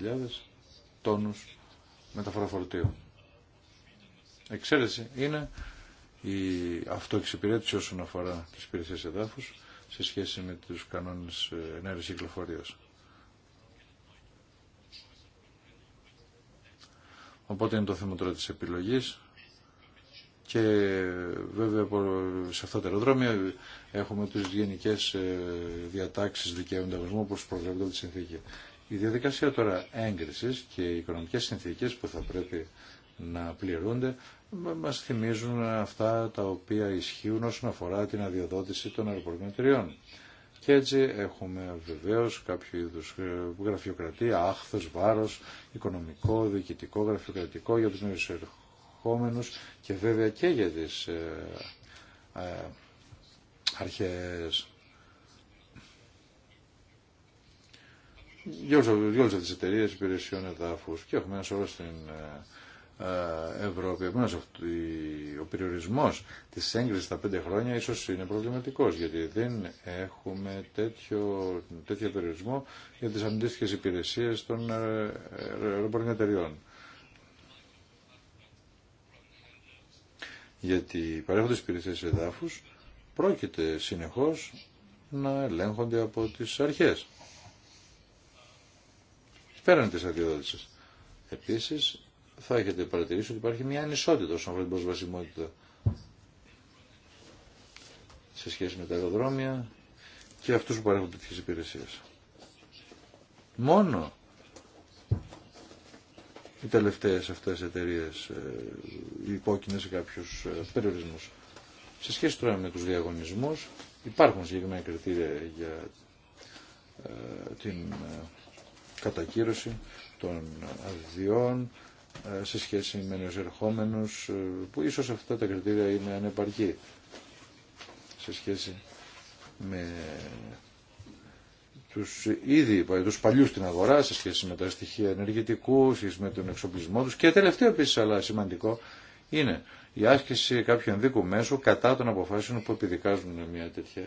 50.000 τόνου μεταφορά φορτίου. Εξαίρεση είναι η αυτοεξυπηρέτηση όσον αφορά τι υπηρεσίε εδάφου σε σχέση με τους κανόνες ενέργεια κυκλοφορία. Οπότε είναι το θέμα τώρα της επιλογής και βέβαια σε αυτά τα αεροδρόμιο έχουμε τις γενικές ε, διατάξεις δικαίου ανταγωνισμού όπως προβλέπεται τη συνθήκη. Η διαδικασία τώρα έγκρισης και οι οικονομικές συνθήκες που θα πρέπει να πληρούνται μας θυμίζουν αυτά τα οποία ισχύουν όσον αφορά την αδειοδότηση των αεροπορικών εταιριών. Και έτσι έχουμε βεβαίω κάποιο είδου ε, γραφειοκρατία, άχθο, βάρο, οικονομικό, διοικητικό, γραφειοκρατικό για του νέου ερχόμενου και βέβαια και για τι ε, ε, αρχέ. Για όλε αυτέ τι εταιρείε υπηρεσιών εδάφου και έχουμε ένα σωρό στην ε, Ευρώπη. ο περιορισμός της έγκρισης στα πέντε χρόνια ίσως είναι προβληματικός, γιατί δεν έχουμε τέτοιο, τέτοιο περιορισμό για τις αντίστοιχε υπηρεσίες των ε, ε, αεροπορικών εταιριών. Γιατί παρέχοντε υπηρεσίες εδάφους πρόκειται συνεχώς να ελέγχονται από τις αρχές. Πέραν της αδειοδότηση. Επίσης, θα έχετε παρατηρήσει ότι υπάρχει μια ανισότητα όσον αφορά την προσβασιμότητα σε σχέση με τα αεροδρόμια και αυτούς που παρέχουν τέτοιες υπηρεσίες. Μόνο οι τελευταίες αυτές εταιρείες ε, υπόκεινε σε κάποιους ε, περιορισμούς. Σε σχέση τώρα με τους διαγωνισμούς υπάρχουν συγκεκριμένα κριτήρια για ε, την κατακύρωση των αδειών, ε, σε σχέση με ερχόμενους ε, που ίσως αυτά τα κριτήρια είναι ανεπαρκή σε σχέση με τους ήδη, ε, τους παλιούς στην αγορά σε σχέση με τα στοιχεία ενεργητικού, σε σχέση με τον εξοπλισμό τους και τελευταίο επίσης αλλά σημαντικό είναι η άσκηση κάποιου ενδίκου μέσου κατά των αποφάσεων που επιδικάζουν μια τέτοια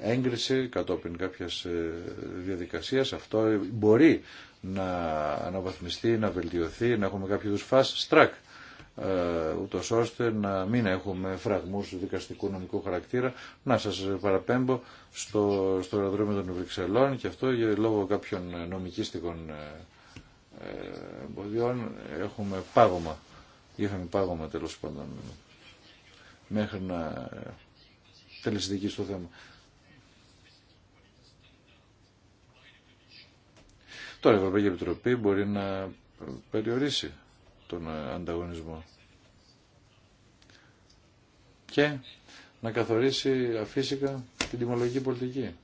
έγκριση κατόπιν κάποιας διαδικασίας. Αυτό μπορεί να αναβαθμιστεί, να βελτιωθεί, να έχουμε κάποιο είδους fast track ε, ούτω ώστε να μην έχουμε φραγμούς δικαστικού νομικού χαρακτήρα. Να σας παραπέμπω στο, στο αεροδρόμιο των Βρυξελών και αυτό για λόγω κάποιων νομικίστικων ε, εμποδιών έχουμε πάγωμα. Είχαμε πάγωμα τέλος πάντων μέχρι να ε, τελεσυνδικήσει στο θέμα. Τώρα η Ευρωπαϊκή Επιτροπή μπορεί να περιορίσει τον ανταγωνισμό και να καθορίσει αφύσικα την τιμολογική πολιτική.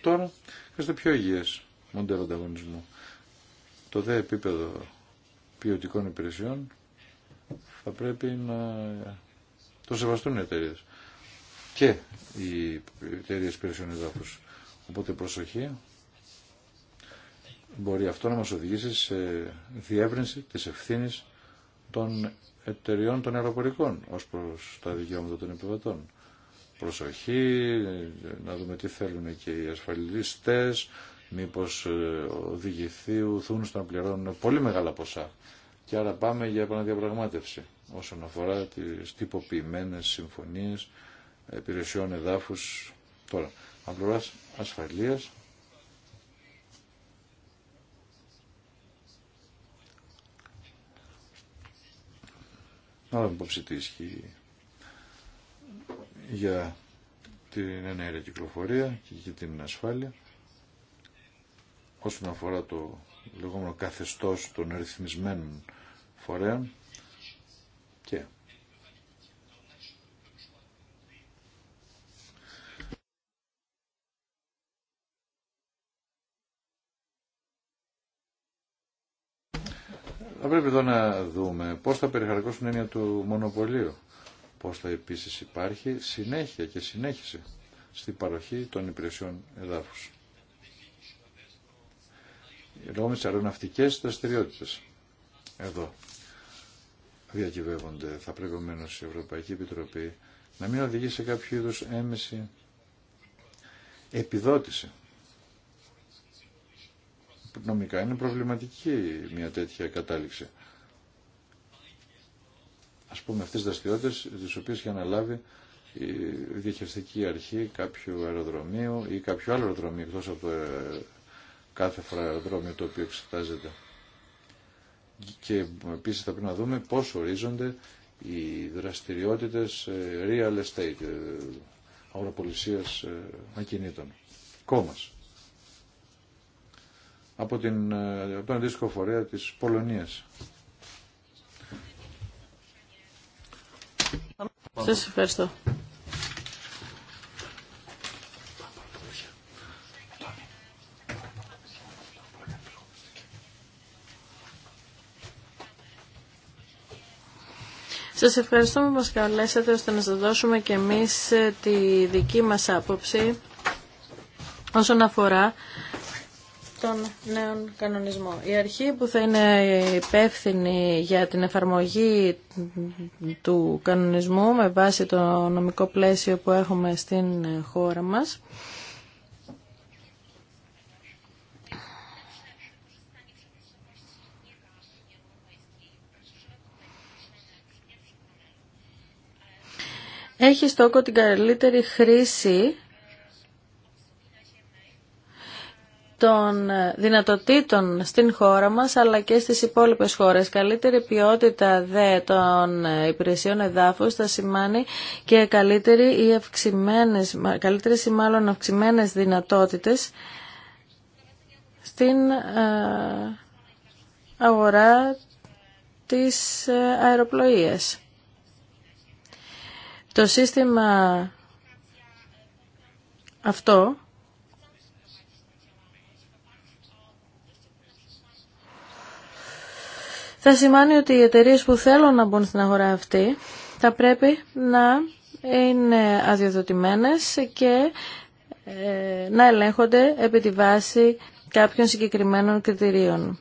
Τώρα χρειάζεται πιο υγιές μοντέλο ανταγωνισμού. Το δε επίπεδο ποιοτικών υπηρεσιών θα πρέπει να το σεβαστούν οι εταιρείε. Και οι εταιρείε υπηρεσιών Οπότε προσοχή μπορεί αυτό να μας οδηγήσει σε διεύρυνση της ευθύνης των εταιριών των αεροπορικών ως προς τα δικαιώματα των επιβατών. Προσοχή, να δούμε τι θέλουν και οι ασφαλιστές, μήπως ε, ουθούν στο να πληρώνουν πολύ μεγάλα ποσά. Και άρα πάμε για επαναδιαπραγμάτευση όσον αφορά τις τυποποιημένες συμφωνίες υπηρεσιών εδάφους τώρα απλώς ασφαλείας να δούμε υπόψη τι ισχύει για την ενέργεια κυκλοφορία και για την ασφάλεια όσον αφορά το λεγόμενο καθεστώς των ρυθμισμένων φορέων Θα πρέπει εδώ να δούμε πώς θα περιχαρακώσουν έννοια του μονοπωλίου. Πώς θα επίσης υπάρχει συνέχεια και συνέχιση στην παροχή των υπηρεσιών εδάφους. Λόγω με τις αεροναυτικές δραστηριότητε. Εδώ διακυβεύονται. Θα πρέπει ομένω η Ευρωπαϊκή Επιτροπή να μην οδηγεί σε κάποιο είδους έμεση επιδότηση νομικά είναι προβληματική μια τέτοια κατάληξη. Ας πούμε αυτές τις δραστηριότητες τις οποίες να αναλάβει η διαχειριστική αρχή κάποιου αεροδρομίου ή κάποιο άλλο αεροδρομίο εκτός από το ε, κάθε αεροδρόμιο το οποίο εξετάζεται. Και επίσης θα πρέπει να δούμε πώς ορίζονται οι δραστηριότητες ε, real estate, ε, αγοραπολισίας ακινήτων. κόμμα από, την, από τον αντίστοιχο φορέα της Πολωνίας. Σας ευχαριστώ. Σας ευχαριστώ που μας καλέσατε ώστε να σας δώσουμε και εμείς ε, τη δική μας άποψη όσον αφορά τον νέο κανονισμό. Η αρχή που θα είναι υπεύθυνη για την εφαρμογή του κανονισμού με βάση το νομικό πλαίσιο που έχουμε στην χώρα μας έχει στόχο την καλύτερη χρήση των ε, δυνατοτήτων στην χώρα μας αλλά και στις υπόλοιπες χώρες. Καλύτερη ποιότητα δε των ε, υπηρεσιών εδάφους θα σημάνει και καλύτερη ή αυξημένες, καλύτερες ή μάλλον αυξημένες δυνατότητες στην ε, αγορά της αεροπλοείας. Το σύστημα αυτό θα σημαίνει ότι οι εταιρείε που θέλουν να μπουν στην αγορά αυτή θα πρέπει να είναι αδειοδοτημένες και ε, να ελέγχονται επί τη βάση κάποιων συγκεκριμένων κριτηρίων.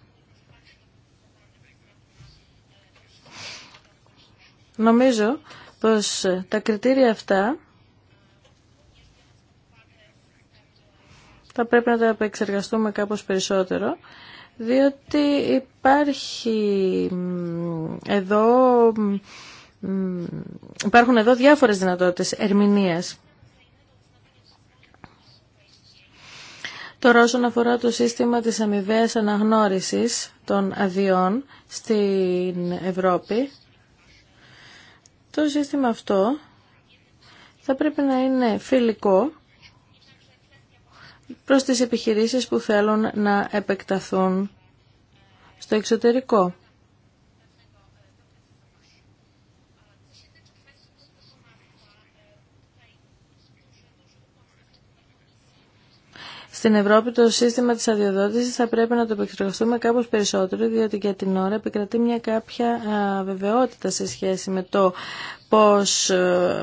Νομίζω πως τα κριτήρια αυτά θα πρέπει να τα επεξεργαστούμε κάπως περισσότερο διότι υπάρχει εδώ, υπάρχουν εδώ διάφορες δυνατότητες ερμηνείας. Τώρα όσον αφορά το σύστημα της αμοιβαίας αναγνώρισης των αδειών στην Ευρώπη, το σύστημα αυτό θα πρέπει να είναι φιλικό προς τις επιχειρήσεις που θέλουν να επεκταθούν στο εξωτερικό. Στην Ευρώπη το σύστημα της αδειοδότησης θα πρέπει να το επεξεργαστούμε κάπως περισσότερο, διότι για την ώρα επικρατεί μια κάποια βεβαιότητα σε σχέση με το πώς ε,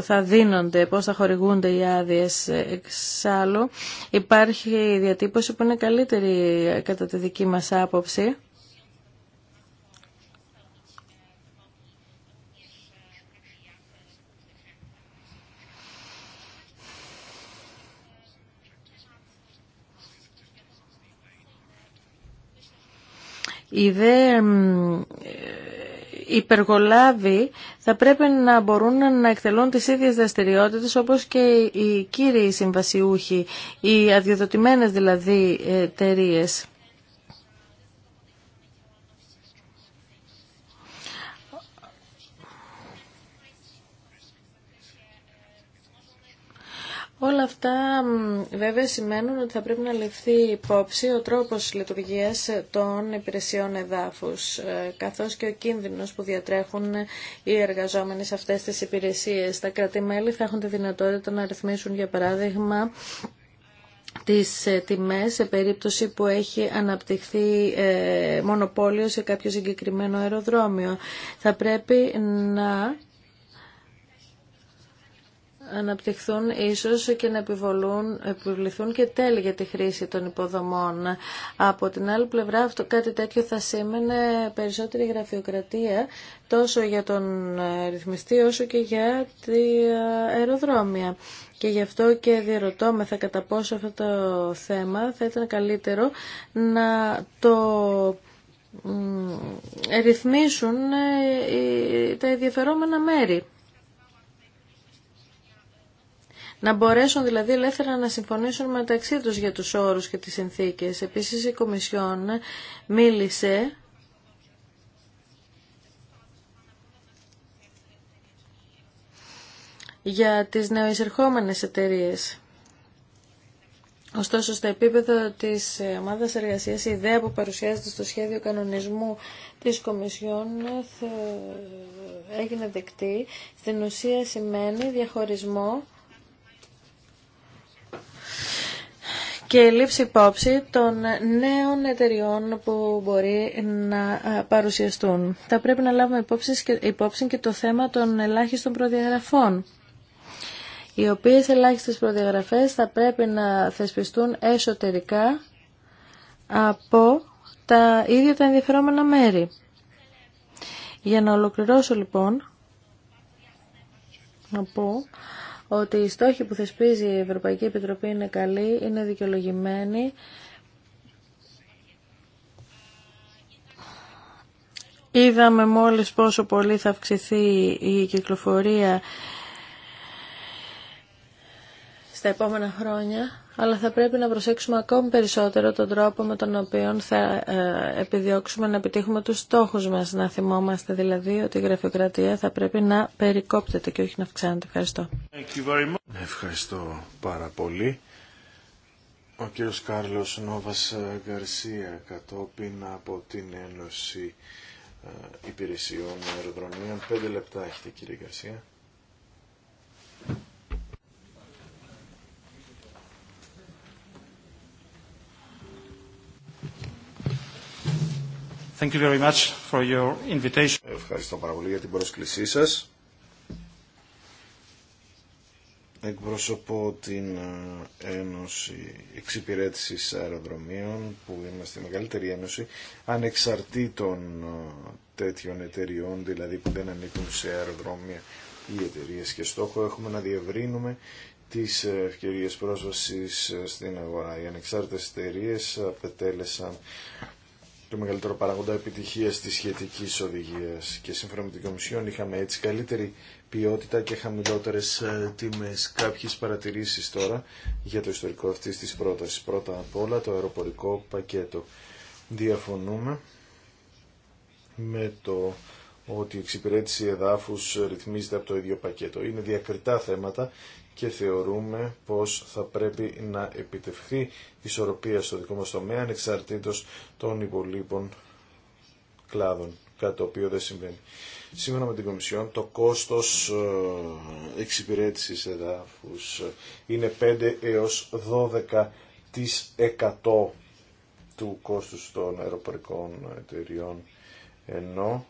θα δίνονται, πώς θα χορηγούνται οι άδειες. εξάλλου. Υπάρχει διατύπωση που είναι καλύτερη ε, κατά τη δική μας άποψη οι δε υπεργολάβοι θα πρέπει να μπορούν να εκτελούν τις ίδιες δραστηριότητες όπως και οι κύριοι συμβασιούχοι, οι αδειοδοτημένες δηλαδή ε, εταιρείε. Όλα αυτά βέβαια σημαίνουν ότι θα πρέπει να ληφθεί υπόψη ο τρόπος λειτουργίας των υπηρεσιών εδάφους, ε, καθώς και ο κίνδυνος που διατρέχουν οι εργαζόμενοι σε αυτές τις υπηρεσίες. Τα κρατημέλη θα έχουν τη δυνατότητα να ρυθμίσουν, για παράδειγμα, τις ε, τιμές σε περίπτωση που έχει αναπτυχθεί ε, μονοπόλιο σε κάποιο συγκεκριμένο αεροδρόμιο. Θα πρέπει να αναπτυχθούν ίσως και να επιβολούν, επιβληθούν και τέλη για τη χρήση των υποδομών. Από την άλλη πλευρά αυτό, κάτι τέτοιο θα σήμαινε περισσότερη γραφειοκρατία τόσο για τον ε, ρυθμιστή όσο και για τη ε, αεροδρόμια. Και γι' αυτό και διερωτώμεθα κατά πόσο αυτό το θέμα θα ήταν καλύτερο να το ρυθμίσουν ε, τα ενδιαφερόμενα μέρη. να μπορέσουν δηλαδή ελεύθερα να συμφωνήσουν μεταξύ τους για τους όρους και τις συνθήκες. Επίσης η Κομισιόν μίλησε για τις νεοεισερχόμενες εταιρείες. Ωστόσο, στο επίπεδο της ομάδας εργασίας, η ιδέα που παρουσιάζεται στο σχέδιο κανονισμού της Κομισιόν έγινε δεκτή. Στην ουσία σημαίνει διαχωρισμό και λήψη υπόψη των νέων εταιριών που μπορεί να ε, παρουσιαστούν. Θα πρέπει να λάβουμε υπόψη και το θέμα των ελάχιστων προδιαγραφών οι οποίες ελάχιστες προδιαγραφές θα πρέπει να θεσπιστούν εσωτερικά από τα ίδια τα ενδιαφερόμενα μέρη. Για να ολοκληρώσω λοιπόν, να πω ότι οι στόχοι που θεσπίζει η Ευρωπαϊκή Επιτροπή είναι καλοί, είναι δικαιολογημένοι. Είδαμε μόλις πόσο πολύ θα αυξηθεί η κυκλοφορία στα επόμενα χρόνια αλλά θα πρέπει να προσέξουμε ακόμη περισσότερο τον τρόπο με τον οποίο θα ε, επιδιώξουμε να επιτύχουμε τους στόχους μας. Να θυμόμαστε δηλαδή ότι η γραφειοκρατία θα πρέπει να περικόπτεται και όχι να αυξάνεται. Ευχαριστώ. Ευχαριστώ πάρα πολύ. Ο κύριος Κάρλος Νόβας ε, Γκαρσία κατόπιν από την Ένωση ε, Υπηρεσιών Αεροδρομίων. Πέντε λεπτά έχετε κύριε Γκαρσία. Thank you very much for your invitation. Ευχαριστώ πάρα πολύ για την πρόσκλησή σας. Εκπροσωπώ την ε, Ένωση Εξυπηρέτησης Αεροδρομίων που είμαστε η μεγαλύτερη ένωση ανεξαρτήτων ε, τέτοιων εταιριών δηλαδή που δεν ανήκουν σε αεροδρόμια ή εταιρείε και στόχο έχουμε να διευρύνουμε τις ευκαιρίες πρόσβασης ε, στην αγορά. Οι ανεξάρτητες εταιρείε απετέλεσαν το μεγαλύτερο παράγοντα επιτυχία τη σχετική οδηγία και σύμφωνα με την Κομισιόν είχαμε έτσι καλύτερη ποιότητα και χαμηλότερε ε, τιμέ. Κάποιε παρατηρήσει τώρα για το ιστορικό αυτή τη πρόταση. Πρώτα απ' όλα το αεροπορικό πακέτο. Διαφωνούμε με το ότι η εξυπηρέτηση εδάφου ρυθμίζεται από το ίδιο πακέτο. Είναι διακριτά θέματα και θεωρούμε πως θα πρέπει να επιτευχθεί ισορροπία στο δικό μας τομέα ανεξαρτήτως των υπολείπων κλάδων, κάτι το οποίο δεν συμβαίνει. Σύμφωνα με την Κομισιόν, το κόστος ε, εξυπηρέτησης εδάφους ε, είναι 5 έως 12% του κόστους των αεροπορικών εταιριών, ενώ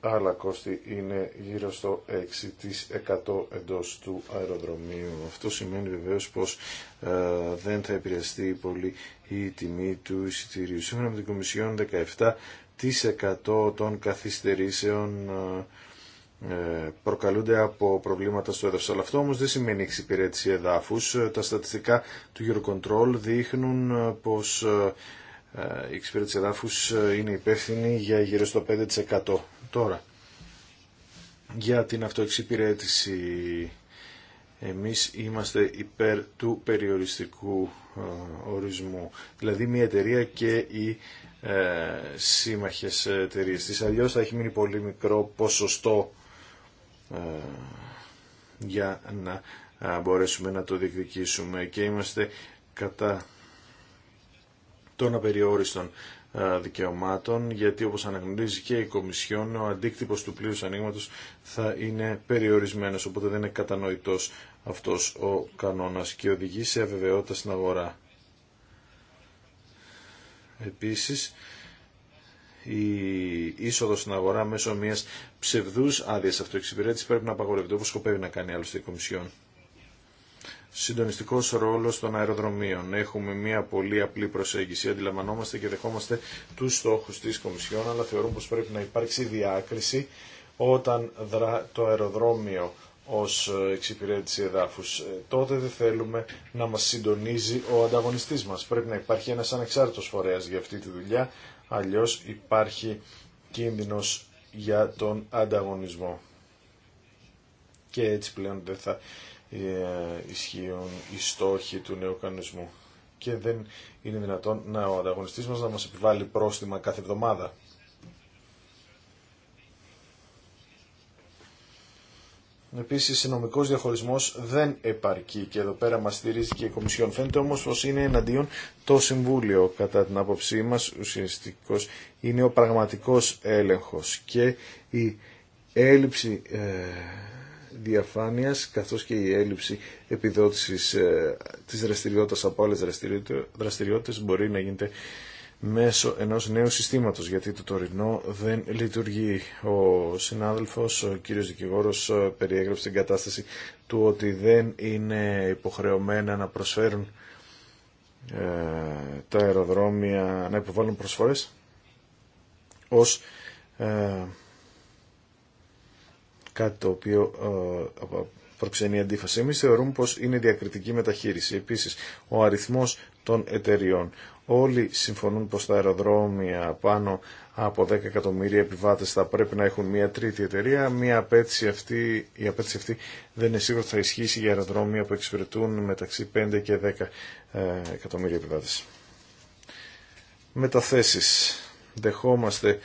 άλλα κόστη είναι γύρω στο 6% εντός του αεροδρομίου. Αυτό σημαίνει βεβαίως πως ε, δεν θα επηρεαστεί πολύ η τιμή του εισιτηρίου. Σύμφωνα με την Κομισιόν 17% των καθυστερήσεων ε, ε, προκαλούνται από προβλήματα στο έδαφος. Αλλά αυτό όμως δεν σημαίνει εξυπηρέτηση εδάφους. Τα στατιστικά του Eurocontrol δείχνουν ε, πως ε, η εξυπηρέτηση εδάφους ε, είναι υπεύθυνη για γύρω στο 5%. Τώρα, για την αυτοεξυπηρέτηση εμείς είμαστε υπέρ του περιοριστικού ε, ορισμού. Δηλαδή μια εταιρεία και οι ε, σύμμαχες εταιρείες της. Αλλιώς θα έχει μείνει πολύ μικρό ποσοστό για να μπορέσουμε να το διεκδικήσουμε και είμαστε κατά των απεριόριστων ε, δικαιωμάτων, γιατί όπως αναγνωρίζει και η Κομισιόν, ο αντίκτυπος του πλήρους ανοίγματο θα είναι περιορισμένος, οπότε δεν είναι κατανοητός αυτός ο κανόνας και οδηγεί σε αβεβαιότητα στην αγορά. Επίσης, η είσοδο στην αγορά μέσω μιας ψευδούς άδειας αυτοεξυπηρέτησης πρέπει να απαγορευτεί, όπως σκοπεύει να κάνει άλλωστε η Κομισιόν συντονιστικός ρόλος των αεροδρομίων. Έχουμε μια πολύ απλή προσέγγιση, αντιλαμβανόμαστε και δεχόμαστε τους στόχου της Κομισιόν, αλλά θεωρούμε πως πρέπει να υπάρξει διάκριση όταν δρά το αεροδρόμιο ως εξυπηρέτηση εδάφου. Ε, τότε δεν θέλουμε να μας συντονίζει ο ανταγωνιστή μα. Πρέπει να υπάρχει ένας ανεξάρτητο φορέας για αυτή τη δουλειά, Αλλιώ υπάρχει κίνδυνο για τον ανταγωνισμό. Και έτσι πλέον δεν θα ε, ισχύουν οι στόχοι του νέου κανονισμού και δεν είναι δυνατόν να ο ανταγωνιστή μας να μα επιβάλλει πρόστιμα κάθε εβδομάδα. Επίση, ο νομικός δεν επαρκεί και εδώ πέρα μα στηρίζει και η Κομισιόν. Φαίνεται όμω πω είναι εναντίον το Συμβούλιο. Κατά την άποψή μας, Ουσιαστικό είναι ο πραγματικός έλεγχο. και η έλλειψη ε, διαφάνειας καθώς και η έλλειψη επιδότησης ε, της δραστηριότητας από άλλες δραστηριότητες μπορεί να γίνεται μέσω ενός νέου συστήματος γιατί το τωρινό δεν λειτουργεί. Ο συνάδελφος, ο κύριος δικηγόρος ε, περιέγραψε την κατάσταση του ότι δεν είναι υποχρεωμένα να προσφέρουν ε, τα αεροδρόμια να υποβάλουν προσφορές ως κάτι το οποίο ε, προξενεί αντίφαση. Εμείς θεωρούμε πως είναι διακριτική μεταχείριση. Επίσης, ο αριθμός των εταιριών. Όλοι συμφωνούν πως τα αεροδρόμια πάνω από 10 εκατομμύρια επιβάτες θα πρέπει να έχουν μια τρίτη εταιρεία. Μια απέτηση αυτή, η απέτηση αυτή δεν είναι σίγουρο ότι θα ισχύσει για αεροδρόμια που εξυπηρετούν μεταξύ 5 και 10 ε, εκατομμύρια επιβάτες. Μεταθέσεις. Δεχόμαστε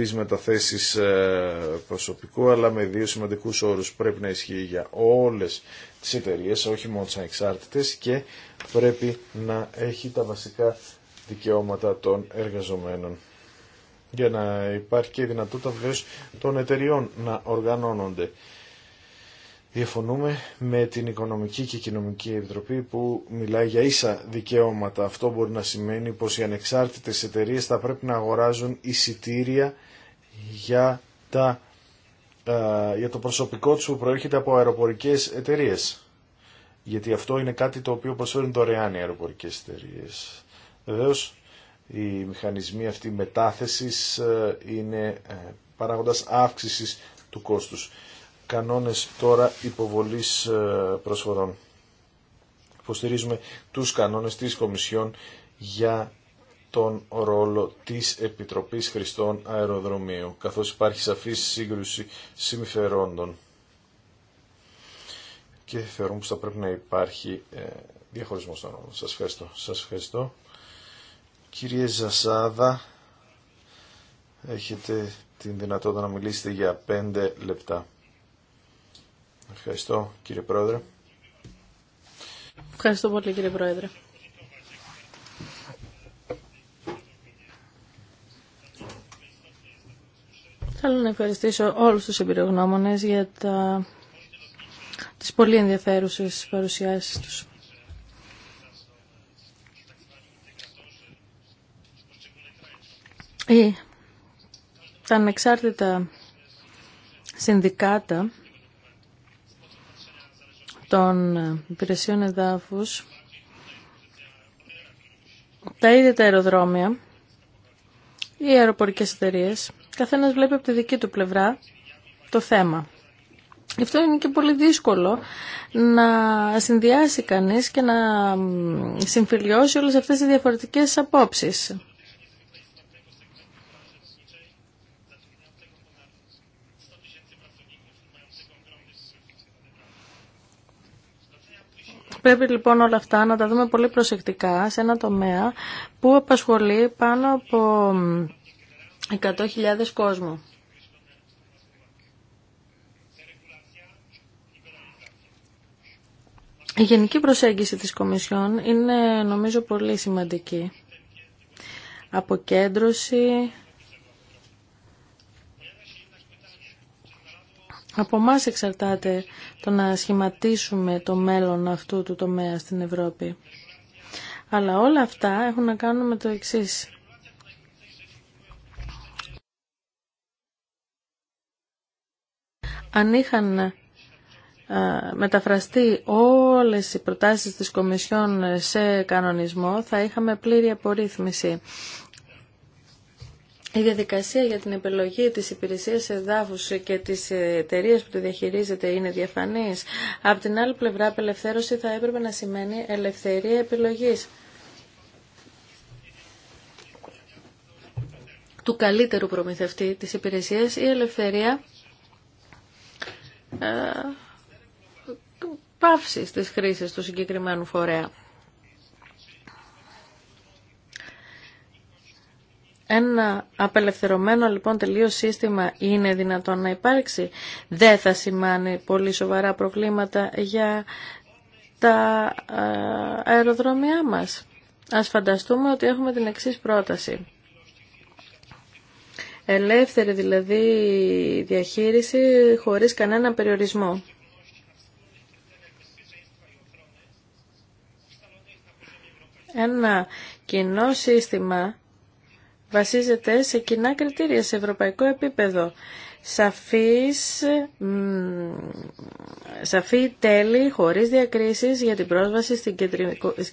τις μεταθέσεις ε, προσωπικού, αλλά με δύο σημαντικούς όρους. Πρέπει να ισχύει για όλες τις εταιρείες, όχι μόνο τις ανεξάρτητες, και πρέπει να έχει τα βασικά δικαιώματα των εργαζομένων. Για να υπάρχει και η δυνατότητα βεβαίως των εταιριών να οργανώνονται. Διαφωνούμε με την Οικονομική και Κοινωνική Επιτροπή που μιλάει για ίσα δικαιώματα. Αυτό μπορεί να σημαίνει πως οι ανεξάρτητες εταιρείες θα πρέπει να αγοράζουν εισιτήρια για, τα, το προσωπικό τους που προέρχεται από αεροπορικές εταιρείες. Γιατί αυτό είναι κάτι το οποίο προσφέρουν δωρεάν οι αεροπορικές εταιρείες. Βεβαίω, οι μηχανισμοί αυτή μετάθεσης ε, είναι ε, παράγοντας αύξησης του κόστους κανόνες τώρα υποβολής ε, προσφορών. Υποστηρίζουμε τους κανόνες της Κομισιόν για τον ρόλο της Επιτροπής Χριστών Αεροδρομίου, καθώς υπάρχει σαφής σύγκρουση συμφερόντων. Και θεωρούμε πως θα πρέπει να υπάρχει ε, διαχωρισμός των ρόλων. Σας ευχαριστώ. Σας ευχαριστώ. Κύριε Ζασάδα, έχετε την δυνατότητα να μιλήσετε για 5 λεπτά. Ευχαριστώ κύριε Πρόεδρε. Ευχαριστώ πολύ κύριε Πρόεδρε. Θέλω να ευχαριστήσω όλους τους εμπειρογνώμονες για τα... τις πολύ ενδιαφέρουσες παρουσιάσεις τους. Ή, ε, τα ανεξάρτητα συνδικάτα των υπηρεσιών εδάφους, τα ίδια τα αεροδρόμια, οι αεροπορικές εταιρείες. καθένας βλέπει από τη δική του πλευρά το θέμα. Γι' αυτό είναι και πολύ δύσκολο να συνδυάσει κανείς και να συμφιλιώσει όλες αυτές τις διαφορετικές απόψεις. Πρέπει λοιπόν όλα αυτά να τα δούμε πολύ προσεκτικά σε ένα τομέα που απασχολεί πάνω από 100.000 κόσμου. Η γενική προσέγγιση της Κομισιόν είναι νομίζω πολύ σημαντική. Αποκέντρωση, Από εμά εξαρτάται το να σχηματίσουμε το μέλλον αυτού του τομέα στην Ευρώπη. Αλλά όλα αυτά έχουν να κάνουν με το εξής. αν είχαν μεταφραστεί όλες οι προτάσεις της Κομισιόν σε κανονισμό θα είχαμε πλήρη απορρίθμιση. Η διαδικασία για την επιλογή της υπηρεσίας εδάφου και της εταιρεία που τη διαχειρίζεται είναι διαφανής. Απ' την άλλη πλευρά, απελευθέρωση θα έπρεπε να σημαίνει ελευθερία επιλογής. του καλύτερου προμηθευτή της υπηρεσίας η ελευθερία ε, παύσης της χρήσης του συγκεκριμένου φορέα. Ένα απελευθερωμένο λοιπόν τελείως σύστημα είναι δυνατόν να υπάρξει. Δεν θα σημάνει πολύ σοβαρά προβλήματα για τα ε, αεροδρόμια μας. Ας φανταστούμε ότι έχουμε την εξής πρόταση. Ελεύθερη δηλαδή διαχείριση χωρίς κανένα περιορισμό. Ένα κοινό σύστημα βασίζεται σε κοινά κριτήρια σε ευρωπαϊκό επίπεδο. Σαφής, σαφή τέλη χωρίς διακρίσεις για την πρόσβαση στην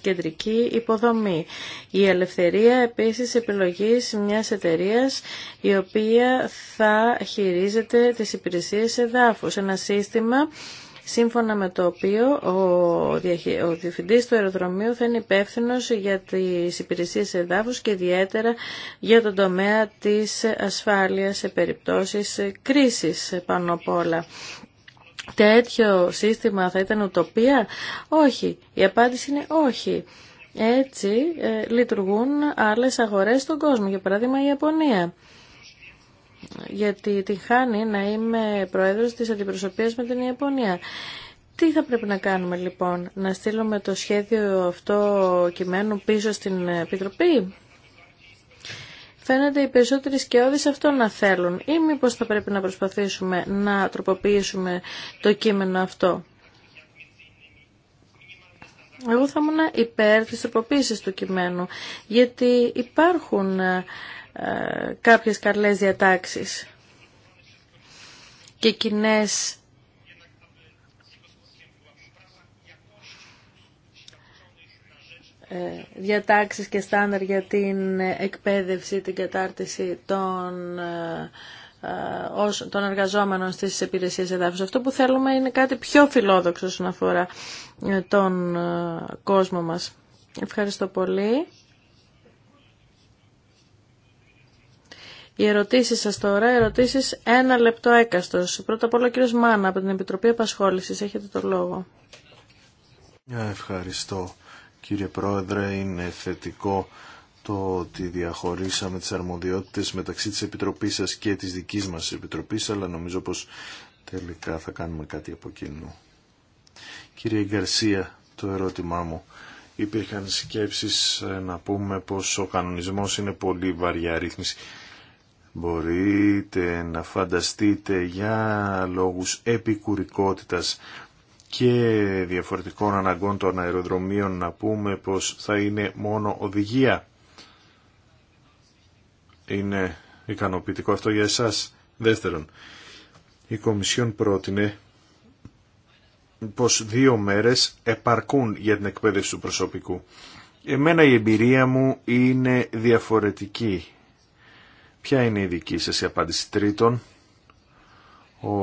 κεντρική υποδομή. Η ελευθερία επίσης επιλογής μιας εταιρείας η οποία θα χειρίζεται τις υπηρεσίες εδάφους. Ένα σύστημα σύμφωνα με το οποίο ο, διαχει... ο του αεροδρομίου θα είναι υπεύθυνο για τι υπηρεσίε εδάφου και ιδιαίτερα για τον τομέα της ασφάλειας σε περιπτώσει κρίση πάνω απ' όλα. Τέτοιο σύστημα θα ήταν ουτοπία. Όχι. Η απάντηση είναι όχι. Έτσι ε, λειτουργούν άλλες αγορές στον κόσμο. Για παράδειγμα η Ιαπωνία γιατί την χάνει να είμαι πρόεδρος της αντιπροσωπείας με την Ιαπωνία. Τι θα πρέπει να κάνουμε λοιπόν, να στείλουμε το σχέδιο αυτό κειμένου πίσω στην Επιτροπή. Φαίνεται οι περισσότεροι σκιώδει αυτό να θέλουν ή μήπως θα πρέπει να προσπαθήσουμε να τροποποιήσουμε το κείμενο αυτό. Εγώ θα ήμουν υπέρ της τροποποίησης του κειμένου, γιατί υπάρχουν ε, κάποιες καρλές διατάξεις και κοινέ ε, διατάξεις και στάνταρ για την εκπαίδευση, την κατάρτιση των, ε, των εργαζόμενων στις υπηρεσίες εδάφους. Αυτό που θέλουμε είναι κάτι πιο φιλόδοξο όσον αφορά τον κόσμο μας. Ευχαριστώ πολύ. Οι ερωτήσεις σας τώρα, ερωτήσεις ένα λεπτό έκαστος. Πρώτα απ' όλα ο κύριος Μάνα από την Επιτροπή Επασχόλησης. Έχετε το λόγο. Ευχαριστώ κύριε Πρόεδρε. Είναι θετικό το ότι διαχωρίσαμε τις αρμοδιότητες μεταξύ της Επιτροπής σας και της δικής μας Επιτροπής, αλλά νομίζω πως τελικά θα κάνουμε κάτι από κοινού. Κύριε Γκαρσία, το ερώτημά μου. Υπήρχαν σκέψεις ε, να πούμε πως ο κανονισμός είναι πολύ βαριά ρύθμιση μπορείτε να φανταστείτε για λόγους επικουρικότητας και διαφορετικών αναγκών των αεροδρομίων να πούμε πως θα είναι μόνο οδηγία. Είναι ικανοποιητικό αυτό για εσάς. Δεύτερον, η Κομισιόν πρότεινε πως δύο μέρες επαρκούν για την εκπαίδευση του προσωπικού. Εμένα η εμπειρία μου είναι διαφορετική Ποια είναι η δική σας η απάντηση τρίτον. Ο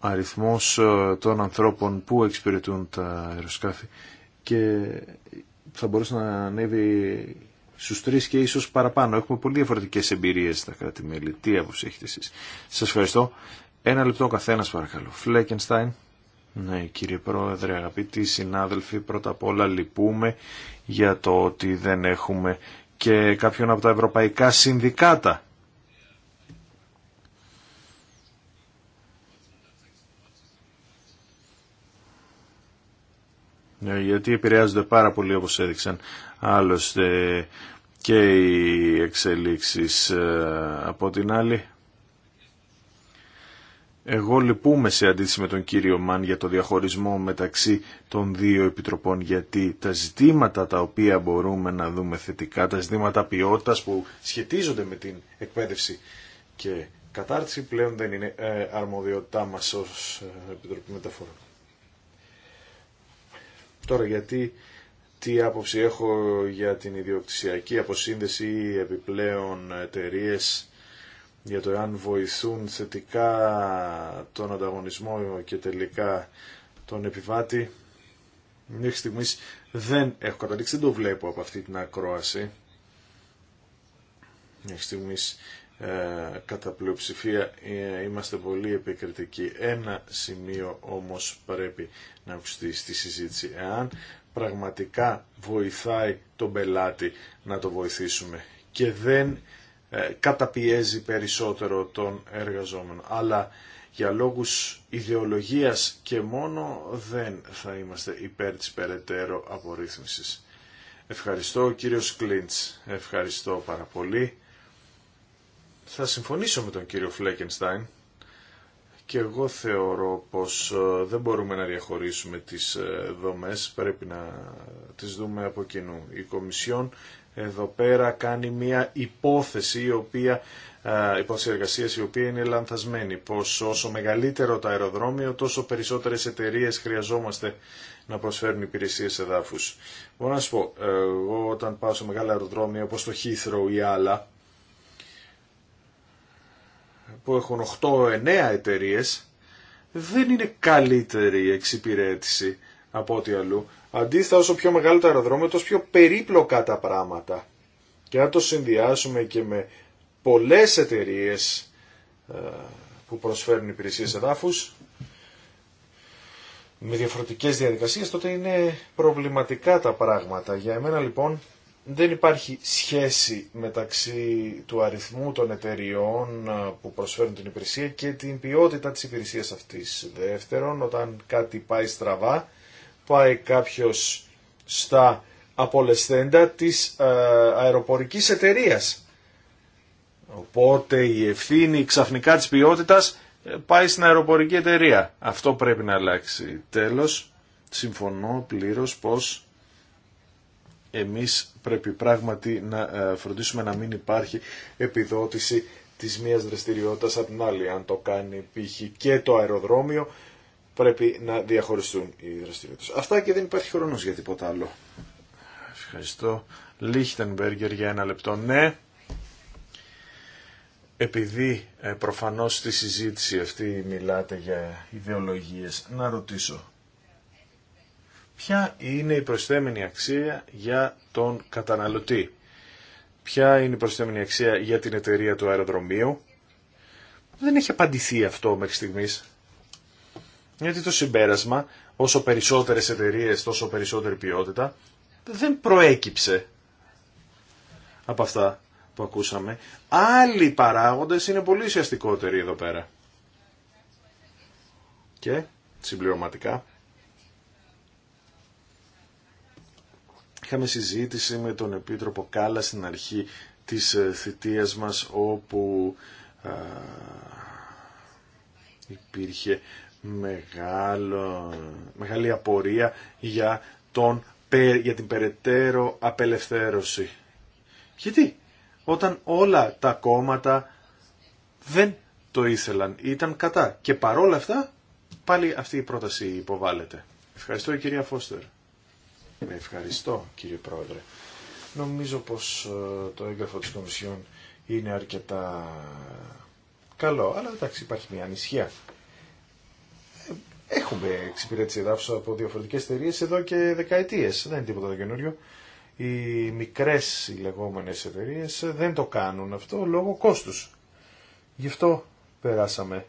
αριθμός ε, των ανθρώπων που εξυπηρετούν τα αεροσκάφη και θα μπορούσε να ανέβει στους τρεις και ίσως παραπάνω. Έχουμε πολύ διαφορετικές εμπειρίες στα κράτη-μέλη. Τι άποψη έχετε εσείς. Σας ευχαριστώ. Ένα λεπτό ο καθένας παρακαλώ. Φλέκενστάιν. Ναι κύριε Πρόεδρε, αγαπητοί συνάδελφοι, πρώτα απ' όλα λυπούμε για το ότι δεν έχουμε και κάποιον από τα ευρωπαϊκά συνδικάτα. Ε, γιατί επηρεάζονται πάρα πολύ όπως έδειξαν άλλωστε και οι εξελίξεις ε, από την άλλη. Εγώ λυπούμαι σε αντίθεση με τον κύριο Μαν για το διαχωρισμό μεταξύ των δύο επιτροπών γιατί τα ζητήματα τα οποία μπορούμε να δούμε θετικά, τα ζητήματα ποιότητας που σχετίζονται με την εκπαίδευση και κατάρτιση πλέον δεν είναι ε, αρμοδιότητά μας ως ε, Επιτροπή Μεταφορών. Τώρα γιατί τι άποψη έχω για την ιδιοκτησιακή αποσύνδεση επιπλέον εταιρείε για το αν βοηθούν θετικά τον ανταγωνισμό και τελικά τον επιβάτη. Μέχρι στιγμή δεν έχω καταλήξει, δεν το βλέπω από αυτή την ακρόαση. Μέχρι στιγμή ε, κατά πλειοψηφία ε, είμαστε πολύ επικριτικοί. Ένα σημείο όμως πρέπει να ακουστεί στη συζήτηση. Εάν πραγματικά βοηθάει τον πελάτη να το βοηθήσουμε και δεν ε, καταπιέζει περισσότερο τον εργαζόμενο. Αλλά για λόγους ιδεολογίας και μόνο δεν θα είμαστε υπέρ της περαιτέρω απορρίθμισης. Ευχαριστώ κύριος Κλίντς. Ευχαριστώ πάρα πολύ. Θα συμφωνήσω με τον κύριο Φλέκενστάιν και εγώ θεωρώ πως ε, δεν μπορούμε να διαχωρίσουμε τις ε, δομές, πρέπει να τις δούμε από κοινού. Η Κομισιόν εδώ πέρα κάνει μια υπόθεση η οποία υπόθεση εργασίας η οποία είναι λανθασμένη πως όσο μεγαλύτερο το αεροδρόμιο τόσο περισσότερες εταιρείες χρειαζόμαστε να προσφέρουν υπηρεσίες δάφους. Μπορώ να σου πω, εγώ όταν πάω σε μεγάλα αεροδρόμια όπως το Heathrow ή άλλα που έχουν 8-9 εταιρείε, δεν είναι καλύτερη η εξυπηρέτηση από ό,τι αλλού. Αντίθετα, όσο πιο μεγάλο το αεροδρόμιο, τόσο πιο περίπλοκα τα πράγματα. Και αν το συνδυάσουμε και με πολλές εταιρείες ε, που προσφέρουν υπηρεσίες εδάφους, με διαφορετικές διαδικασίες, τότε είναι προβληματικά τα πράγματα. Για εμένα λοιπόν δεν υπάρχει σχέση μεταξύ του αριθμού των εταιριών ε, που προσφέρουν την υπηρεσία και την ποιότητα της υπηρεσίας αυτής. Δεύτερον, όταν κάτι πάει στραβά, πάει κάποιος στα απολεσθέντα της ε, αεροπορικής εταιρείας. Οπότε η ευθύνη ξαφνικά της ποιότητας ε, πάει στην αεροπορική εταιρεία. Αυτό πρέπει να αλλάξει. Τέλος, συμφωνώ πλήρως πως εμείς πρέπει πράγματι να ε, φροντίσουμε να μην υπάρχει επιδότηση της μίας δραστηριότητας από την άλλη. Αν το κάνει π.χ. και το αεροδρόμιο πρέπει να διαχωριστούν οι δραστηριότητες. Αυτά και δεν υπάρχει χρόνος για τίποτα άλλο. Ευχαριστώ. Λίχτενμπεργκερ για ένα λεπτό. Ναι, επειδή ε, προφανώς στη συζήτηση αυτή μιλάτε για ιδεολογίες, να ρωτήσω. Ποια είναι η προσθέμενη αξία για τον καταναλωτή. Ποια είναι η προσθέμενη αξία για την εταιρεία του αεροδρομίου. Δεν έχει απαντηθεί αυτό μέχρι στιγμής. Γιατί το συμπέρασμα, όσο περισσότερες εταιρείε, τόσο περισσότερη ποιότητα, δεν προέκυψε από αυτά που ακούσαμε. Άλλοι παράγοντες είναι πολύ ουσιαστικότεροι εδώ πέρα. Και συμπληρωματικά. Είχαμε συζήτηση με τον Επίτροπο Κάλλα στην αρχή της ε, θητείας μας όπου υπήρχε μεγάλο, μεγάλη απορία για, τον, για την περαιτέρω απελευθέρωση. Γιατί όταν όλα τα κόμματα δεν το ήθελαν, ήταν κατά και παρόλα αυτά πάλι αυτή η πρόταση υποβάλλεται. Ευχαριστώ κυρία Φώστερ. Ευχαριστώ κύριε Πρόεδρε. Νομίζω πως ε, το έγγραφο της Κομισιόν είναι αρκετά καλό, αλλά εντάξει υπάρχει μια ανησυχία Έχουμε εξυπηρέτηση εδάφου από διαφορετικέ εταιρείε εδώ και δεκαετίε. Δεν είναι τίποτα το καινούριο. Οι μικρέ λεγόμενες λεγόμενε εταιρείε δεν το κάνουν αυτό λόγω κόστου. Γι' αυτό περάσαμε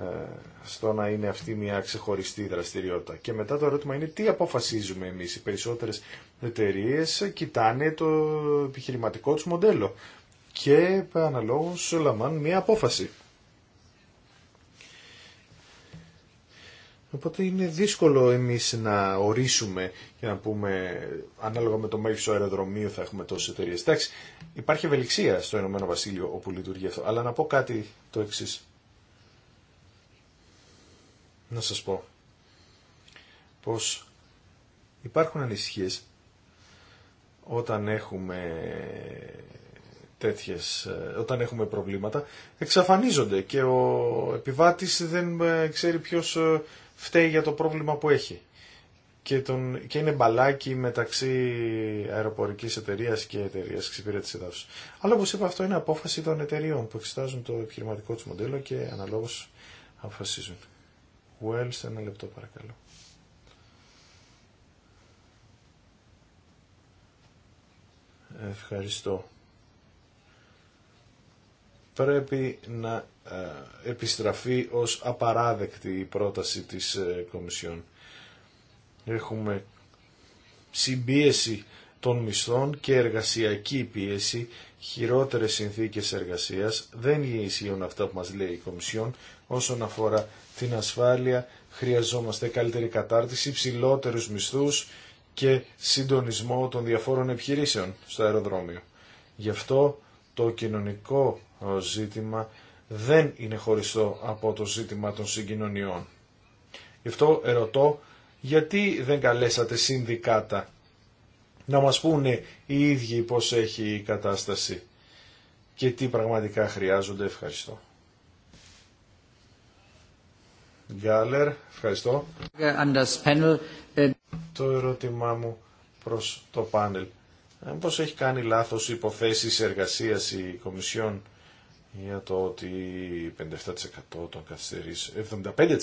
ε, στο να είναι αυτή μια ξεχωριστή δραστηριότητα. Και μετά το ερώτημα είναι τι αποφασίζουμε εμείς. Οι περισσότερες εταιρείε κοιτάνε το επιχειρηματικό τους μοντέλο και αναλόγως λαμβάνουν μια απόφαση. Οπότε είναι δύσκολο εμείς να ορίσουμε και να πούμε ανάλογα με το μέγιστο αεροδρομίου θα έχουμε τόσες εταιρείε. Εντάξει, υπάρχει ευελιξία στο Ηνωμένο Βασίλειο όπου λειτουργεί αυτό. Αλλά να πω κάτι το εξή. Να σας πω πως υπάρχουν ανησυχίες όταν έχουμε τέτοιες, όταν έχουμε προβλήματα, εξαφανίζονται και ο επιβάτης δεν ε, ξέρει ποιος ε, φταίει για το πρόβλημα που έχει. Και, είναι μπαλάκι μεταξύ αεροπορικής εταιρεία και εταιρεία εξυπηρέτησης εδάφους. Αλλά όπω είπα αυτό είναι απόφαση των εταιρεών που εξετάζουν το επιχειρηματικό του μοντέλο και αναλόγω αποφασίζουν. σε ένα λεπτό παρακαλώ. Ευχαριστώ πρέπει να ε, επιστραφεί ως απαράδεκτη η πρόταση της ε, Κομισιόν. Έχουμε συμπίεση των μισθών και εργασιακή πίεση, χειρότερες συνθήκες εργασίας, δεν ισχύουν αυτά που μας λέει η Κομισιόν όσον αφορά την ασφάλεια, χρειαζόμαστε καλύτερη κατάρτιση, ψηλότερους μισθούς και συντονισμό των διαφόρων επιχειρήσεων στο αεροδρόμιο. Γι' αυτό το κοινωνικό ζήτημα δεν είναι χωριστό από το ζήτημα των συγκοινωνιών. Ευτό ερωτώ γιατί δεν καλέσατε συνδικάτα να μας πούνε οι ίδιοι πώς έχει η κατάσταση και τι πραγματικά χρειάζονται. Ευχαριστώ. Γκάλερ, ευχαριστώ. Το ερώτημά μου προς το πάνελ. Ε, πώς έχει κάνει λάθος υποθέσεις εργασίας η Κομισιόν για το ότι 57% των καθυστερήσεων, 75%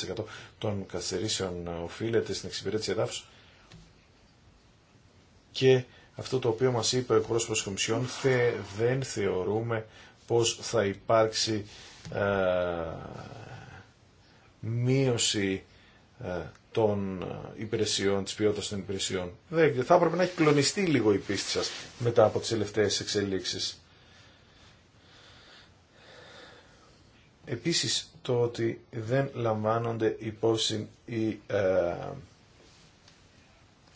των καθυστερήσεων οφείλεται στην εξυπηρέτηση εδάφους και αυτό το οποίο μας είπε ο εκπρόσωπος Κομισιόν θε, δεν θεωρούμε πως θα υπάρξει ε, μείωση ε, των υπηρεσιών, της ποιότητας των υπηρεσιών. Δεν, θα έπρεπε να έχει κλονιστεί λίγο η πίστη σας μετά από τις τελευταίες εξελίξεις. Επίσης το ότι δεν λαμβάνονται υπόψη οι ε,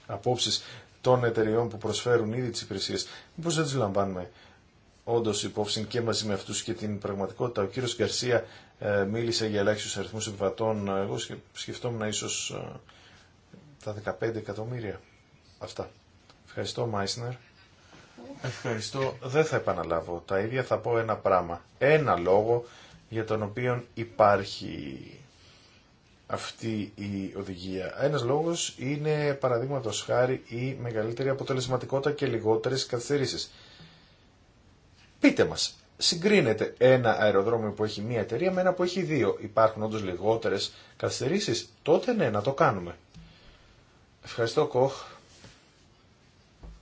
απόψεις των εταιριών που προσφέρουν ήδη τις υπηρεσίες. Μήπως δεν τις λαμβάνουμε όντω υπόψη και μαζί με αυτούς και την πραγματικότητα. Ο κύριος Γκαρσία ε, μίλησε για ελάχιστου αριθμούς επιβατών. Εγώ σκεφτόμουν ίσως ε, τα 15 εκατομμύρια. Αυτά. Ευχαριστώ Μάισνερ. Ευχαριστώ. Δεν θα επαναλάβω τα ίδια. Θα πω ένα πράγμα. Ένα λόγο για τον οποίο υπάρχει αυτή η οδηγία. Ένας λόγος είναι παραδείγματο χάρη η μεγαλύτερη αποτελεσματικότητα και λιγότερες καθυστερήσεις. Πείτε μας, συγκρίνεται ένα αεροδρόμιο που έχει μία εταιρεία με ένα που έχει δύο. Υπάρχουν όντως λιγότερες καθυστερήσεις, τότε ναι, να το κάνουμε. Ευχαριστώ Κοχ.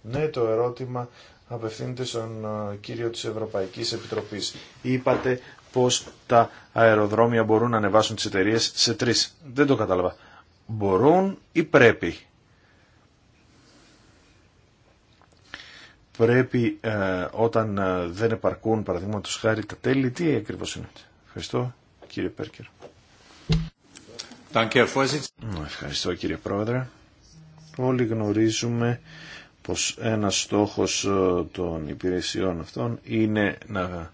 Ναι, το ερώτημα απευθύνεται στον ε, κύριο της Ευρωπαϊκής Επιτροπής. Είπατε Πώ τα αεροδρόμια μπορούν να ανεβάσουν τι εταιρείε σε τρει. Δεν το κατάλαβα. Μπορούν ή πρέπει. Πρέπει ε, όταν ε, δεν επαρκούν παραδείγματο χάρη τα τέλη, τι ακριβώ είναι. Ευχαριστώ κύριε Πέρκερ. Ευχαριστώ κύριε Πρόεδρε. Όλοι γνωρίζουμε πως ένας στόχος ε, των υπηρεσιών αυτών είναι να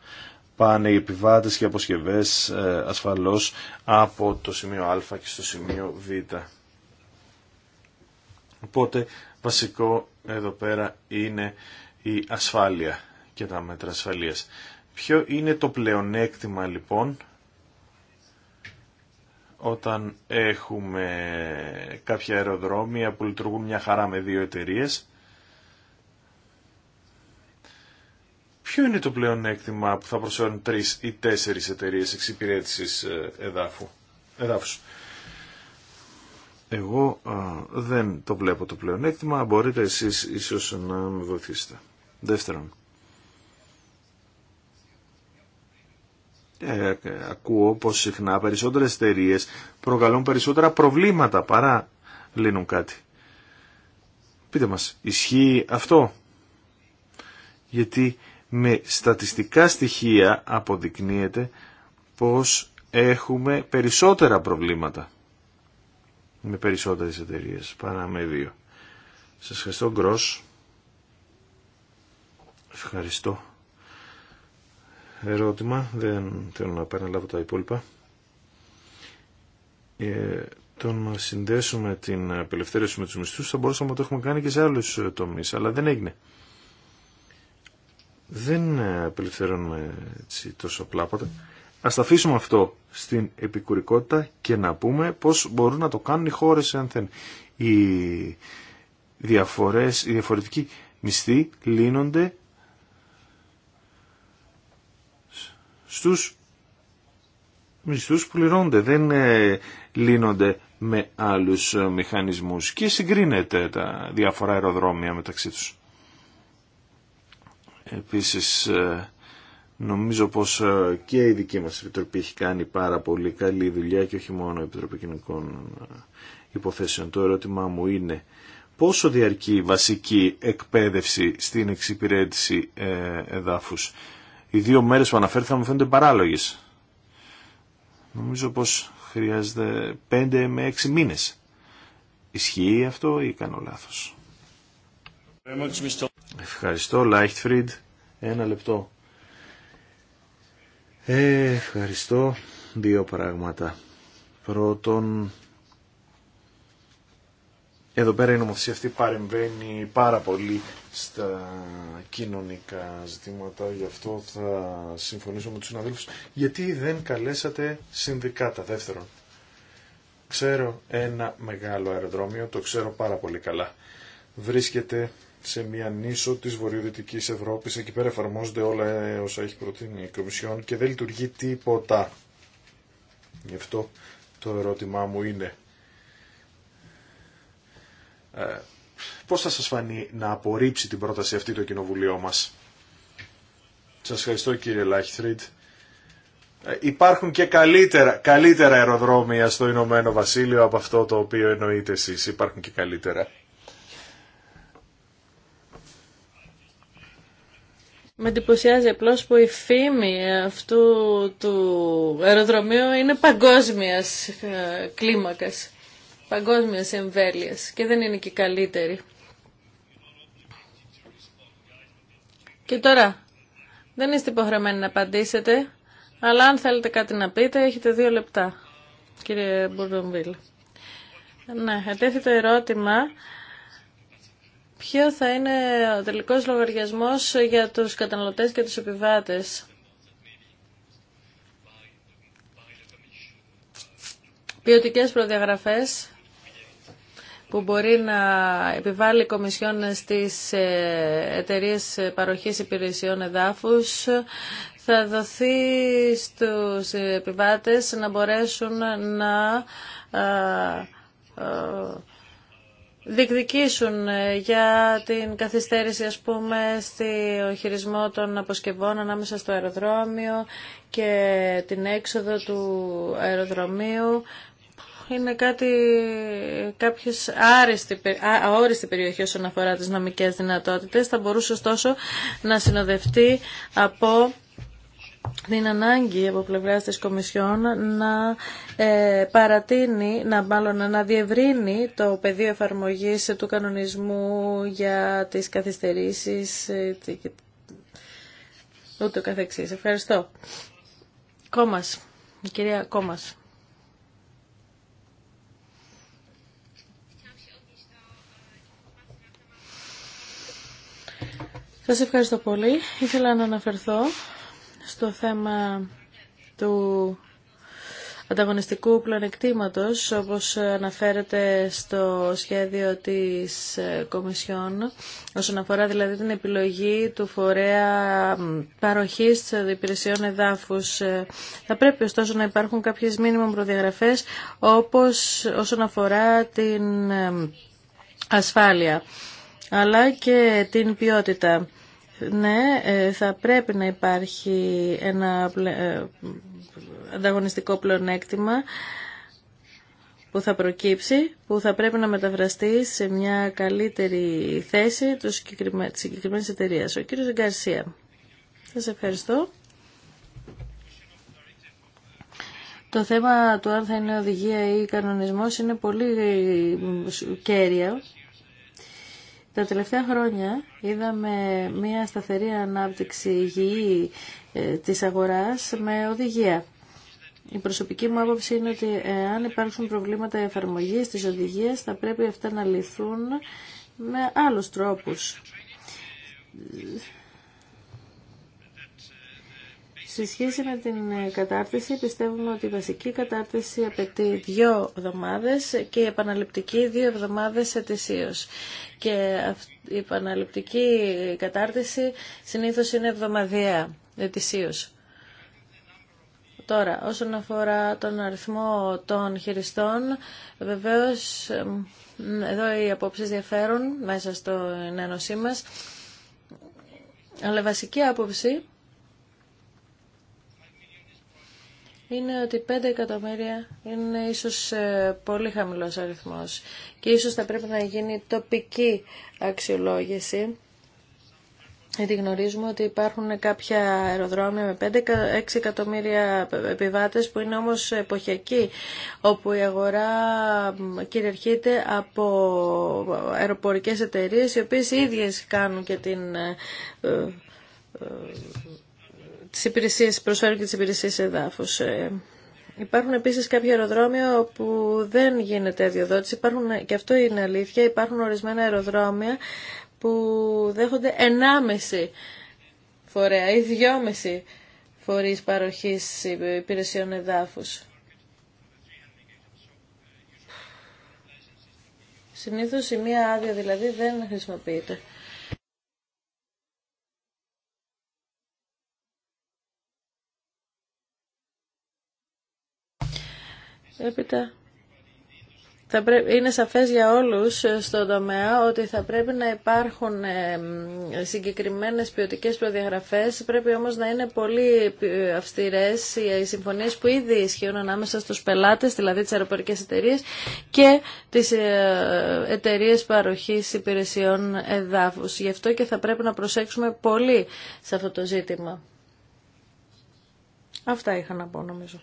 πάνε οι επιβάτες και οι αποσκευές ε, ασφαλώς από το σημείο Α και στο σημείο Β. Οπότε βασικό εδώ πέρα είναι η ασφάλεια και τα μέτρα ασφαλείας. Ποιο είναι το πλεονέκτημα λοιπόν όταν έχουμε κάποια αεροδρόμια που λειτουργούν μια χαρά με δύο εταιρείες Ποιο είναι το πλεονέκτημα που θα προσφέρουν τρει ή τέσσερι εταιρείε εξυπηρέτησης ε, εδάφου, εδάφους. Εγώ δεν το βλέπω το πλεονέκτημα. μπορείτε εσείς ίσως να με βοηθήσετε. Δεύτερον, ε, ε ακούω πως συχνά περισσότερες εταιρείε προκαλούν περισσότερα προβλήματα παρά λύνουν κάτι. Πείτε μας, ισχύει αυτό. Γιατί με στατιστικά στοιχεία αποδεικνύεται πως έχουμε περισσότερα προβλήματα με περισσότερες εταιρείε παρά με δύο. Σας ευχαριστώ Γκρός. Ευχαριστώ. Ερώτημα, δεν θέλω να παραλάβω τα υπόλοιπα. Ε, το να συνδέσουμε την απελευθέρωση με τους μισθούς θα μπορούσαμε να το έχουμε κάνει και σε άλλους τομείς, αλλά δεν έγινε δεν απελευθερώνουμε έτσι, τόσο ποτέ. Ας τα αφήσουμε αυτό στην επικουρικότητα και να πούμε πώς μπορούν να το κάνουν οι χώρες αν Οι, διαφορές, οι διαφορετικοί μισθοί λύνονται στους μισθούς που πληρώνονται. Δεν ε, λύνονται με άλλους μηχανισμούς και συγκρίνεται τα διάφορα αεροδρόμια μεταξύ τους. Επίσης ε, νομίζω πως ε, και η δική μας Επιτροπή έχει κάνει πάρα πολύ καλή δουλειά και όχι μόνο η Επιτροπή Κοινωνικών ε, Υποθέσεων. Το ερώτημά μου είναι πόσο διαρκεί η βασική εκπαίδευση στην εξυπηρέτηση εδάφους. Οι δύο μέρες που αναφέρθηκαν μου φαίνονται παράλογες. Νομίζω πως χρειάζεται πέντε με 6 μήνες. Ισχύει αυτό ή κάνω λάθος. Ευχαριστώ, Λάιχτφριντ. Ένα λεπτό. Ε, ευχαριστώ. Δύο πράγματα. Πρώτον, εδώ πέρα η νομοθεσία αυτή παρεμβαίνει πάρα πολύ στα κοινωνικά ζητήματα, γι' αυτό θα συμφωνήσω με τους συναδέλφους. Γιατί δεν καλέσατε συνδικάτα δεύτερον. Ξέρω ένα μεγάλο αεροδρόμιο, το ξέρω πάρα πολύ καλά. Βρίσκεται σε μια νήσο τη βορειοδυτικής Ευρώπη Εκεί πέρα εφαρμόζονται όλα όσα έχει προτείνει η Κομισιόν και δεν λειτουργεί τίποτα. Γι' αυτό το ερώτημά μου είναι ε, πώς θα σας φανεί να απορρίψει την πρόταση αυτή το κοινοβουλίο μας. Σας ευχαριστώ κύριε Λάχιθριτ. Ε, υπάρχουν και καλύτερα, καλύτερα αεροδρόμια στο Ηνωμένο Βασίλειο από αυτό το οποίο εννοείτε εσείς. Υπάρχουν και καλύτερα. Με εντυπωσιάζει απλώ που η φήμη αυτού του αεροδρομίου είναι παγκόσμια ε, κλίμακα, παγκόσμια εμβέλεια και δεν είναι και καλύτερη. Και τώρα, δεν είστε υποχρεωμένοι να απαντήσετε, αλλά αν θέλετε κάτι να πείτε, έχετε δύο λεπτά, κύριε Μπουρδομβίλ. Ναι, ατέθη το ερώτημα ποιο θα είναι ο τελικός λογαριασμός για τους καταναλωτές και τους επιβάτες. Ποιοτικές προδιαγραφές που μπορεί να επιβάλλει η Κομισιόν στις ε, εταιρείες παροχής υπηρεσιών εδάφους θα δοθεί στους επιβάτες να μπορέσουν να ε, ε, διεκδικήσουν ε, για την καθυστέρηση ας πούμε στο χειρισμό των αποσκευών ανάμεσα στο αεροδρόμιο και την έξοδο του αεροδρομίου είναι κάτι, κάποιες άριστη, αόριστη περιοχή όσον αφορά τις νομικές δυνατότητες. Θα μπορούσε ωστόσο να συνοδευτεί από την ανάγκη από πλευρά τη Κομισιόν να ε, παρατείνει, να, μάλλον, να διευρύνει το πεδίο εφαρμογής του κανονισμού για τις καθυστερήσεις ε, και του καθεξής. Ευχαριστώ. Κόμας, η κυρία Κόμας. Σας ευχαριστώ πολύ. Ήθελα να αναφερθώ στο θέμα του ανταγωνιστικού πλανεκτήματος, όπως αναφέρεται στο σχέδιο της ε, Κομισιόν, όσον αφορά δηλαδή την επιλογή του φορέα παροχής υπηρεσιών εδάφους. Ε, θα πρέπει ωστόσο να υπάρχουν κάποιες μήνυμα προδιαγραφές, όπως όσον αφορά την ε, ασφάλεια, αλλά και την ποιότητα ναι, ε, θα πρέπει να υπάρχει ένα ε, ανταγωνιστικό πλεονέκτημα που θα προκύψει, που θα πρέπει να μεταφραστεί σε μια καλύτερη θέση της συγκεκριμένης εταιρεία. Ο κύριος Γκαρσία. Σας ευχαριστώ. Το θέμα του αν θα είναι οδηγία ή κανονισμός είναι πολύ ε, κέρια. Τα τελευταία χρόνια είδαμε μια σταθερή ανάπτυξη υγιή ε, της αγοράς με οδηγία. Η προσωπική μου άποψη είναι ότι ε, αν υπάρχουν προβλήματα εφαρμογής της οδηγίας θα πρέπει αυτά να λυθούν με άλλους τρόπους σε σχέση με την ε, κατάρτιση, πιστεύουμε ότι η βασική κατάρτιση απαιτεί δύο εβδομάδες και η επαναληπτική δύο εβδομάδες ετησίως. Και η επαναληπτική κατάρτιση συνήθως είναι εβδομαδιαία ετησίως. Τώρα, όσον αφορά τον αριθμό των χειριστών, βεβαίως εδώ οι απόψεις διαφέρουν μέσα στο ένωσή μας. Αλλά βασική άποψη είναι ότι 5 εκατομμύρια είναι ίσως ε, πολύ χαμηλός αριθμός και ίσως θα πρέπει να γίνει τοπική αξιολόγηση γιατί γνωρίζουμε ότι υπάρχουν κάποια αεροδρόμια με 5-6 εκατομμύρια επιβάτες που είναι όμως εποχιακοί, όπου η αγορά κυριαρχείται από αεροπορικές εταιρείες οι οποίες οι ίδιες κάνουν και την ε, ε, τις υπηρεσίες, προσφέρουν και τις υπηρεσίες εδάφους. Ε, υπάρχουν επίσης κάποια αεροδρόμια όπου δεν γίνεται αδειοδότηση. Υπάρχουν, και αυτό είναι αλήθεια. Υπάρχουν ορισμένα αεροδρόμια που δέχονται ή δυόμεση φορείς φορέα ή 2,5 φορείς παροχής υπηρεσιών εδάφους. Συνήθως η δυομεση φορεις παροχης υπηρεσιων άδεια δηλαδή δεν χρησιμοποιείται. Έπειτα θα είναι σαφές για όλους στον τομέα ότι θα πρέπει να υπάρχουν ε, συγκεκριμένες ποιοτικέ προδιαγραφές, πρέπει όμως να είναι πολύ ε, αυστηρές οι συμφωνίες που ήδη ισχύουν ανάμεσα στους πελάτες, δηλαδή τις αεροπορικές εταιρείες και τις ε, εταιρείες παροχής υπηρεσιών εδάφους. Γι' αυτό και θα πρέπει να προσέξουμε πολύ σε αυτό το ζήτημα. Αυτά είχα να πω νομίζω.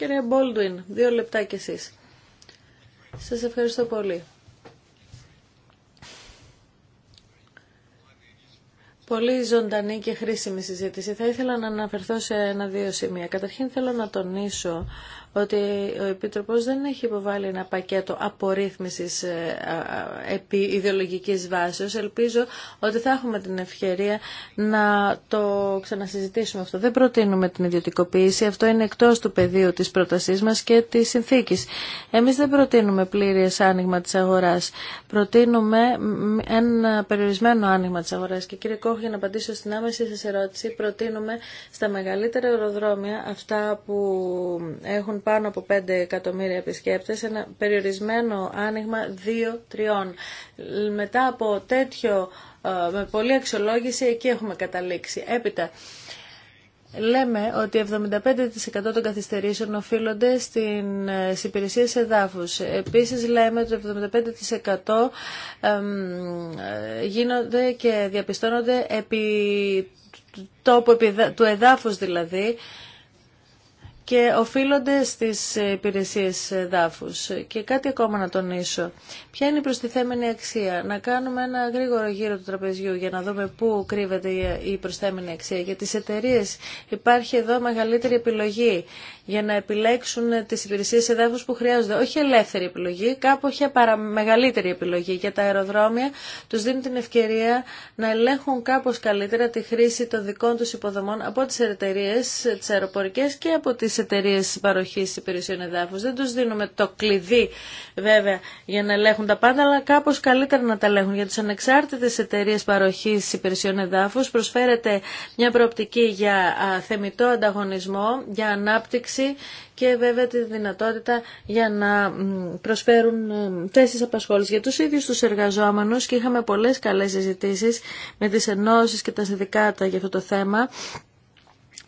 Κύριε Μπόλτουιν, δύο λεπτά κι εσείς. Σας ευχαριστώ πολύ. Πολύ ζωντανή και χρήσιμη συζήτηση. Θα ήθελα να αναφερθώ σε ένα-δύο σημεία. Καταρχήν θέλω να τονίσω ότι ο Επίτροπος δεν έχει υποβάλει ένα πακέτο απορρίθμισης ε, επί ιδεολογικής βάσης. Ελπίζω ότι θα έχουμε την ευκαιρία να το ξανασυζητήσουμε αυτό. Δεν προτείνουμε την ιδιωτικοποίηση. Αυτό είναι εκτός του πεδίου της πρότασής μας και της συνθήκης. Εμείς δεν προτείνουμε πλήρες άνοιγμα της αγοράς. Προτείνουμε ένα περιορισμένο άνοιγμα της αγοράς. Και κύριε Κόχ, για να απαντήσω στην άμεση σας ερώτηση, προτείνουμε στα μεγαλύτερα αεροδρόμια αυτά που έχουν πάνω από 5 εκατομμύρια επισκέπτες, ένα περιορισμένο άνοιγμα 2-3. Μετά από τέτοιο, ε, με πολλή αξιολόγηση, εκεί έχουμε καταλήξει. Έπειτα, Λέμε ότι 75% των καθυστερήσεων οφείλονται ε, στι υπηρεσίες εδάφους. Επίσης λέμε ότι 75% ε, γίνονται και διαπιστώνονται επί τόπου του εδάφους δηλαδή και οφείλονται στις υπηρεσίες δάφους. Και κάτι ακόμα να τονίσω. Ποια είναι η προστιθέμενη αξία. Να κάνουμε ένα γρήγορο γύρο του τραπεζιού για να δούμε πού κρύβεται η προστιθέμενη αξία. Για τις εταιρείε υπάρχει εδώ μεγαλύτερη επιλογή για να επιλέξουν τις υπηρεσίες εδάφους που χρειάζονται. Όχι ελεύθερη επιλογή, κάποια μεγαλύτερη επιλογή. Για τα αεροδρόμια τους δίνει την ευκαιρία να ελέγχουν κάπως καλύτερα τη χρήση των δικών τους υποδομών από τις εταιρείε, τις αεροπορικές και από τις εταιρείε παροχή υπηρεσιών εδάφου. Δεν του δίνουμε το κλειδί βέβαια για να ελέγχουν τα πάντα, αλλά κάπω καλύτερα να τα ελέγχουν. Για τι ανεξάρτητε εταιρείε παροχή υπηρεσιών εδάφου προσφέρεται μια προοπτική για θεμητό ανταγωνισμό, για ανάπτυξη και βέβαια τη δυνατότητα για να προσφέρουν θέσεις απασχόλησης για του ίδιου του εργαζόμενου και είχαμε πολλέ καλέ συζητήσει με τι ενώσει και τα συνδικάτα για αυτό το θέμα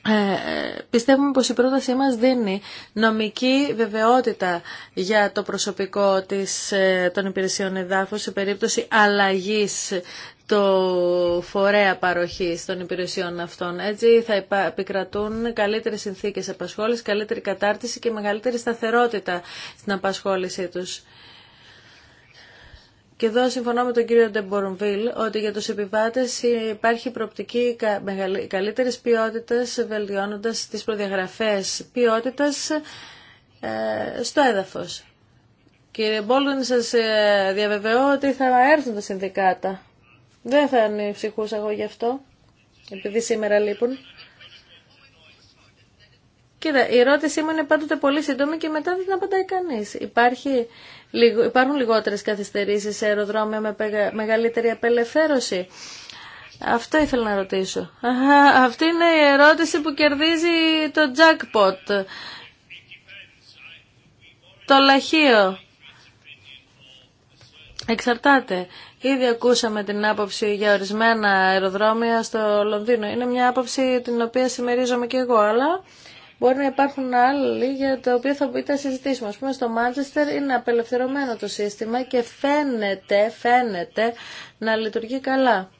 ε, πιστεύουμε πως η πρότασή μας δίνει νομική βεβαιότητα για το προσωπικό της, ε, των υπηρεσιών εδάφους σε περίπτωση αλλαγής το φορέα παροχής των υπηρεσιών αυτών. Έτσι θα επικρατούν καλύτερες συνθήκες απασχόλησης, καλύτερη κατάρτιση και μεγαλύτερη σταθερότητα στην απασχόλησή τους. Και εδώ συμφωνώ με τον κύριο Ντεμπορνβίλ ότι για τους επιβάτες υπάρχει προοπτική καλύτερης ποιότητας βελτιώνοντας τις προδιαγραφές ποιότητας ε, στο έδαφος. Κύριε Μπόλτον, σας ε, διαβεβαιώ ότι θα έρθουν τα συνδικάτα. Δεν θα ανησυχούσα εγώ γι' αυτό, επειδή σήμερα λείπουν. Κοίτα, η ερώτησή μου είναι πάντοτε πολύ σύντομη και μετά δεν την απαντάει κανεί. Υπάρχουν λιγότερε καθυστερήσει σε αεροδρόμια με μεγαλύτερη απελευθέρωση. Αυτό ήθελα να ρωτήσω. αυτή είναι η ερώτηση που κερδίζει το jackpot. Το λαχείο. Εξαρτάται. Ήδη ακούσαμε την άποψη για ορισμένα αεροδρόμια στο Λονδίνο. Είναι μια άποψη την οποία συμμερίζομαι και εγώ, αλλά Μπορεί να υπάρχουν άλλοι για τα οποία θα μπορείτε να συζητήσουμε. Α πούμε, στο Μάντσεστερ είναι απελευθερωμένο το σύστημα και φαίνεται, φαίνεται να λειτουργεί καλά.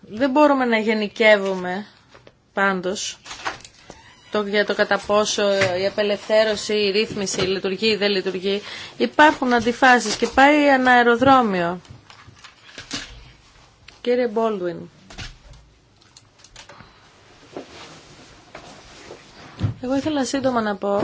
Δεν μπορούμε να γενικεύουμε πάντως το, για το κατά πόσο η απελευθέρωση, η ρύθμιση λειτουργεί ή δεν λειτουργεί. Υπάρχουν αντιφάσεις και πάει ένα αεροδρόμιο. Κύριε Μπόλουιν. Εγώ ήθελα σύντομα να πω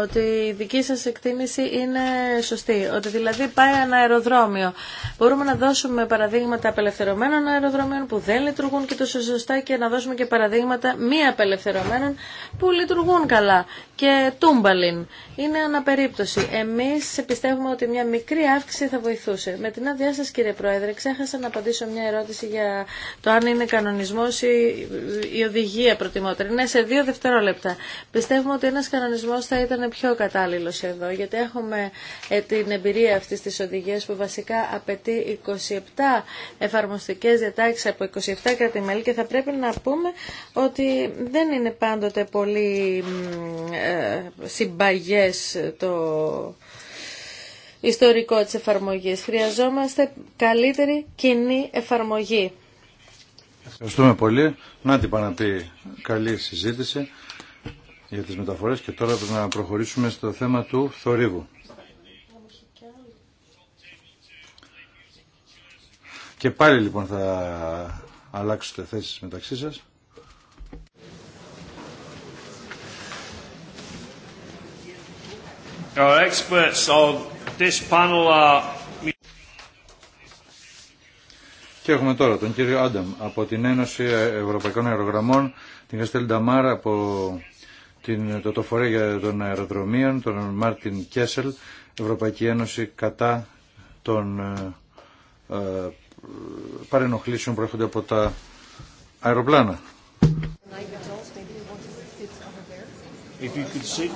ότι η δική σας εκτίμηση είναι σωστή. Ότι δηλαδή πάει ένα αεροδρόμιο. Μπορούμε να δώσουμε παραδείγματα απελευθερωμένων αεροδρομίων που δεν λειτουργούν και τόσο σωστά και να δώσουμε και παραδείγματα μη απελευθερωμένων που λειτουργούν καλά και τούμπαλιν. Είναι αναπερίπτωση. Εμείς πιστεύουμε ότι μια μικρή αύξηση θα βοηθούσε. Με την άδειά σας κύριε Πρόεδρε, ξέχασα να απαντήσω μια ερώτηση για το αν είναι κανονισμός ή η οδηγία προτιμότερη. Ναι, σε δύο δευτερόλεπτα. Πιστεύουμε ότι ένας κανονισμός θα ήταν είναι πιο κατάλληλος εδώ, γιατί έχουμε ε, την εμπειρία αυτής της οδηγίας που βασικά απαιτεί 27 εφαρμοστικές διατάξει από 27 κρατημέλη και θα πρέπει να πούμε ότι δεν είναι πάντοτε πολύ ε, συμπαγές το ιστορικό της εφαρμογής. Χρειαζόμαστε καλύτερη κοινή εφαρμογή. Ευχαριστούμε πολύ. Να την παρατεί καλή συζήτηση για τις μεταφορές και τώρα πρέπει να προχωρήσουμε στο θέμα του θορύβου. Και πάλι λοιπόν θα αλλάξετε θέσεις μεταξύ σας. Our experts this panel Και έχουμε τώρα τον κύριο Άνταμ από την Ένωση Ευρωπαϊκών Αερογραμμών, την Καστέλ Νταμάρα από την, το, τοφορέ για των αεροδρομίων, τον Μάρτιν Κέσελ, Ευρωπαϊκή Ένωση κατά των ε, παρενοχλήσεων που έρχονται από τα αεροπλάνα. If you could sit. We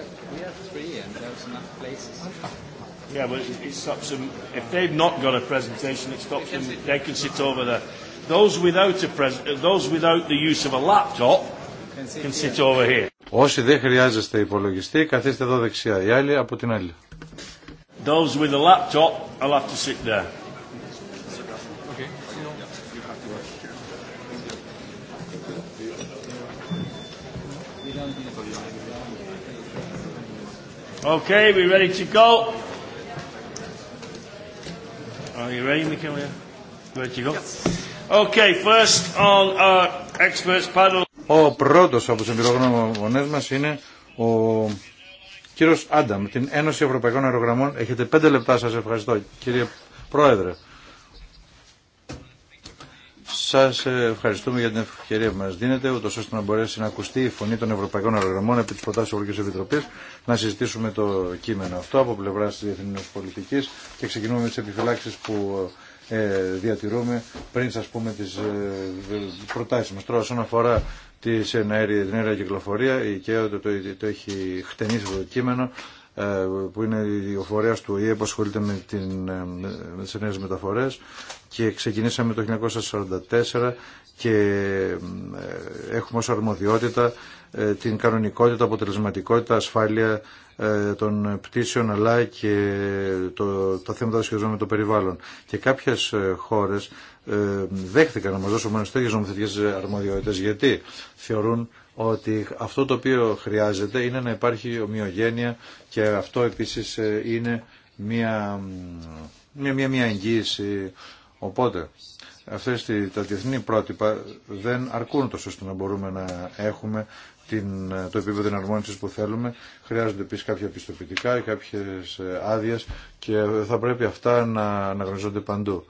have, we have three and there's enough places. Yeah, but it, it stops them. If they've not got a presentation, it stops them. They can sit over there. Those without, a those without the use of a laptop can sit, over here. Όσοι δεν χρειάζεστε υπολογιστή, καθίστε εδώ δεξιά. Οι άλλοι από την άλλη. Those with a laptop, I'll have to sit there. Okay, we're ready to go? Are you ready, Michaela? Ready to go? Yes. Ο πρώτος από τους εμπειρογνώμονές μας είναι ο κύριος Άνταμ, την Ένωση Ευρωπαϊκών Αερογραμμών. Έχετε πέντε λεπτά, σας ευχαριστώ κύριε Πρόεδρε. Σας ευχαριστούμε για την ευκαιρία που μας δίνετε, ούτως ώστε να μπορέσει να ακουστεί η φωνή των Ευρωπαϊκών Αερογραμμών επί της προτάσης της Ευρωπαϊκής Επιτροπής, να συζητήσουμε το κείμενο αυτό από πλευράς της διεθνής πολιτικής και ξεκινούμε με τις επιφυλάξεις που ε, διατηρούμε πριν σας πούμε τις ε, προτάσεις μας. Τώρα, όσον αφορά της εναέρια, την αέρια κυκλοφορία, η ΚΕΟ το, το, έχει χτενίσει το κείμενο, ε, που είναι η φορέας του ΟΗΕ που ασχολείται με, την, με τις μεταφορές και ξεκινήσαμε το 1944 και έχουμε ως αρμοδιότητα την κανονικότητα, αποτελεσματικότητα, ασφάλεια ε, των πτήσεων αλλά και τα θέματα σχετικά με το περιβάλλον. Και κάποιες ε, χώρες ε, δέχτηκαν να μα δώσουν μόνο τέτοιε νομοθετικέ αρμοδιότητε γιατί θεωρούν ότι αυτό το οποίο χρειάζεται είναι να υπάρχει ομοιογένεια και αυτό επίσης είναι μια, μια, μια, μια εγγύηση. Οπότε αυτές τα διεθνή πρότυπα δεν αρκούν τόσο ώστε να μπορούμε να έχουμε την, το επίπεδο εναρμόνιση που θέλουμε. Χρειάζονται επίση κάποια πιστοποιητικά, ή κάποιε άδειε και θα πρέπει αυτά να αναγνωριζόνται παντού.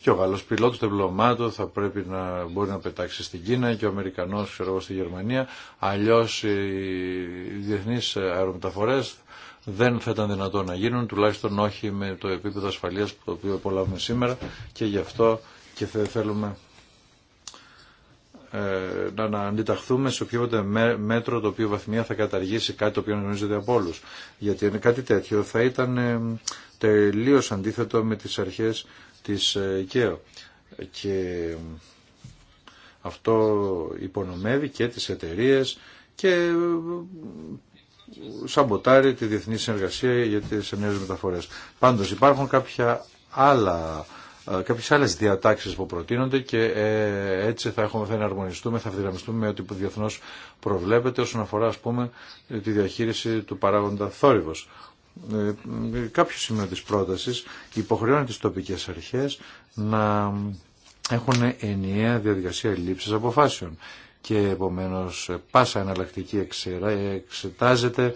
Και ο Γάλλος πιλότος του θα πρέπει να μπορεί να πετάξει στην Κίνα και ο Αμερικανός ξέρω εγώ στη Γερμανία. Αλλιώς οι διεθνείς αερομεταφορές δεν θα ήταν δυνατόν να γίνουν, τουλάχιστον όχι με το επίπεδο ασφαλείας που το οποίο απολαύουμε σήμερα και γι' αυτό και θέλουμε ε, να, να αντιταχθούμε σε οποιοδήποτε μέτρο το οποίο βαθμία θα καταργήσει κάτι το οποίο γνωρίζεται από όλου. Γιατί κάτι τέτοιο θα ήταν ε, τελείω αντίθετο με τι αρχέ τη ε, ΚΕΟ. Και αυτό υπονομεύει και τις εταιρείε και σαμποτάρει τη διεθνή συνεργασία για τι ενέργειες μεταφορέ. Πάντως υπάρχουν κάποια άλλα ε, κάποιες άλλες διατάξεις που προτείνονται και ε, έτσι θα, έχουμε, θα εναρμονιστούμε, θα δυναμιστούμε με ό,τι που διεθνώς προβλέπεται όσον αφορά ας πούμε τη διαχείριση του παράγοντα θόρυβος. Ε, κάποιο σημείο της πρότασης υποχρεώνει τις τοπικές αρχές να έχουν ενιαία διαδικασία λήψης αποφάσεων και επομένως πάσα εναλλακτική εξερα, εξετάζεται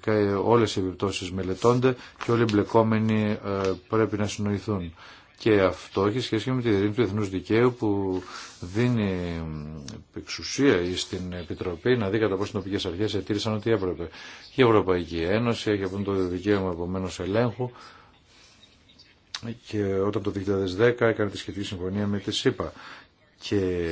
και όλες οι επιπτώσεις μελετώνται και όλοι οι μπλεκόμενοι πρέπει να συνοηθούν. Και αυτό έχει σχέση με τη διερήνη του Εθνούς Δικαίου που δίνει εξουσία στην Επιτροπή να δει κατά πόσο οι τοπικές αρχές ετήρησαν ότι έπρεπε. Και η Ευρωπαϊκή Ένωση έχει αυτό το δικαίωμα επομένω ελέγχου και όταν το 2010 έκανε τη σχετική συμφωνία με τη ΣΥΠΑ. Και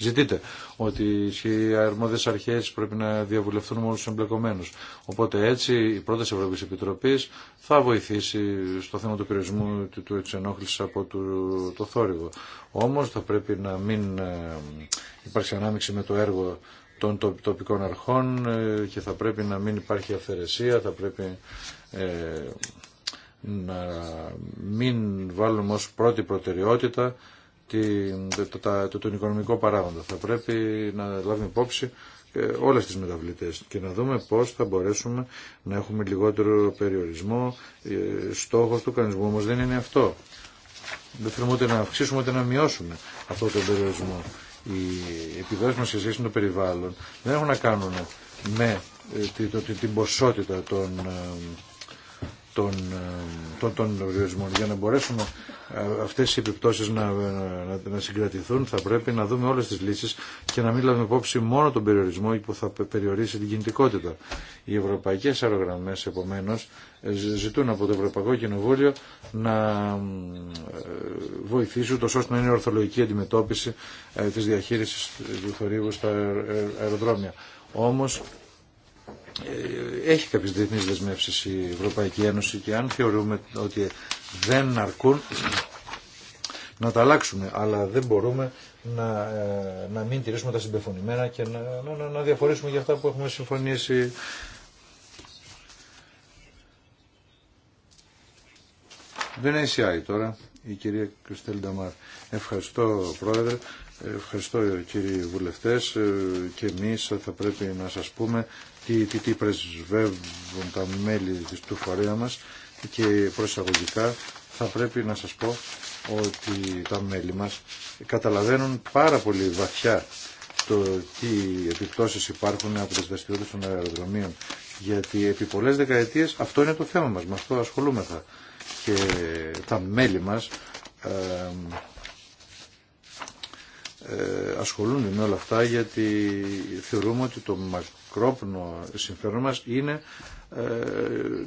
ζητείτε ότι οι αρμόδιες αρχές πρέπει να διαβουλευτούν με όλους εμπλεκομένους. Οπότε έτσι η πρόταση Ευρωπαϊκής Επιτροπής θα βοηθήσει στο θέμα του περιορισμού του, του από το, το θόρυβο. Όμως θα πρέπει να μην ε, υπάρξει ανάμειξη με το έργο των τοπικών αρχών ε, και θα πρέπει να μην υπάρχει αυθαιρεσία, θα πρέπει ε, να μην βάλουμε ως πρώτη προτεραιότητα τον οικονομικό παράγοντα. Θα πρέπει να λάβουμε υπόψη όλες τις μεταβλητές και να δούμε πώς θα μπορέσουμε να έχουμε λιγότερο περιορισμό. Ε, στόχος του κανονισμού όμως δεν είναι αυτό. Δεν θέλουμε ούτε να αυξήσουμε ούτε να μειώσουμε αυτό τον περιορισμό. Οι επιδόσεις μας σε σχέση με το περιβάλλον δεν έχουν να κάνουν με ε, την ποσότητα των ε, των, των περιορισμών για να μπορέσουμε αυτές οι επιπτώσεις να, να, συγκρατηθούν θα πρέπει να δούμε όλες τις λύσεις και να μην λάβουμε υπόψη μόνο τον περιορισμό που θα περιορίσει την κινητικότητα. Οι ευρωπαϊκές αερογραμμές επομένως ζητούν από το Ευρωπαϊκό Κοινοβούλιο να ε, βοηθήσουν τόσο ώστε να είναι ορθολογική αντιμετώπιση ε, της διαχείρισης του θορύβου στα αεροδρόμια. Όμως ε, έχει κάποιες διεθνείς δεσμεύσεις η Ευρωπαϊκή Ένωση και αν θεωρούμε ότι δεν αρκούν να τα αλλάξουμε, αλλά δεν μπορούμε να, ε, μην τηρήσουμε τα συμπεφωνημένα και να, να, διαφορήσουμε για αυτά που έχουμε συμφωνήσει. Δεν είναι τώρα η κυρία Κριστέλ Νταμάρ. Ευχαριστώ πρόεδρε, ευχαριστώ κύριοι βουλευτές ε, και εμείς θα πρέπει να σας πούμε τι, τι, τι πρεσβεύουν τα μέλη της, του φορέα μας και προσαγωγικά θα πρέπει να σας πω ότι τα μέλη μας καταλαβαίνουν πάρα πολύ βαθιά το τι επιπτώσεις υπάρχουν από τις δραστηριότητες των αεροδρομίων γιατί επί πολλές δεκαετίες αυτό είναι το θέμα μας, με αυτό ασχολούμεθα και τα μέλη μας ε, ασχολούνται με όλα αυτά γιατί θεωρούμε ότι το κρόπνο συμφέρον μας είναι ε,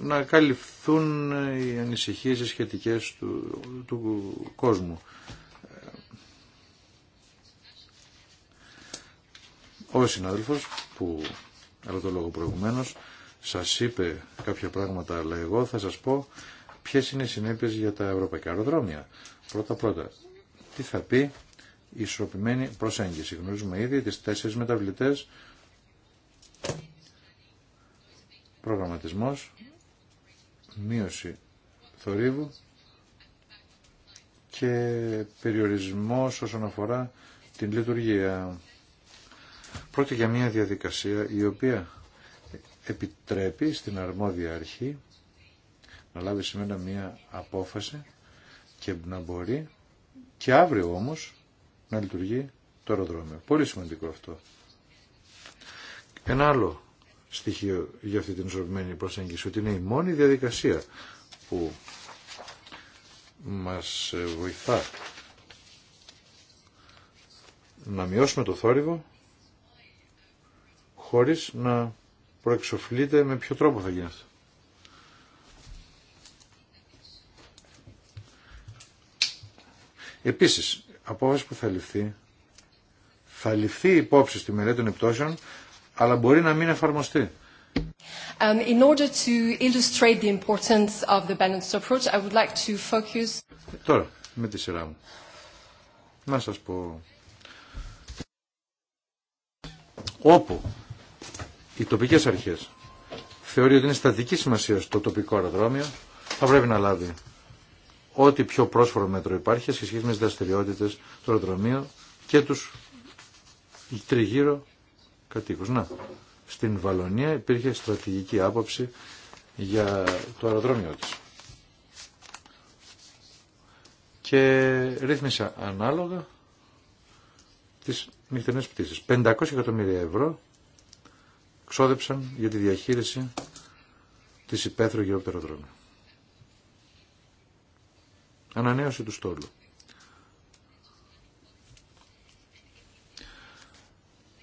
να καλυφθούν οι ανησυχίες σχετικές του, του κόσμου. Ε, ο συνάδελφος που έλαβε το λόγο προηγουμένως σας είπε κάποια πράγματα αλλά εγώ θα σας πω ποιες είναι οι συνέπειες για τα ευρωπαϊκά αεροδρόμια. Πρώτα πρώτα, τι θα πει η ισορροπημένη προσέγγιση. Γνωρίζουμε ήδη τις τέσσερις μεταβλητές προγραμματισμός, μείωση θορύβου και περιορισμός όσον αφορά την λειτουργία. Πρώτη για μια διαδικασία η οποία επιτρέπει στην αρμόδια αρχή να λάβει σήμερα μια απόφαση και να μπορεί και αύριο όμως να λειτουργεί το αεροδρόμιο. Πολύ σημαντικό αυτό. Ένα άλλο στοιχείο για αυτή την ισορροπημένη προσέγγιση, ότι είναι η μόνη διαδικασία που μας βοηθά να μειώσουμε το θόρυβο χωρίς να προεξοφλείται με ποιο τρόπο θα γίνει αυτό. Επίσης, απόφαση που θα ληφθεί θα ληφθεί υπόψη στη μελέτη των επιπτώσεων αλλά μπορεί να μην εφαρμοστεί. Um, in order to illustrate the importance of the balanced approach, I would like to focus... Τώρα, με τη σειρά μου. Να σας πω... Όπου οι τοπικές αρχές θεωρεί ότι είναι στατική σημασία στο τοπικό αεροδρόμιο, θα πρέπει να λάβει ό,τι πιο πρόσφορο μέτρο υπάρχει σε σχέση με τι δραστηριότητε του αεροδρομίου και τους τριγύρω κατοίκους. Να, στην Βαλονία υπήρχε στρατηγική άποψη για το αεροδρόμιο της. Και ρύθμισα ανάλογα τις νυχτερινές πτήσεις. 500 εκατομμύρια ευρώ ξόδεψαν για τη διαχείριση της υπαίθρου γύρω Ανανέωση του στόλου.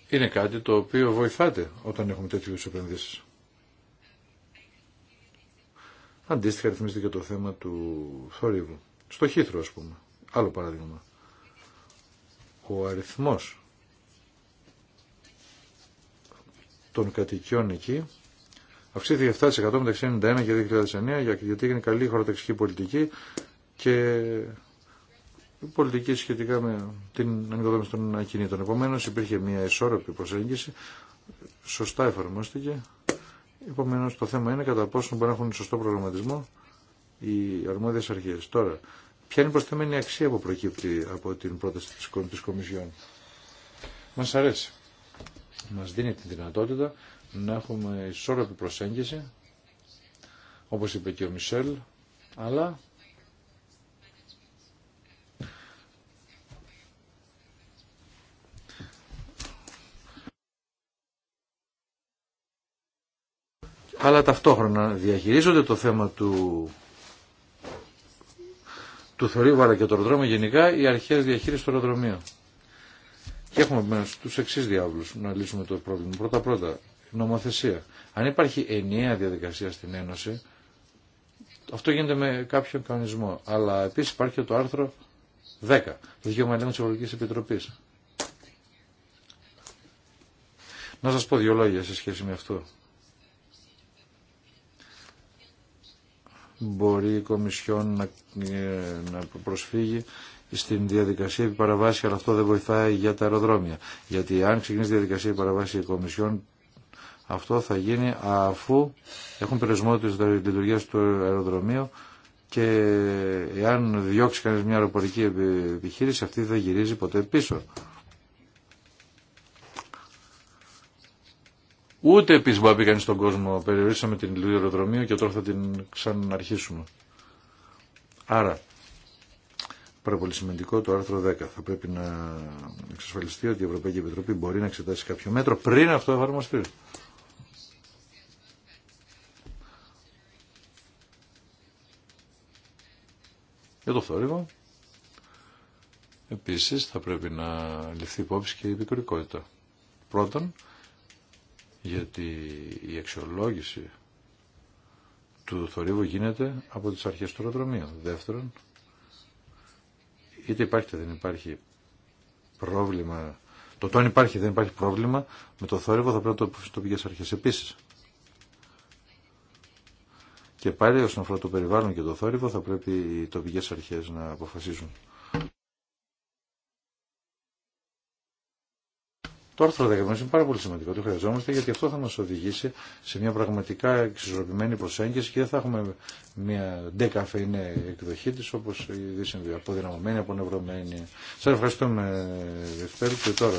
είναι κάτι το οποίο βοηθάται όταν έχουμε τέτοιου επενδύσει. Αντίστοιχα ρυθμίζεται και το θέμα του θορύβου. Στο χήθρο, α πούμε. Άλλο παράδειγμα. Ο αριθμό, των κατοικιών εκεί αυξήθηκε 7% μεταξύ 1991 και 2009 γιατί έγινε καλή χωροταξική πολιτική και πολιτική σχετικά με την ανοικοδόμηση των ακινήτων. Επομένω υπήρχε μια ισόρροπη προσέγγιση, σωστά εφαρμόστηκε. Επομένω το θέμα είναι κατά πόσο μπορεί να έχουν σωστό προγραμματισμό οι αρμόδιε αρχέ. Τώρα, ποια είναι η προσθεμένη αξία που προκύπτει από την πρόταση της Κομισιόν. Μα αρέσει. μα δίνει τη δυνατότητα να έχουμε ισόρροπη προσέγγιση, όπω είπε και ο Μισελ, αλλά αλλά ταυτόχρονα διαχειρίζονται το θέμα του, του θορύβου αλλά και του αεροδρόμου γενικά οι αρχές διαχείρισης του αεροδρομίου. Και έχουμε μέσα τους εξής διάβλους να λύσουμε το πρόβλημα. Πρώτα-πρώτα, νομοθεσία. Αν υπάρχει ενιαία διαδικασία στην Ένωση, αυτό γίνεται με κάποιον κανονισμό. Αλλά επίσης υπάρχει το άρθρο 10, το δικαίωμα ελέγχου της Ευρωπαϊκής Επιτροπής. Να σας πω δύο λόγια σε σχέση με αυτό. μπορεί η Κομισιόν να, ε, να προσφύγει στην διαδικασία επί παραβάση, αλλά αυτό δεν βοηθάει για τα αεροδρόμια. Γιατί αν ξεκινήσει διαδικασία επί παραβάση η Κομισιόν, αυτό θα γίνει αφού έχουν περιορισμό τη λειτουργία του αεροδρομίου και εάν διώξει κανείς μια αεροπορική επιχείρηση αυτή δεν γυρίζει ποτέ πίσω. Ούτε επίσης μπορεί να πει στον κόσμο. Περιορίσαμε την αεροδρομία και τώρα θα την ξαναρχίσουμε. Άρα, πάρα πολύ σημαντικό το άρθρο 10. Θα πρέπει να εξασφαλιστεί ότι η Ευρωπαϊκή Επιτροπή μπορεί να εξετάσει κάποιο μέτρο πριν αυτό εφαρμοστεί. Για το θόρυβο. Επίσης θα πρέπει να ληφθεί υπόψη και η επικουρικότητα. Πρώτον, γιατί η αξιολόγηση του θορύβου γίνεται από τις αρχές του αεροδρομίου. Δεύτερον, είτε υπάρχει είτε δεν υπάρχει πρόβλημα, το το υπάρχει δεν υπάρχει πρόβλημα, με το θόρυβο θα πρέπει να το στις αρχές επίσης. Και πάλι όσον αφορά το περιβάλλον και το θόρυβο θα πρέπει οι τοπικές αρχές να αποφασίζουν. Το άρθρο 10 είναι πάρα πολύ σημαντικό, το χρειαζόμαστε γιατί αυτό θα μας οδηγήσει σε μια πραγματικά εξισορροπημένη προσέγγιση και δεν θα έχουμε μια ντεκαφεϊνέ εκδοχή της όπως ήδη συμβεί, αποδυναμωμένη, απονευρωμένη. Σας ευχαριστούμε Δευτέρη και τώρα.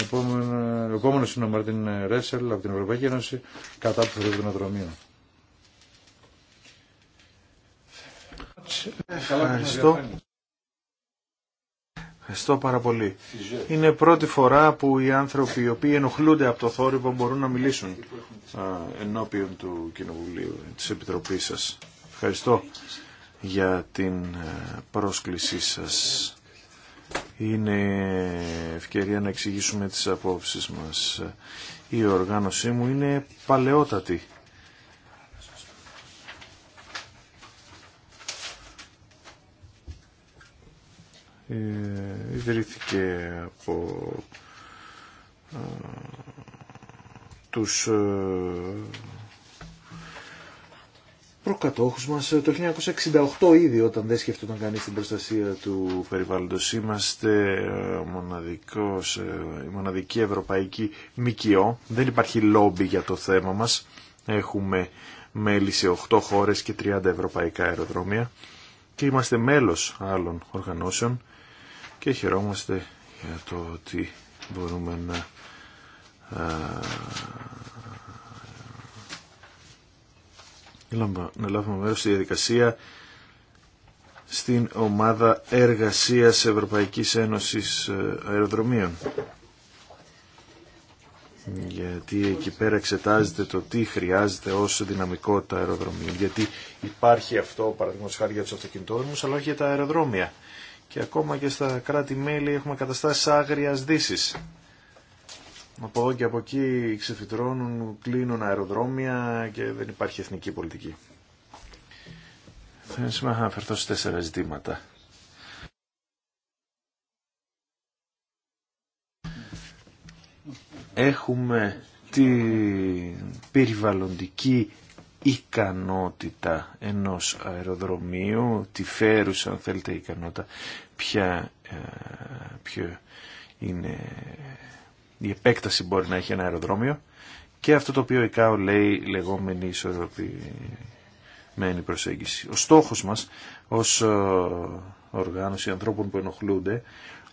Επόμενο, επόμενος είναι ο Μαρτίν Ρέσελ από την Ευρωπαϊκή Ένωση κατά του θεωρίου Ευχαριστώ. Ευχαριστώ πάρα πολύ. Είναι πρώτη φορά που οι άνθρωποι οι οποίοι ενοχλούνται από το θόρυβο μπορούν να μιλήσουν ενώπιον του Κοινοβουλίου, της Επιτροπής σας. Ευχαριστώ για την ε, πρόσκλησή σας. Είναι ευκαιρία να εξηγήσουμε τις απόψεις μας. Η οργάνωσή μου είναι παλαιότατη Ε, ιδρύθηκε από τους ε, προκατόχους μας ε, το 1968 ήδη όταν δεν σκεφτόταν κανείς την προστασία του περιβάλλοντος. Είμαστε μοναδικός, η μοναδική ευρωπαϊκή μικιό. Δεν υπάρχει λόμπι για το θέμα μας. Έχουμε μέλη σε 8 χώρες και 30 ευρωπαϊκά αεροδρόμια και είμαστε μέλος άλλων οργανώσεων και χαιρόμαστε για το ότι μπορούμε να να λάβουμε μέρος στη διαδικασία στην ομάδα εργασίας Ευρωπαϊκής Ένωσης ε, Αεροδρομίων. Γιατί εκεί πέρα εξετάζεται το τι χρειάζεται ως δυναμικότητα αεροδρομίων. Γιατί υπάρχει αυτό, παραδείγματος χάρη για τους αυτοκινητόδρομους, αλλά όχι για τα αεροδρόμια και ακόμα και στα κράτη-μέλη έχουμε καταστάσεις άγριας δύση. Από εδώ και από εκεί ξεφυτρώνουν, κλείνουν αεροδρόμια και δεν υπάρχει εθνική πολιτική. Θα να αναφερθώ σε τέσσερα ζητήματα. Έχουμε την περιβαλλοντική ικανότητα ενός αεροδρομίου, τη φέρουσα αν θέλετε ικανότητα, ποια, ε, ποιο είναι η επέκταση μπορεί να έχει ένα αεροδρόμιο και αυτό το οποίο η ΚΑΟ λέει λεγόμενη ισορροπημένη προσέγγιση. Ο στόχος μας ως ε, οργάνωση ανθρώπων που ενοχλούνται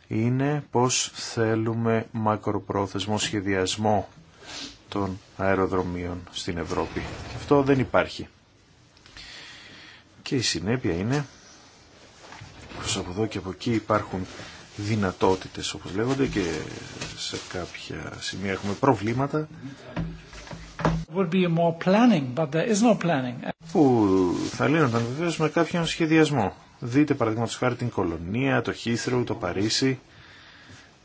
είναι πως θέλουμε μακροπρόθεσμο σχεδιασμό των αεροδρομίων στην Ευρώπη. Αυτό δεν υπάρχει. Και η συνέπεια είναι πως από εδώ και από εκεί υπάρχουν δυνατότητες όπως λέγονται και σε κάποια σημεία έχουμε προβλήματα Would be more planning, but there is no planning. που θα λύνονταν βεβαίως με κάποιον σχεδιασμό. Δείτε παραδείγματος χάρη την Κολονία, το Χίθρο, το Παρίσι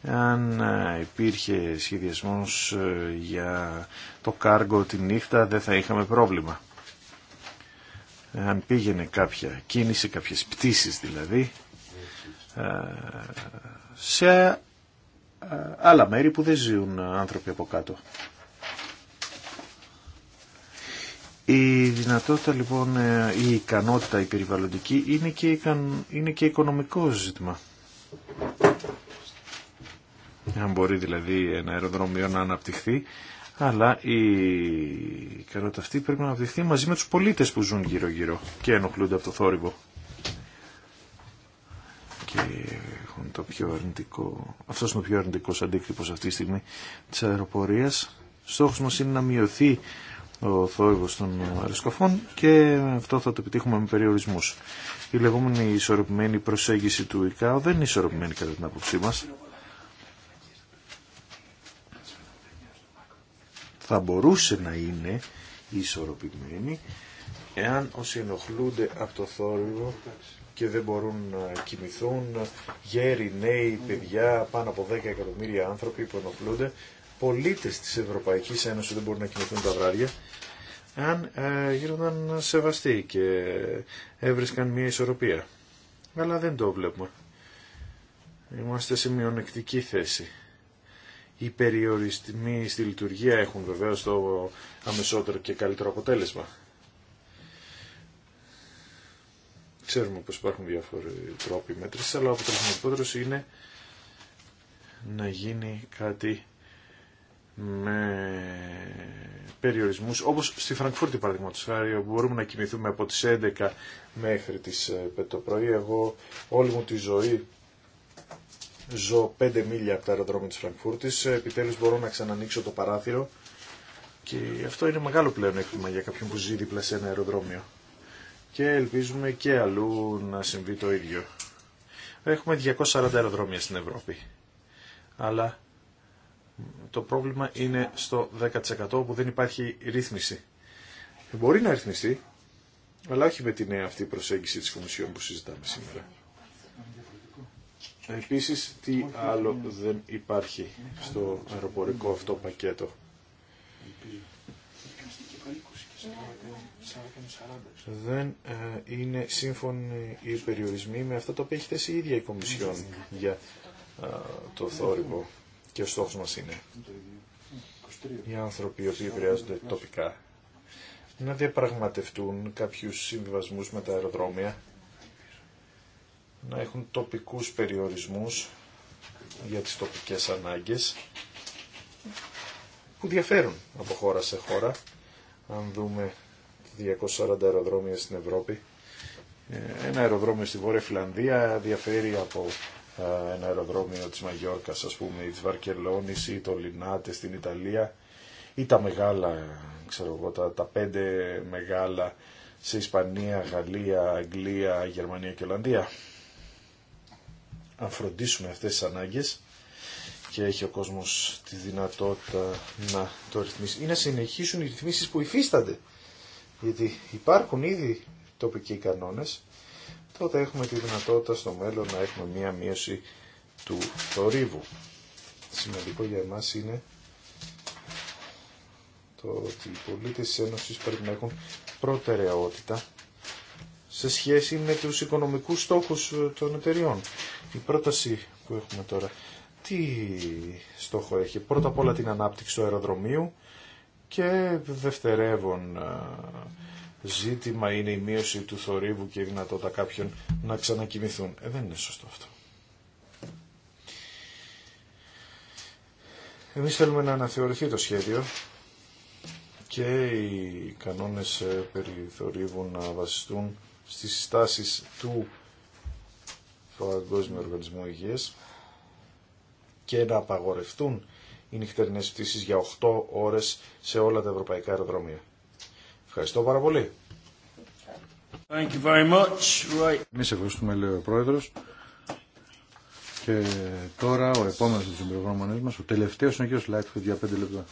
αν ε, υπήρχε σχεδιασμός ε, για το κάργο τη νύχτα δεν θα είχαμε πρόβλημα. Αν πήγαινε κάποια κίνηση, κάποιες πτήσεις δηλαδή, ε, σε άλλα μέρη που δεν ζουν άνθρωποι από κάτω. Η δυνατότητα λοιπόν, η ικανότητα η περιβαλλοντική είναι είναι και οικονομικό ζήτημα αν μπορεί δηλαδή ένα αεροδρόμιο να αναπτυχθεί, αλλά η ικανότητα αυτή πρέπει να αναπτυχθεί μαζί με τους πολίτες που ζουν γύρω-γύρω και ενοχλούνται από το θόρυβο. Και έχουν το πιο αρνητικό... Αυτός είναι ο πιο αρνητικός αντίκτυπος αυτή τη στιγμή της αεροπορίας. Στόχος μας είναι να μειωθεί ο θόρυβος των αεροσκαφών και αυτό θα το επιτύχουμε με περιορισμούς. Η λεγόμενη ισορροπημένη προσέγγιση του ΙΚΑΟ δεν είναι ισορροπημένη κατά την άποψή μας. θα μπορούσε να είναι ισορροπημένη εάν όσοι ενοχλούνται από το θόρυβο και δεν μπορούν να κοιμηθούν γέροι, νέοι, παιδιά, πάνω από 10 εκατομμύρια άνθρωποι που ενοχλούνται, πολίτες της Ευρωπαϊκής Ένωσης δεν μπορούν να κοιμηθούν τα βράδια, αν ε, γίνονταν σεβαστοί και έβρισκαν μια ισορροπία. Αλλά δεν το βλέπουμε. Είμαστε σε μειονεκτική θέση οι περιορισμοί στη λειτουργία έχουν βεβαίως το αμεσότερο και καλύτερο αποτέλεσμα. Ξέρουμε πως υπάρχουν διάφοροι τρόποι μέτρησης, αλλά ο αποτελεσματικότερος είναι να γίνει κάτι με περιορισμούς, όπως στη Φραγκφούρτη παραδείγματος χάρη, όπου μπορούμε να κοιμηθούμε από τις 11 μέχρι τις 5 το πρωί. Εγώ όλη μου τη ζωή Ζω 5 μίλια από τα αεροδρόμια τη Φραγκφούρτη. Ε, Επιτέλου μπορώ να ξανανοίξω το παράθυρο. Και αυτό είναι μεγάλο πλέον για κάποιον που ζει δίπλα σε ένα αεροδρόμιο. Και ελπίζουμε και αλλού να συμβεί το ίδιο. Έχουμε 240 αεροδρόμια στην Ευρώπη. Αλλά το πρόβλημα είναι στο 10% που δεν υπάρχει ρύθμιση. Ε, μπορεί να ρυθμιστεί, αλλά όχι με την αυτή προσέγγιση της Κομισιόν που συζητάμε σήμερα. Επίσης, τι άλλο δεν υπάρχει στο αεροπορικό αυτό πακέτο. Δεν ε, είναι σύμφωνοι οι περιορισμοί με αυτά τα οποία έχει θέσει η ίδια η Κομισιόν για ε, το θόρυβο και ο στόχος μας είναι οι άνθρωποι οι οποίοι χρειάζονται τοπικά να διαπραγματευτούν κάποιους συμβιβασμούς με τα αεροδρόμια να έχουν τοπικούς περιορισμούς για τις τοπικές ανάγκες που διαφέρουν από χώρα σε χώρα. Αν δούμε 240 αεροδρόμια στην Ευρώπη, ε, ένα αεροδρόμιο στη Βόρεια Φιλανδία διαφέρει από ε, ένα αεροδρόμιο της Μαγιόρκας, ας πούμε, ή της Βαρκελόνης ή το Λινάτε στην Ιταλία ή τα μεγάλα, ξέρω εγώ, τα, τα πέντε μεγάλα σε Ισπανία, Γαλλία, Αγγλία, Γερμανία και Ολλανδία αν φροντίσουμε αυτές τις ανάγκες και έχει ο κόσμος τη δυνατότητα να το ρυθμίσει ή να συνεχίσουν οι ρυθμίσεις που υφίστανται. Γιατί υπάρχουν ήδη τοπικοί κανόνες, τότε έχουμε τη δυνατότητα στο μέλλον να έχουμε μία μείωση του θορύβου. Σημαντικό για εμάς είναι το ότι οι πολίτες της Ένωσης πρέπει να έχουν προτεραιότητα σε σχέση με τους οικονομικούς στόχους ε, των εταιριών. Η πρόταση που έχουμε τώρα, τι στόχο έχει. Πρώτα απ' όλα την ανάπτυξη του αεροδρομίου και δευτερεύον ε, ζήτημα είναι η μείωση του θορύβου και η δυνατότητα κάποιων να ξανακοιμηθούν. Ε, δεν είναι σωστό αυτό. Εμείς θέλουμε να αναθεωρηθεί το σχέδιο και οι κανόνες περί να βασιστούν στις συστάσεις του Παγκόσμιου Οργανισμού Υγείας και να απαγορευτούν οι νυχτερινές πτήσεις για 8 ώρες σε όλα τα ευρωπαϊκά αεροδρόμια. Ευχαριστώ πάρα πολύ. Thank Εμείς ευχαριστούμε, λέει ο Πρόεδρος. Και τώρα ο επόμενος του μας, ο τελευταίο είναι ο κ. για 5 λεπτά.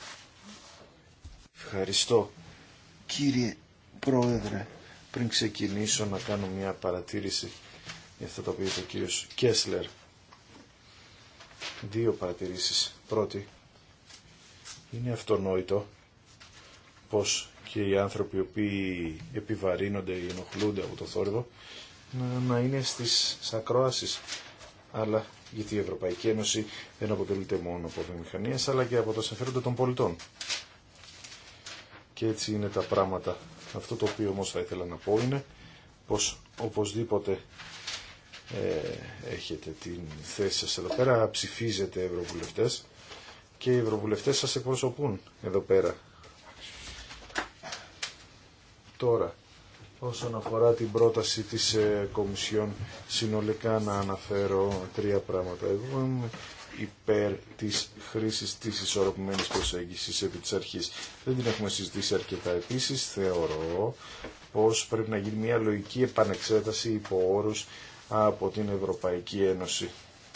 Ευχαριστώ, κύριε Πρόεδρε πριν ξεκινήσω να κάνω μια παρατήρηση για αυτά τα οποία ο κύριος Κέσλερ. Δύο παρατηρήσεις. Πρώτη, είναι αυτονόητο πως και οι άνθρωποι οι οποίοι επιβαρύνονται ή ενοχλούνται από το θόρυβο να, είναι στις ακροάσεις. Αλλά γιατί η Ευρωπαϊκή Ένωση δεν αποτελείται μόνο από βιομηχανίες αλλά και από τα συμφέροντα των πολιτών. Και έτσι είναι τα πράγματα αυτό το οποίο όμως θα ήθελα να πω είναι πως οπωσδήποτε ε, έχετε την θέση σας εδώ πέρα, ψηφίζετε ευρωβουλευτές και οι ευρωβουλευτές σας εκπροσωπούν εδώ πέρα. Τώρα, όσον αφορά την πρόταση της ε, Κομισιόν, συνολικά να αναφέρω τρία πράγματα. Εγώ υπέρ της χρήσης της ισορροπημένης προσέγγισης επί της αρχής. Δεν την έχουμε συζητήσει αρκετά. Επίσης θεωρώ πως πρέπει να γίνει μια λογική επανεξέταση υπό όρους από την Ευρωπαϊκή Ένωση.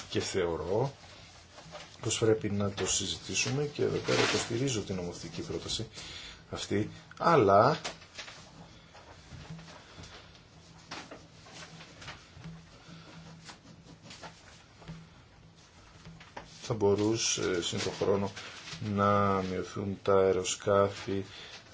Και θεωρώ πως πρέπει να το συζητήσουμε και εδώ πέρα υποστηρίζω την ομοθετική πρόταση αυτή, αλλά θα μπορούσε χρόνο να μειωθούν τα αεροσκάφη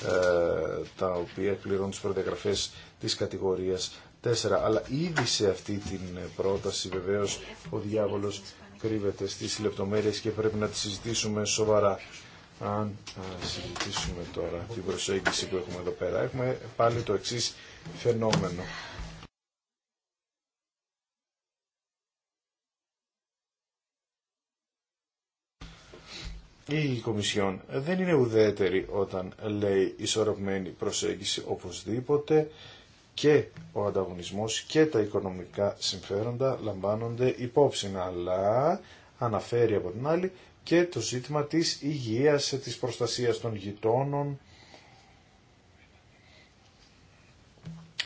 ε, τα οποία εκπληρώνουν τις προδιαγραφές της κατηγορίας 4. Αλλά ήδη σε αυτή την πρόταση βεβαίως ο διάβολος κρύβεται στις λεπτομέρειες και πρέπει να τη συζητήσουμε σοβαρά. Αν συζητήσουμε τώρα την προσέγγιση που έχουμε εδώ πέρα, έχουμε πάλι το εξής φαινόμενο. η Κομισιόν δεν είναι ουδέτερη όταν λέει ισορροπημένη προσέγγιση οπωσδήποτε και ο ανταγωνισμός και τα οικονομικά συμφέροντα λαμβάνονται υπόψη, αλλά αναφέρει από την άλλη και το ζήτημα της υγείας, της προστασίας των γειτόνων.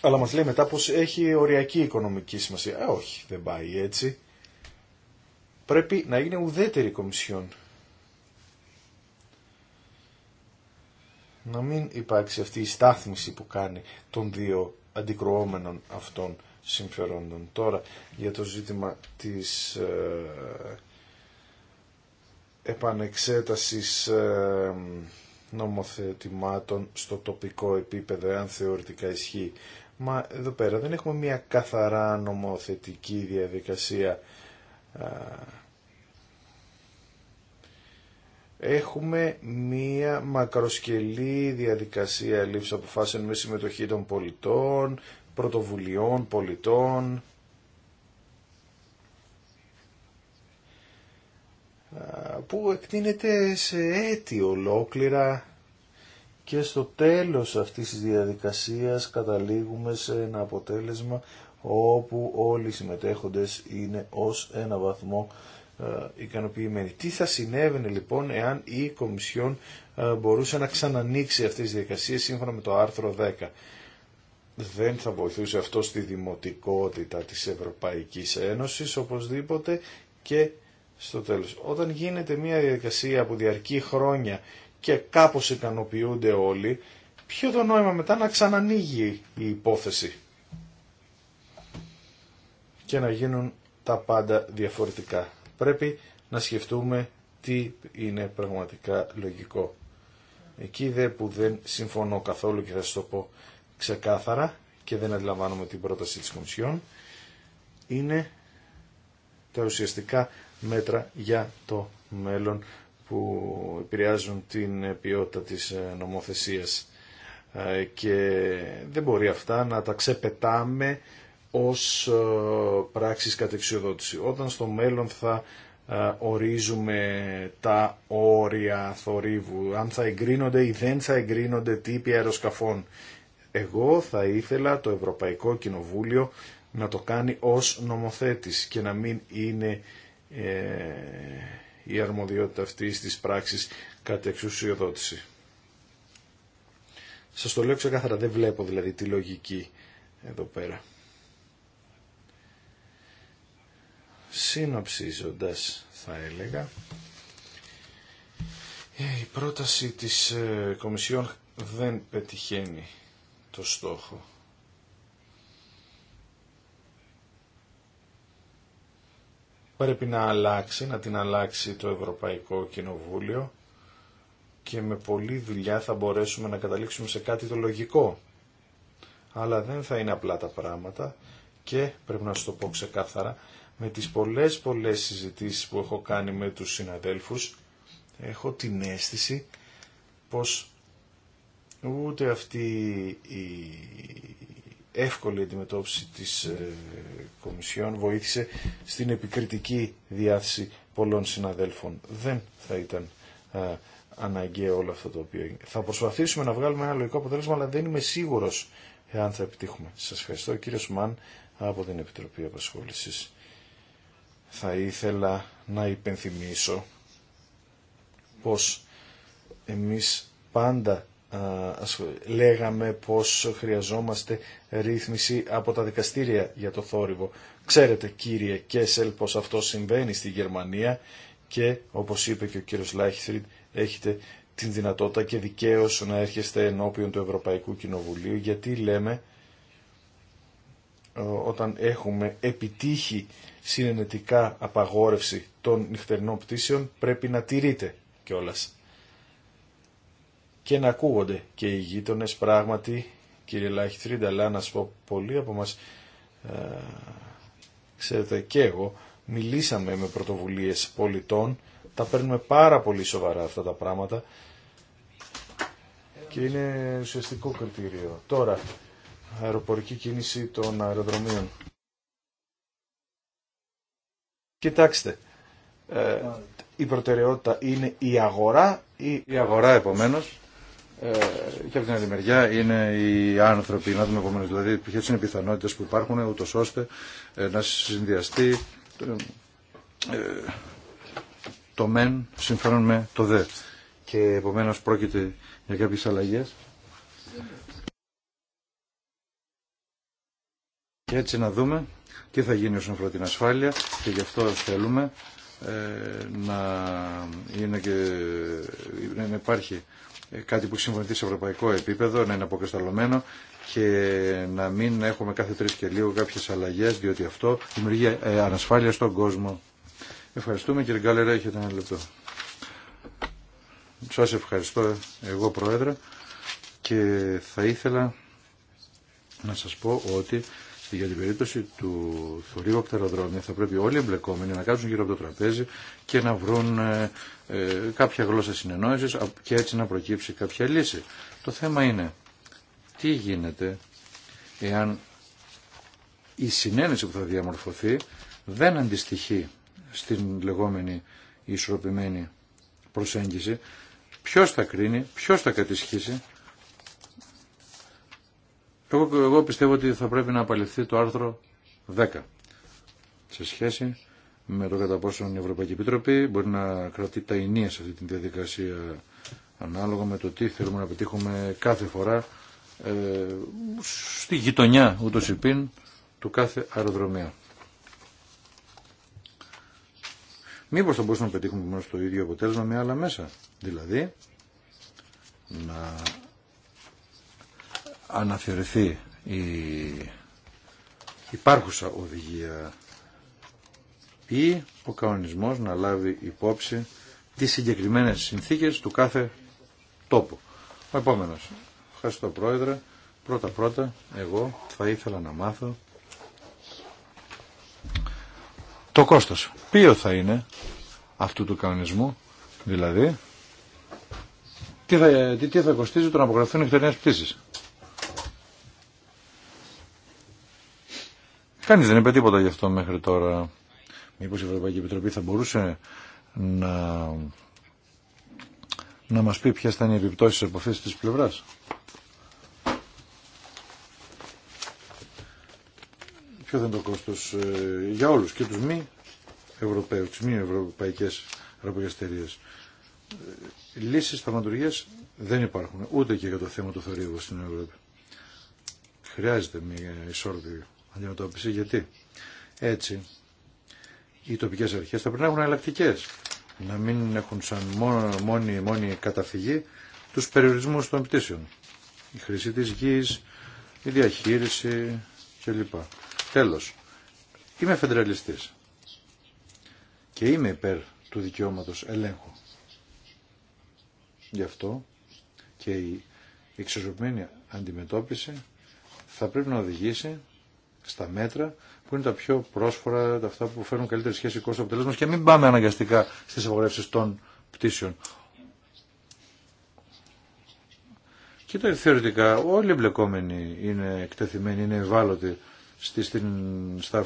Αλλά μας λέει μετά πως έχει οριακή οικονομική σημασία. Ε, όχι, δεν πάει έτσι. Πρέπει να είναι ουδέτερη η Κομισιόν να μην υπάρξει αυτή η στάθμιση που κάνει των δύο αντικρουόμενων αυτών συμφερόντων. Τώρα για το ζήτημα της ε, επανεξέτασης ε, νομοθετημάτων στο τοπικό επίπεδο, εάν θεωρητικά ισχύει. Μα εδώ πέρα δεν έχουμε μια καθαρά νομοθετική διαδικασία ε, Έχουμε μία μακροσκελή διαδικασία λήψη αποφάσεων με συμμετοχή των πολιτών, πρωτοβουλειών, πολιτών. που εκτείνεται σε έτη ολόκληρα και στο τέλος αυτής της διαδικασίας καταλήγουμε σε ένα αποτέλεσμα όπου όλοι οι συμμετέχοντες είναι ως ένα βαθμό ε, ικανοποιημένη. Τι θα συνέβαινε λοιπόν εάν η Κομισιόν ε, μπορούσε να ξανανοίξει αυτές τις διαδικασίες σύμφωνα με το άρθρο 10. Δεν θα βοηθούσε αυτό στη δημοτικότητα της Ευρωπαϊκής Ένωσης οπωσδήποτε και στο τέλος. Όταν γίνεται μια διαδικασία που διαρκεί χρόνια και κάπως ικανοποιούνται όλοι, ποιο το νόημα μετά να ξανανοίγει η υπόθεση και να γίνουν τα πάντα διαφορετικά πρέπει να σκεφτούμε τι είναι πραγματικά λογικό. Εκεί δε που δεν συμφωνώ καθόλου και θα σας το πω ξεκάθαρα και δεν αντιλαμβάνομαι την πρόταση της Κομισιόν είναι τα ουσιαστικά μέτρα για το μέλλον που επηρεάζουν την ποιότητα της ε, νομοθεσίας ε, και δεν μπορεί αυτά να τα ξεπετάμε ως ε, πράξεις κατεξιοδότηση. Όταν στο μέλλον θα ε, ορίζουμε τα όρια θορύβου, αν θα εγκρίνονται ή δεν θα εγκρίνονται τύποι αεροσκαφών. Εγώ θα ήθελα το Ευρωπαϊκό Κοινοβούλιο να το κάνει ως νομοθέτης και να μην είναι ε, η αρμοδιότητα αυτή της πράξης κατ' Σας το λέω ξεκάθαρα, δεν βλέπω δηλαδή τη λογική εδώ πέρα. Σύνοψίζοντας θα έλεγα, ε, η πρόταση της ε, Κομισιόν δεν πετυχαίνει το στόχο. Πρέπει να αλλάξει, να την αλλάξει το Ευρωπαϊκό Κοινοβούλιο και με πολλή δουλειά θα μπορέσουμε να καταλήξουμε σε κάτι το λογικό. Αλλά δεν θα είναι απλά τα πράγματα και πρέπει να σου το πω ξεκάθαρα με τις πολλές πολλές συζητήσεις που έχω κάνει με τους συναδέλφους έχω την αίσθηση πως ούτε αυτή η εύκολη αντιμετώπιση της ε, Κομισιόν βοήθησε στην επικριτική διάθεση πολλών συναδέλφων. Δεν θα ήταν ε, αναγκαίο όλο αυτό το οποίο. Θα προσπαθήσουμε να βγάλουμε ένα λογικό αποτέλεσμα, αλλά δεν είμαι σίγουρος εάν θα επιτύχουμε. Σας ευχαριστώ. Κύριο Μαν από την Επιτροπή Απασχόλησης. Θα ήθελα να υπενθυμίσω πως εμείς πάντα λέγαμε πως χρειαζόμαστε ρύθμιση από τα δικαστήρια για το θόρυβο. Ξέρετε κύριε Κέσελ πως αυτό συμβαίνει στη Γερμανία και όπως είπε και ο κύριος έχετε την δυνατότητα και δικαίως να έρχεστε ενώπιον του Ευρωπαϊκού Κοινοβουλίου γιατί λέμε ε, όταν έχουμε επιτύχει συνενετικά απαγόρευση των νυχτερινών πτήσεων πρέπει να τηρείται κιόλας. Και να ακούγονται και οι γείτονε πράγματι κύριε Λάχη αλλά να πω πολλοί από μας ε, ξέρετε και εγώ μιλήσαμε με πρωτοβουλίες πολιτών τα παίρνουμε πάρα πολύ σοβαρά αυτά τα πράγματα και είναι ουσιαστικό κριτήριο. Τώρα, αεροπορική κίνηση των αεροδρομίων. Κοιτάξτε, ε, η προτεραιότητα είναι η αγορά ή... Η αγορά επομένως ε, και από την άλλη μεριά είναι οι άνθρωποι, να δούμε επομένως, δηλαδή ποιες είναι οι πιθανότητες που υπάρχουν ούτως ώστε ε, να συνδυαστεί ε, ε το μεν συμφέρον με το δε. Και επομένω πρόκειται για κάποιες αλλαγέ. Και έτσι να δούμε τι θα γίνει όσον αφορά την ασφάλεια και γι' αυτό θέλουμε ε, να, είναι και, να υπάρχει κάτι που συμφωνηθεί σε ευρωπαϊκό επίπεδο, να είναι αποκρισταλωμένο και να μην έχουμε κάθε τρεις και λίγο κάποιες αλλαγές, διότι αυτό δημιουργεί ε, ανασφάλεια στον κόσμο. Ευχαριστούμε κύριε Γκάλερα, έχετε ένα λεπτό. Σας ευχαριστώ ε, εγώ Πρόεδρε και θα ήθελα να σας πω ότι για την περίπτωση του θορύβου από θα πρέπει όλοι οι εμπλεκόμενοι να κάτσουν γύρω από το τραπέζι και να βρουν ε, ε, κάποια γλώσσα συνεννόησης και έτσι να προκύψει κάποια λύση. Το θέμα είναι τι γίνεται εάν η συνένεση που θα διαμορφωθεί δεν αντιστοιχεί στην λεγόμενη ισορροπημένη προσέγγιση. Ποιος θα κρίνει, ποιος θα κατησχίσει. Εγώ, πιστεύω ότι θα πρέπει να απαλληφθεί το άρθρο 10 σε σχέση με το κατά πόσο η Ευρωπαϊκή Επιτροπή μπορεί να κρατεί τα ενία σε αυτή τη διαδικασία ανάλογα με το τι θέλουμε να πετύχουμε κάθε φορά ε, στη γειτονιά ούτως υπήν του κάθε αεροδρομίου. Μήπω θα μπορούσαμε να πετύχουμε μόνο στο ίδιο αποτέλεσμα με άλλα μέσα. Δηλαδή, να αναθεωρηθεί η υπάρχουσα οδηγία ή ο κανονισμός να λάβει υπόψη τις συγκεκριμένες συνθήκες του κάθε τόπου. Ο επόμενος. Ευχαριστώ Πρόεδρε. Πρώτα πρώτα εγώ θα ήθελα να μάθω το κόστος. Ποιο θα είναι αυτού του κανονισμού, δηλαδή τι θα, τι, θα κοστίζει το να απογραφούν οι χτερινές πτήσεις. Κανείς δεν είπε τίποτα γι' αυτό μέχρι τώρα. Μήπως η Ευρωπαϊκή Επιτροπή θα μπορούσε να, να μας πει ποιες θα είναι οι επιπτώσεις από αυτές της πλευράς. ποιο θα είναι το κόστος ε, για όλους και τους μη Ευρωπαίους, τις μη ευρωπαϊκές ε, Λύσεις δεν υπάρχουν, ούτε και για το θέμα του θορύβου στην Ευρώπη. Χρειάζεται μια ισόρροπη αντιμετώπιση, γιατί έτσι οι τοπικές αρχές θα πρέπει να έχουν εναλλακτικέ. Να μην έχουν σαν μόνη, μόνη καταφυγή τους περιορισμούς των πτήσεων. Η χρήση της γης, η διαχείριση κλπ. Τέλος, είμαι φεντρελιστής και είμαι υπέρ του δικαιώματος ελέγχου. Γι' αυτό και η εξισορροπημένη αντιμετώπιση θα πρέπει να οδηγήσει στα μέτρα που είναι τα πιο πρόσφορα, τα αυτά που φέρνουν καλύτερη σχέση κόστο αποτέλεσμα και μην πάμε αναγκαστικά στι απογραφέ των πτήσεων. Κοίτα, θεωρητικά όλοι οι εμπλεκόμενοι είναι εκτεθειμένοι, είναι ευάλωτοι στη, στην, στα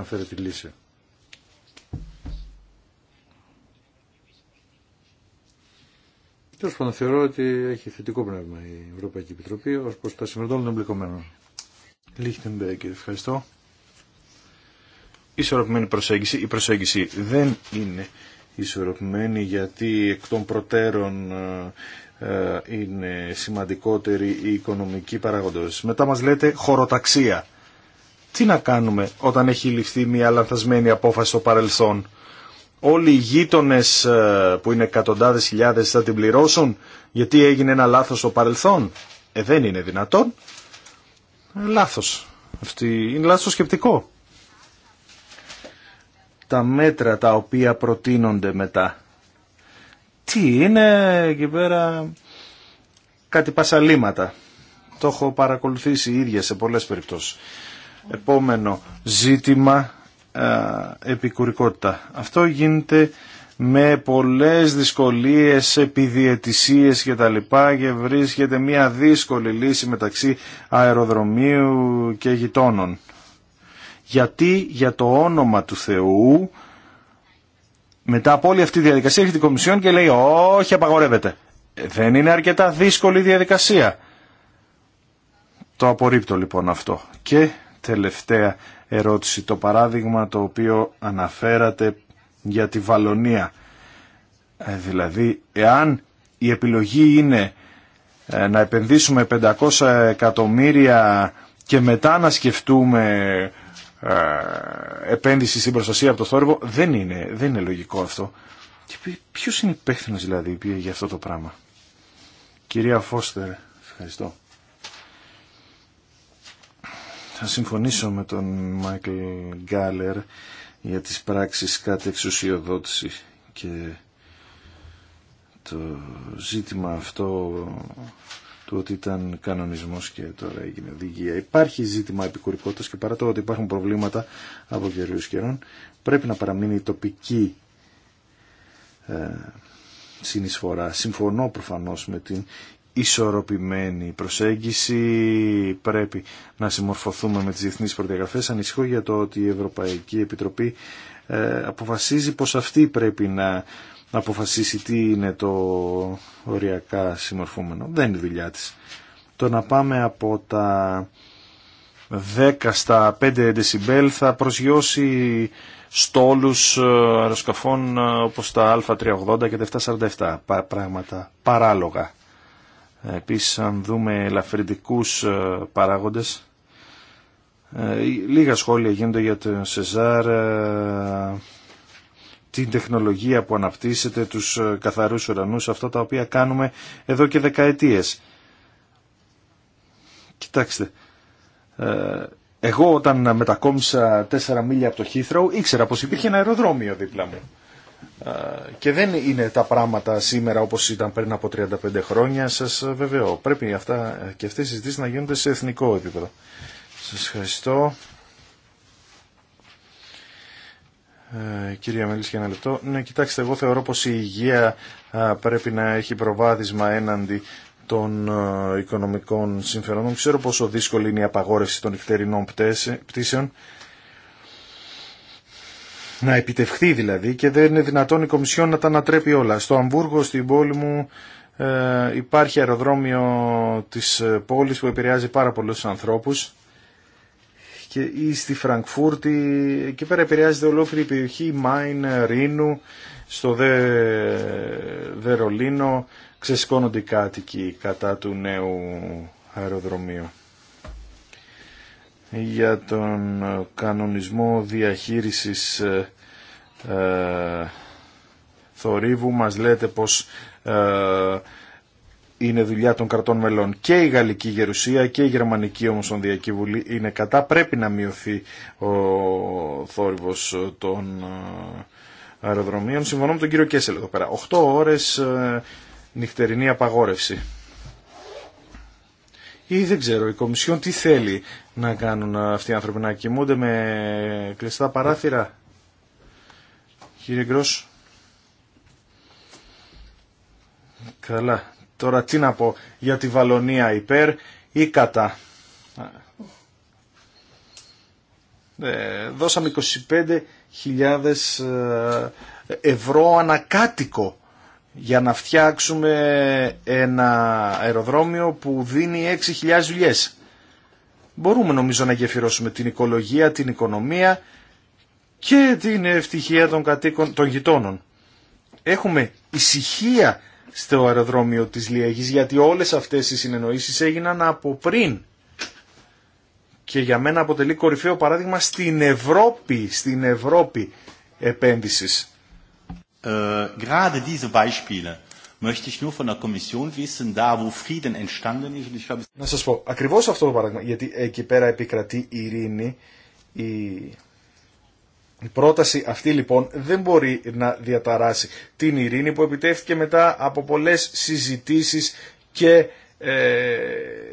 αυθαίρετη λύση. Τέλο πάντων, θεωρώ ότι έχει θετικό πνεύμα η Ευρωπαϊκή Επιτροπή ω προ τα συμμετών των εμπλεκομένων. Λίχτενμπεργκερ, ευχαριστώ. Ισορροπημένη προσέγγιση. Η προσέγγιση δεν είναι ισορροπημένη γιατί εκ των προτέρων ε, ε, είναι σημαντικότερη η οικονομική παραγωγή. Μετά μας λέτε χωροταξία. Τι να κάνουμε όταν έχει ληφθεί μια λανθασμένη απόφαση στο παρελθόν. Όλοι οι γείτονε ε, που είναι εκατοντάδε χιλιάδε θα την πληρώσουν γιατί έγινε ένα λάθο στο παρελθόν. Ε, δεν είναι δυνατόν. Ε, λάθο. Είναι λάθο σκεπτικό. Τα μέτρα τα οποία προτείνονται μετά. Τι είναι εκεί πέρα κάτι πασαλήματα. Το έχω παρακολουθήσει ίδια σε πολλές περιπτώσεις επόμενο ζήτημα ε, επικουρικότητα. Αυτό γίνεται με πολλές δυσκολίες, επιδιαιτησίες και τα λοιπά και βρίσκεται μια δύσκολη λύση μεταξύ αεροδρομίου και γειτόνων. Γιατί για το όνομα του Θεού μετά από όλη αυτή τη διαδικασία έρχεται η Κομισιόν και λέει όχι απαγορεύεται. Ε, δεν είναι αρκετά δύσκολη διαδικασία. Το απορρίπτω λοιπόν αυτό. Και τελευταία ερώτηση. Το παράδειγμα το οποίο αναφέρατε για τη Βαλονία. Ε, δηλαδή, εάν η επιλογή είναι ε, να επενδύσουμε 500 εκατομμύρια και μετά να σκεφτούμε ε, επένδυση στην προστασία από το θόρυβο, δεν είναι, δεν είναι λογικό αυτό. Και ποιος είναι υπεύθυνο δηλαδή για αυτό το πράγμα. Κυρία Φώστερ, ευχαριστώ. Θα συμφωνήσω με τον Μάικλ Γκάλερ για τις πράξεις κάτι εξουσιοδότηση και το ζήτημα αυτό του ότι ήταν κανονισμός και τώρα έγινε οδηγία. Υπάρχει ζήτημα επικουρικότητας και παρά το ότι υπάρχουν προβλήματα από καιρούς καιρών πρέπει να παραμείνει η τοπική ε, συνεισφορά. Συμφωνώ προφανώς με την ισορροπημένη προσέγγιση, πρέπει να συμμορφωθούμε με τις διεθνείς προδιαγραφές. Ανησυχώ για το ότι η Ευρωπαϊκή Επιτροπή ε, αποφασίζει πως αυτή πρέπει να αποφασίσει τι είναι το οριακά συμμορφούμενο. Δεν είναι δουλειά της. Το να πάμε από τα 10 στα 5 δεσιμπέλ θα προσγειώσει στόλους ε, αεροσκαφών ε, όπως τα α380 και τα 747 πράγματα παράλογα. Επίσης αν δούμε ελαφρυντικούς ε, παράγοντες, ε, λίγα σχόλια γίνονται για τον Σεζάρ, ε, την τεχνολογία που αναπτύσσεται, τους καθαρούς ουρανούς, αυτά τα οποία κάνουμε εδώ και δεκαετίες. Κοιτάξτε, εγώ όταν μετακόμισα τέσσερα μίλια από το Χίθρο ήξερα πως υπήρχε ένα αεροδρόμιο δίπλα μου και δεν είναι τα πράγματα σήμερα όπως ήταν πριν από 35 χρόνια, σας βεβαιώ. Πρέπει αυτά και αυτές οι συζητήσεις να γίνονται σε εθνικό επίπεδο. Σας ευχαριστώ. Ε, κυρία Μελής, για ένα λεπτό. Ναι, κοιτάξτε, εγώ θεωρώ πως η υγεία πρέπει να έχει προβάδισμα έναντι των οικονομικών συμφερόντων. Ξέρω πόσο δύσκολη είναι η απαγόρευση των νυχτερινών πτήσεων να επιτευχθεί δηλαδή και δεν είναι δυνατόν η Κομισιόν να τα ανατρέπει όλα. Στο Αμβούργο, στην πόλη μου, ε, υπάρχει αεροδρόμιο της ε, πόλης που επηρεάζει πάρα πολλούς ανθρώπους και ή στη Φραγκφούρτη, εκεί πέρα επηρεάζεται ολόκληρη η περιοχή Μάιν, Ρήνου, στο Δε, Βερολίνο, ξεσηκώνονται οι κάτοικοι κατά του νέου αεροδρομίου. Για τον κανονισμό διαχείρισης ε, ε, θορύβου μας λέτε πως ε, είναι δουλειά των κρατών μελών. Και η Γαλλική Γερουσία και η Γερμανική Ομοσπονδιακή Βουλή είναι κατά. Πρέπει να μειωθεί ο θόρυβος των ε, αεροδρομίων. Συμφωνώ με τον κύριο Κέσελ εδώ πέρα. 8 ώρες ε, νυχτερινή απαγόρευση. Ή δεν ξέρω, η Κομισιόν τι θέλει να κάνουν αυτοί οι άνθρωποι να κοιμούνται με κλειστά παράθυρα. Κύριε Γκρός. Καλά. Τώρα τι να πω για τη Βαλονία υπέρ ή κατά. Ε, δώσαμε 25.000 ε, ευρώ ανακάτοικο για να φτιάξουμε ένα αεροδρόμιο που δίνει 6.000 δουλειές. Μπορούμε νομίζω να γεφυρώσουμε την οικολογία, την οικονομία και την ευτυχία των κατοίκων των γειτόνων. Έχουμε ησυχία στο αεροδρόμιο της Λιαγής γιατί όλες αυτές οι συνεννοήσεις έγιναν από πριν και για μένα αποτελεί κορυφαίο παράδειγμα στην Ευρώπη, στην Ευρώπη επένδυσης. wissen, da Να σας πω, ακριβώς αυτό το παράδειγμα, γιατί εκεί πέρα επικρατεί η ειρήνη, η η πρόταση αυτή λοιπόν δεν μπορεί να διαταράσει την ειρήνη που επιτεύχθηκε μετά από πολλές συζητήσεις και ε,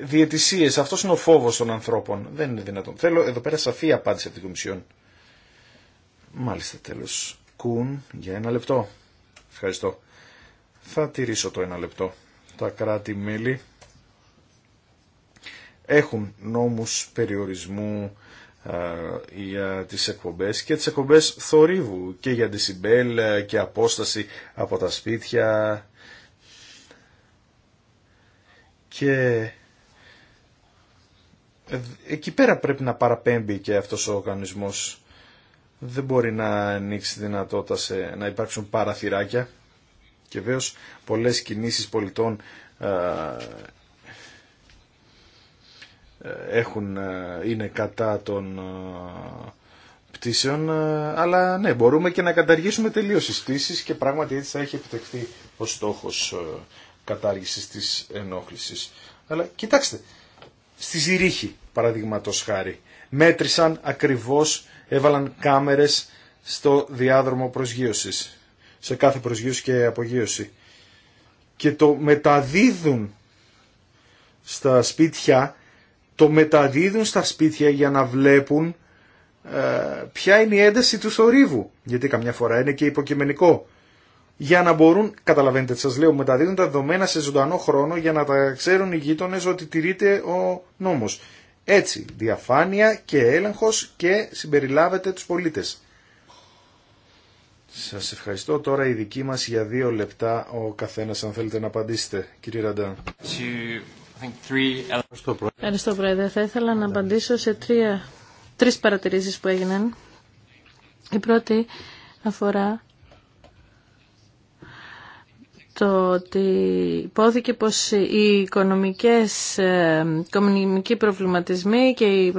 διαιτησίες. Αυτός είναι ο φόβος των ανθρώπων. Δεν είναι δυνατόν. Θέλω εδώ πέρα σαφή απάντηση από την Κομισιόν. Μάλιστα τέλος. Κουν για ένα λεπτό. Ευχαριστώ. Θα τηρήσω το ένα λεπτό. Τα κράτη-μέλη έχουν νόμους περιορισμού για τις εκπομπές και τις εκπομπές θορύβου και για δισιμπέλ ε, και απόσταση από τα σπίτια και ε, εκεί πέρα πρέπει να παραπέμπει και αυτός ο οργανισμός δεν μπορεί να ανοίξει δυνατότητα να υπάρξουν παραθυράκια και βέβαιως πολλές κινήσεις πολιτών έχουν, ε, είναι κατά των ε, πτήσεων, ε, αλλά ναι, μπορούμε και να καταργήσουμε τελείως τις και πράγματι έτσι θα έχει επιτευχθεί ο στόχος κατάργησης της ενόχλησης. Αλλά κοιτάξτε, στη Ζηρίχη παραδείγματο χάρη, μέτρησαν ακριβώς, έβαλαν κάμερες στο διάδρομο προσγείωσης, σε κάθε προσγείωση και απογείωση. Και το μεταδίδουν στα σπίτια το μεταδίδουν στα σπίτια για να βλέπουν ε, ποια είναι η ένταση του θορύβου. Γιατί καμιά φορά είναι και υποκειμενικό. Για να μπορούν, καταλαβαίνετε τι σας λέω, μεταδίδουν τα δεδομένα σε ζωντανό χρόνο για να τα ξέρουν οι γείτονε ότι τηρείται ο νόμος. Έτσι, διαφάνεια και έλεγχο και συμπεριλάβετε τους πολίτες. Σα ευχαριστώ τώρα η δική μα για δύο λεπτά ο καθένα αν θέλετε να απαντήσετε κύριε Ραντάν. Ευχαριστώ, Πρόεδρε. Θα ήθελα να απαντήσω σε τρία, τρεις παρατηρήσεις που έγιναν. Η πρώτη αφορά το ότι υπόθηκε πως οι οικονομικές, ε, οικονομικοί προβληματισμοί και οι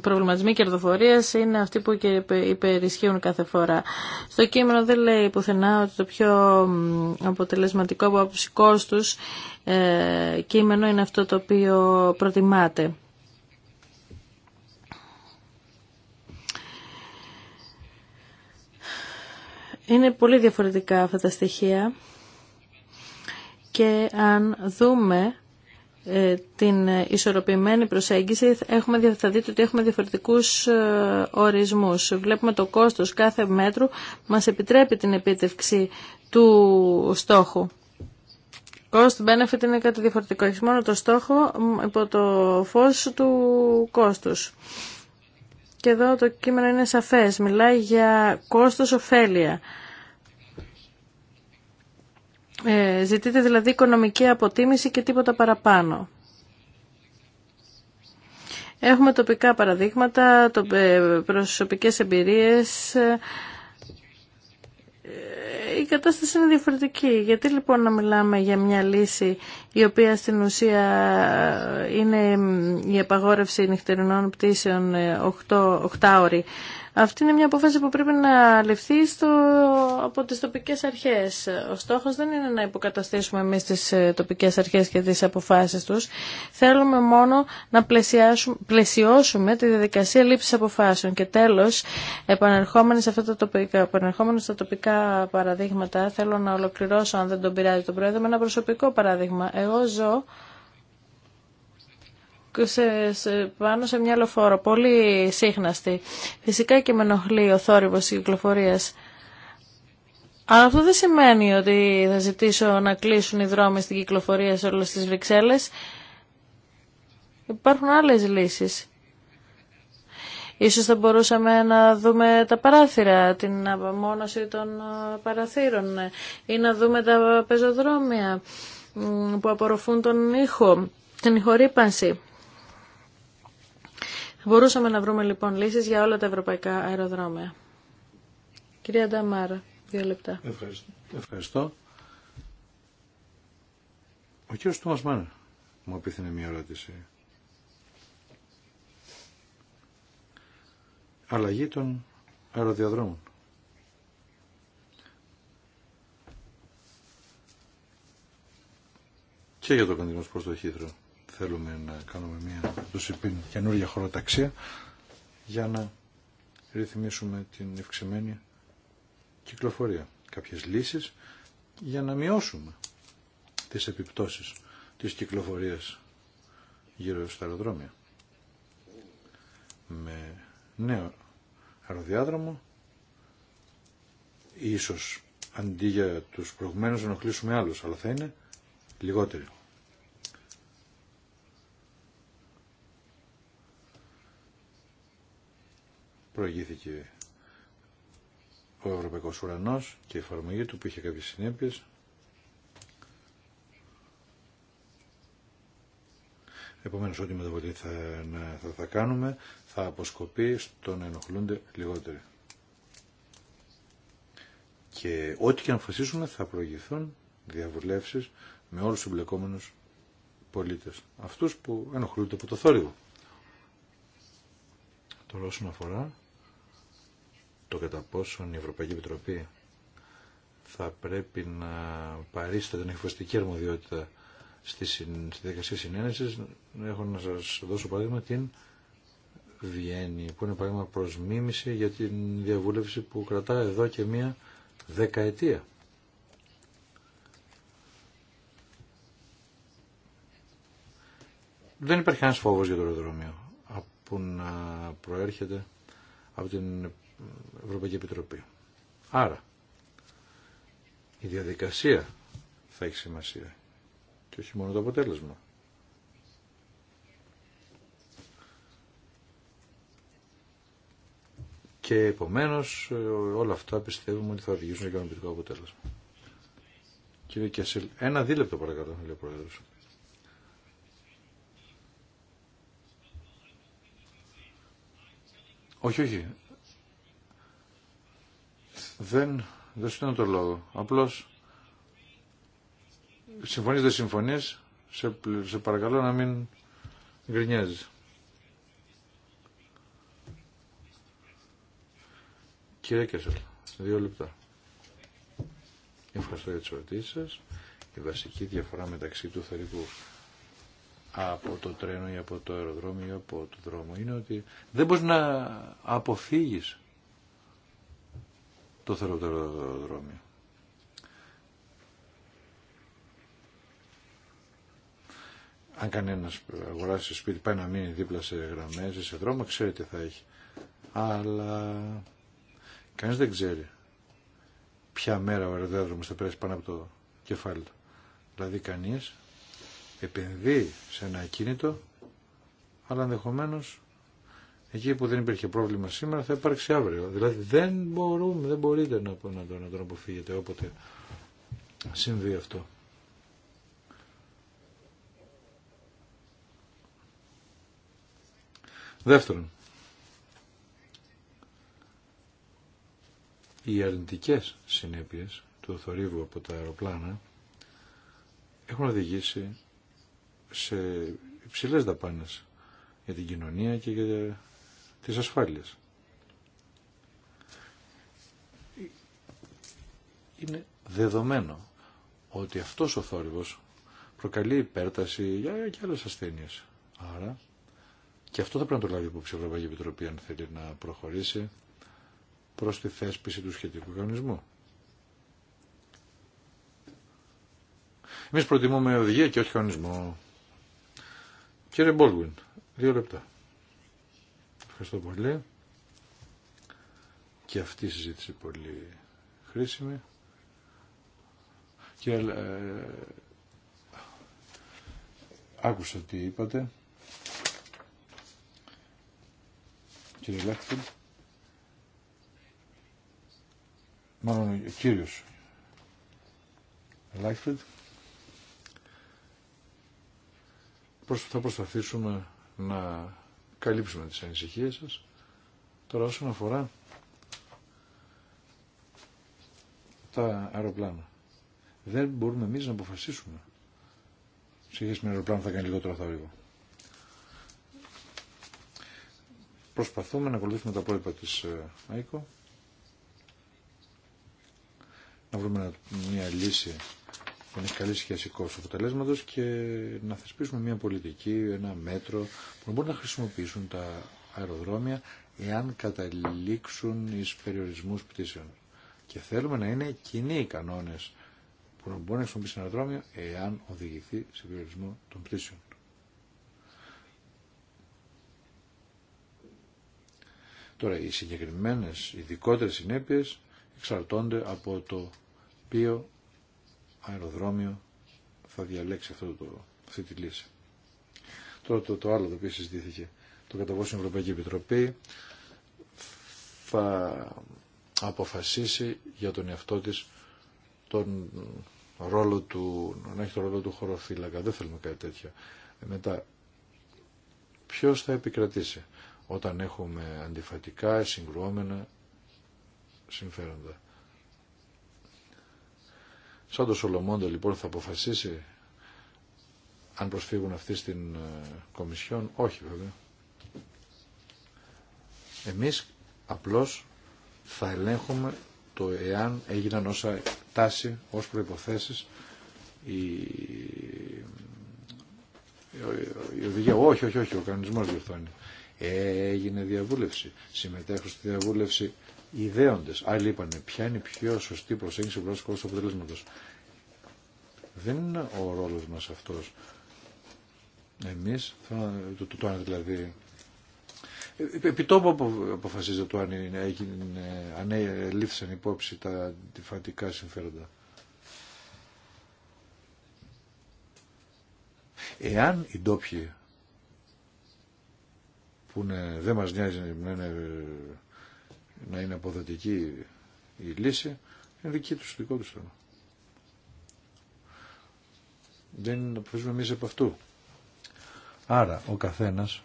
προβληματισμοί κερδοφορίας είναι αυτοί που υπερισχύουν κάθε φορά. Στο κείμενο δεν λέει πουθενά ότι το πιο αποτελεσματικό από τους ε, κείμενο είναι αυτό το οποίο προτιμάτε. Είναι πολύ διαφορετικά αυτά τα στοιχεία και αν δούμε ε, την ισορροπημένη προσέγγιση έχουμε, θα δείτε ότι έχουμε διαφορετικούς ε, ορισμούς. Βλέπουμε το κόστος κάθε μέτρου μας επιτρέπει την επίτευξη του στόχου. Cost-benefit είναι κάτι διαφορετικό. Έχει μόνο το στόχο υπό το φω του κόστου. Και εδώ το κείμενο είναι σαφές. Μιλάει για κόστος-οφέλεια. Ε, ζητείται δηλαδή οικονομική αποτίμηση και τίποτα παραπάνω. Έχουμε τοπικά παραδείγματα, ε, προσωπικές εμπειρίες, η κατάσταση είναι διαφορετική. Γιατί λοιπόν να μιλάμε για μια λύση η οποία στην ουσία είναι η απαγόρευση νυχτερινών πτήσεων 8, ε, 8 αυτή είναι μια απόφαση που πρέπει να ληφθεί από τις τοπικές αρχές. Ο στόχος δεν είναι να υποκαταστήσουμε εμείς τις ε, τοπικές αρχές και τις αποφάσεις τους. Θέλουμε μόνο να πλαισιώσουμε τη διαδικασία λήψης αποφάσεων. Και τέλος, επανερχόμενοι, σε αυτά τα τοπικά, στα τοπικά παραδείγματα, θέλω να ολοκληρώσω, αν δεν τον πειράζει το Πρόεδρο, με ένα προσωπικό παράδειγμα. Εγώ ζω σε, πάνω σε μια λοφόρο, πολύ σύχναστη. Φυσικά και με ενοχλεί ο θόρυβος της κυκλοφορίας. Αλλά αυτό δεν σημαίνει ότι θα ζητήσω να κλείσουν οι δρόμοι στην κυκλοφορία σε όλες τις Βρυξέλλες. Υπάρχουν άλλες λύσεις. Ίσως θα μπορούσαμε να δούμε τα παράθυρα, την απομόνωση των ε, παραθύρων ε, ή να δούμε τα πεζοδρόμια που απορροφούν τον ήχο, την ηχορύπανση. Μπορούσαμε να βρούμε λοιπόν λύσεις για όλα τα ευρωπαϊκά αεροδρόμια. Κυρία Νταμάρα, δύο λεπτά. Ευχαριστώ. Ο κύριος Τούμας μου απίθυνε μια ερώτηση. Αλλαγή των αεροδιαδρόμων. Και για το κανδυνός προς το χήθρο θέλουμε να κάνουμε μια καινούργια χωροταξία για να ρυθμίσουμε την ευξημένη κυκλοφορία. Κάποιες λύσεις για να μειώσουμε τις επιπτώσεις της κυκλοφορίας γύρω στα αεροδρόμια. Με νέο αεροδιάδρομο ίσως αντί για τους προηγουμένους να ενοχλήσουμε άλλους, αλλά θα είναι λιγότεροι. προηγήθηκε ο Ευρωπαϊκός Ουρανός και η εφαρμογή του που είχε κάποιες συνέπειες. Επομένως, ό,τι μεταβολή θα, θα, θα κάνουμε θα αποσκοπεί στο να ενοχλούνται λιγότεροι. Και ό,τι και αν φασίσουμε θα προηγηθούν διαβουλεύσεις με όλους τους εμπλεκόμενους πολίτες. Αυτούς που ενοχλούνται από το θόρυβο. Τώρα όσον αφορά το κατά πόσον η Ευρωπαϊκή Επιτροπή θα πρέπει να παρίσταται την εκφραστική αρμοδιότητα στη, στη διαδικασία συνένεση. Έχω να σας δώσω παράδειγμα την Βιέννη, που είναι παράδειγμα προς μίμηση για την διαβούλευση που κρατά εδώ και μία δεκαετία. Δεν υπάρχει κανένα φόβο για το αεροδρόμιο που να προέρχεται από την Ευρωπαϊκή Επιτροπή. Άρα, η διαδικασία θα έχει σημασία και όχι μόνο το αποτέλεσμα. Και επομένως όλα αυτά πιστεύουμε ότι θα οδηγήσουν σε ικανοποιητικό αποτέλεσμα. Κύριε Κεσίλ, ένα δίλεπτο παρακαλώ, λέει ο Πρόεδρος. Όχι, όχι δεν δίνω το λόγο. Απλώ, συμφωνεί δεν συμφωνεί. σε, σε παρακαλώ να μην γκρινιάζει. Κύριε Κέσσελ, δύο λεπτά. Ευχαριστώ για τι ερωτήσει σα. Η βασική διαφορά μεταξύ του θερικού από το τρένο ή από το αεροδρόμιο ή από το δρόμο είναι ότι δεν μπορεί να αποφύγει το το αεροδρόμιο. Αν κανένας αγοράσει σπίτι πάει να μείνει δίπλα σε γραμμές, σε δρόμο, ξέρει τι θα έχει. Αλλά κανείς δεν ξέρει ποια μέρα ο αεροδρόμος θα πέρασει πάνω από το κεφάλι του. Δηλαδή κανείς επενδύει σε ένα ακίνητο, αλλά ενδεχομένω. Εκεί που δεν υπήρχε πρόβλημα σήμερα θα υπάρξει αύριο. Δηλαδή δεν μπορούμε, δεν μπορείτε να, να, τον, να τον αποφύγετε όποτε συμβεί αυτό. Δεύτερον, οι αρνητικές συνέπειες του θορύβου από τα αεροπλάνα έχουν οδηγήσει σε υψηλές δαπάνες για την κοινωνία και για της ασφάλειας. Είναι δεδομένο ότι αυτός ο θόρυβος προκαλεί υπέρταση για και άλλες ασθένειες. Άρα και αυτό θα πρέπει να το λάβει υπόψη η Ευρωπαϊκή Επιτροπή αν θέλει να προχωρήσει προς τη θέσπιση του σχετικού κανονισμού. Εμείς προτιμούμε οδηγία και όχι κανονισμό. Κύριε Μπόλγουιν, δύο λεπτά. Ευχαριστώ πολύ. Και αυτή η συζήτηση πολύ χρήσιμη. Και ε, άκουσα τι είπατε. Κύριε Λέχτιν. Μάλλον ο κύριος Λάχφριντ. Θα προσπαθήσουμε να καλύψουμε τις ανησυχίες σας. Τώρα όσον αφορά τα αεροπλάνα. Δεν μπορούμε εμείς να αποφασίσουμε. σχέση με αεροπλάνο θα κάνει λιγότερο θόρυβο. Προσπαθούμε να ακολουθήσουμε τα πρότυπα της ε, ΑΕΚΟ. Να βρούμε μια λύση είναι καλή σχέση κόστο αποτελέσματο και να θεσπίσουμε μια πολιτική, ένα μέτρο που μπορούν να χρησιμοποιήσουν τα αεροδρόμια εάν καταλήξουν ει περιορισμού πτήσεων. Και θέλουμε να είναι κοινοί οι κανόνε που να μπορούν να χρησιμοποιήσουν αεροδρόμιο εάν οδηγηθεί σε περιορισμό των πτήσεων. Τώρα, οι συγκεκριμένε ειδικότερε συνέπειε εξαρτώνται από το ποιο αεροδρόμιο θα διαλέξει αυτό το, αυτή τη λύση. το, άλλο το οποίο συζητήθηκε, το κατά πόσο η Ευρωπαϊκή Επιτροπή θα αποφασίσει για τον εαυτό της τον ρόλο του, να έχει τον ρόλο του χωροφύλακα. Δεν θέλουμε κάτι τέτοιο. Ε, μετά, ποιος θα επικρατήσει όταν έχουμε αντιφατικά, συγκρουόμενα συμφέροντα. Σαν το Σολομόντο λοιπόν θα αποφασίσει αν προσφύγουν αυτοί στην ε, Κομισιόν. Όχι βέβαια. Εμείς απλώς θα ελέγχουμε το εάν έγιναν όσα τάση, ως προϋποθέσεις η, οδηγία. Όχι, όχι, όχι, ο κανονισμός διορθώνει. Έγινε διαβούλευση. Συμμετέχω στη διαβούλευση ιδέοντε. ιδέοντες. Άλλοι είπαν ποια είναι η πιο σωστή προσέγγιση προς κόστος αποτελέσματο. Δεν είναι ο ρόλο μας αυτός. Εμείς θα, το, το, δηλαδή Επιτόπου αποφασίζεται το αν, είναι, αν ε- λήφθησαν υπόψη τα αντιφατικά συμφέροντα. Εάν οι ντόπιοι που δεν μας νοιάζει να είναι να είναι αποδοτική η λύση, είναι δική τους, δικό τους θέμα. Δεν αποφασίζουμε εμείς από αυτού. Άρα ο καθένας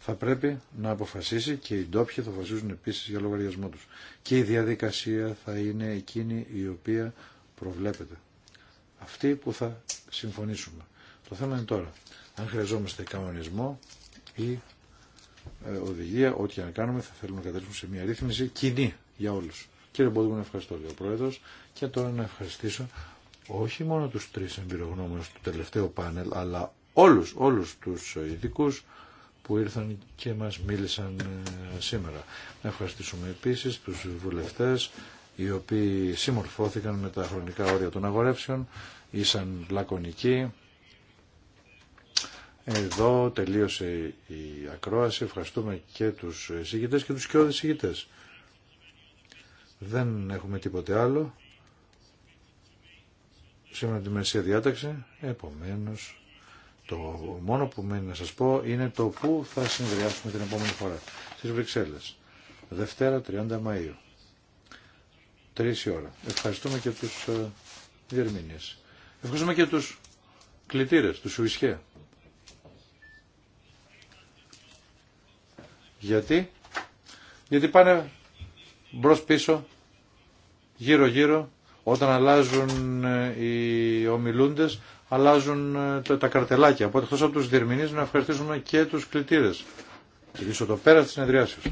θα πρέπει να αποφασίσει και οι ντόπιοι θα αποφασίζουν επίσης για λογαριασμό τους. Και η διαδικασία θα είναι εκείνη η οποία προβλέπεται. Αυτή που θα συμφωνήσουμε. Το θέμα είναι τώρα, αν χρειαζόμαστε κανονισμό ή ε, οδηγία, ό,τι και να κάνουμε, θα θέλουμε να καταλήξουμε σε μια ρύθμιση κοινή για όλου. Κύριε Μπόδικο, να ευχαριστώ, λέει ο πρόεδρο και τώρα να ευχαριστήσω όχι μόνο του τρει εμπειρογνώμονε του τελευταίου πάνελ, αλλά όλου όλους του ειδικού που ήρθαν και μας μίλησαν ε, σήμερα. Να ευχαριστήσουμε επίσης τους βουλευτές οι οποίοι συμμορφώθηκαν με τα χρονικά όρια των αγορεύσεων, ήσαν λακωνικοί, εδώ τελείωσε η ακρόαση. Ευχαριστούμε και τους εισηγητές και τους κοιόδης εισηγητές. Δεν έχουμε τίποτε άλλο. Σήμερα τη μεσία διάταξη. Επομένως, το μόνο που μένει να σας πω είναι το που θα συνδυάσουμε την επόμενη φορά. Στις Βρυξέλλες. Δευτέρα 30 Μαΐου. 3 η ώρα. Ευχαριστούμε και τους ε, διερμηνείς. Ευχαριστούμε και τους κλητήρες, του Σουισχέ. Γιατί, Γιατί πάνε μπρος πίσω, γύρω γύρω, όταν αλλάζουν ε, οι ομιλούντες, αλλάζουν ε, τα καρτελάκια. Οπότε εκτός από τους διερμηνείς να ευχαριστήσουμε και τους κλητήρες. Κλείσω το πέρα της συνεδριάσεως.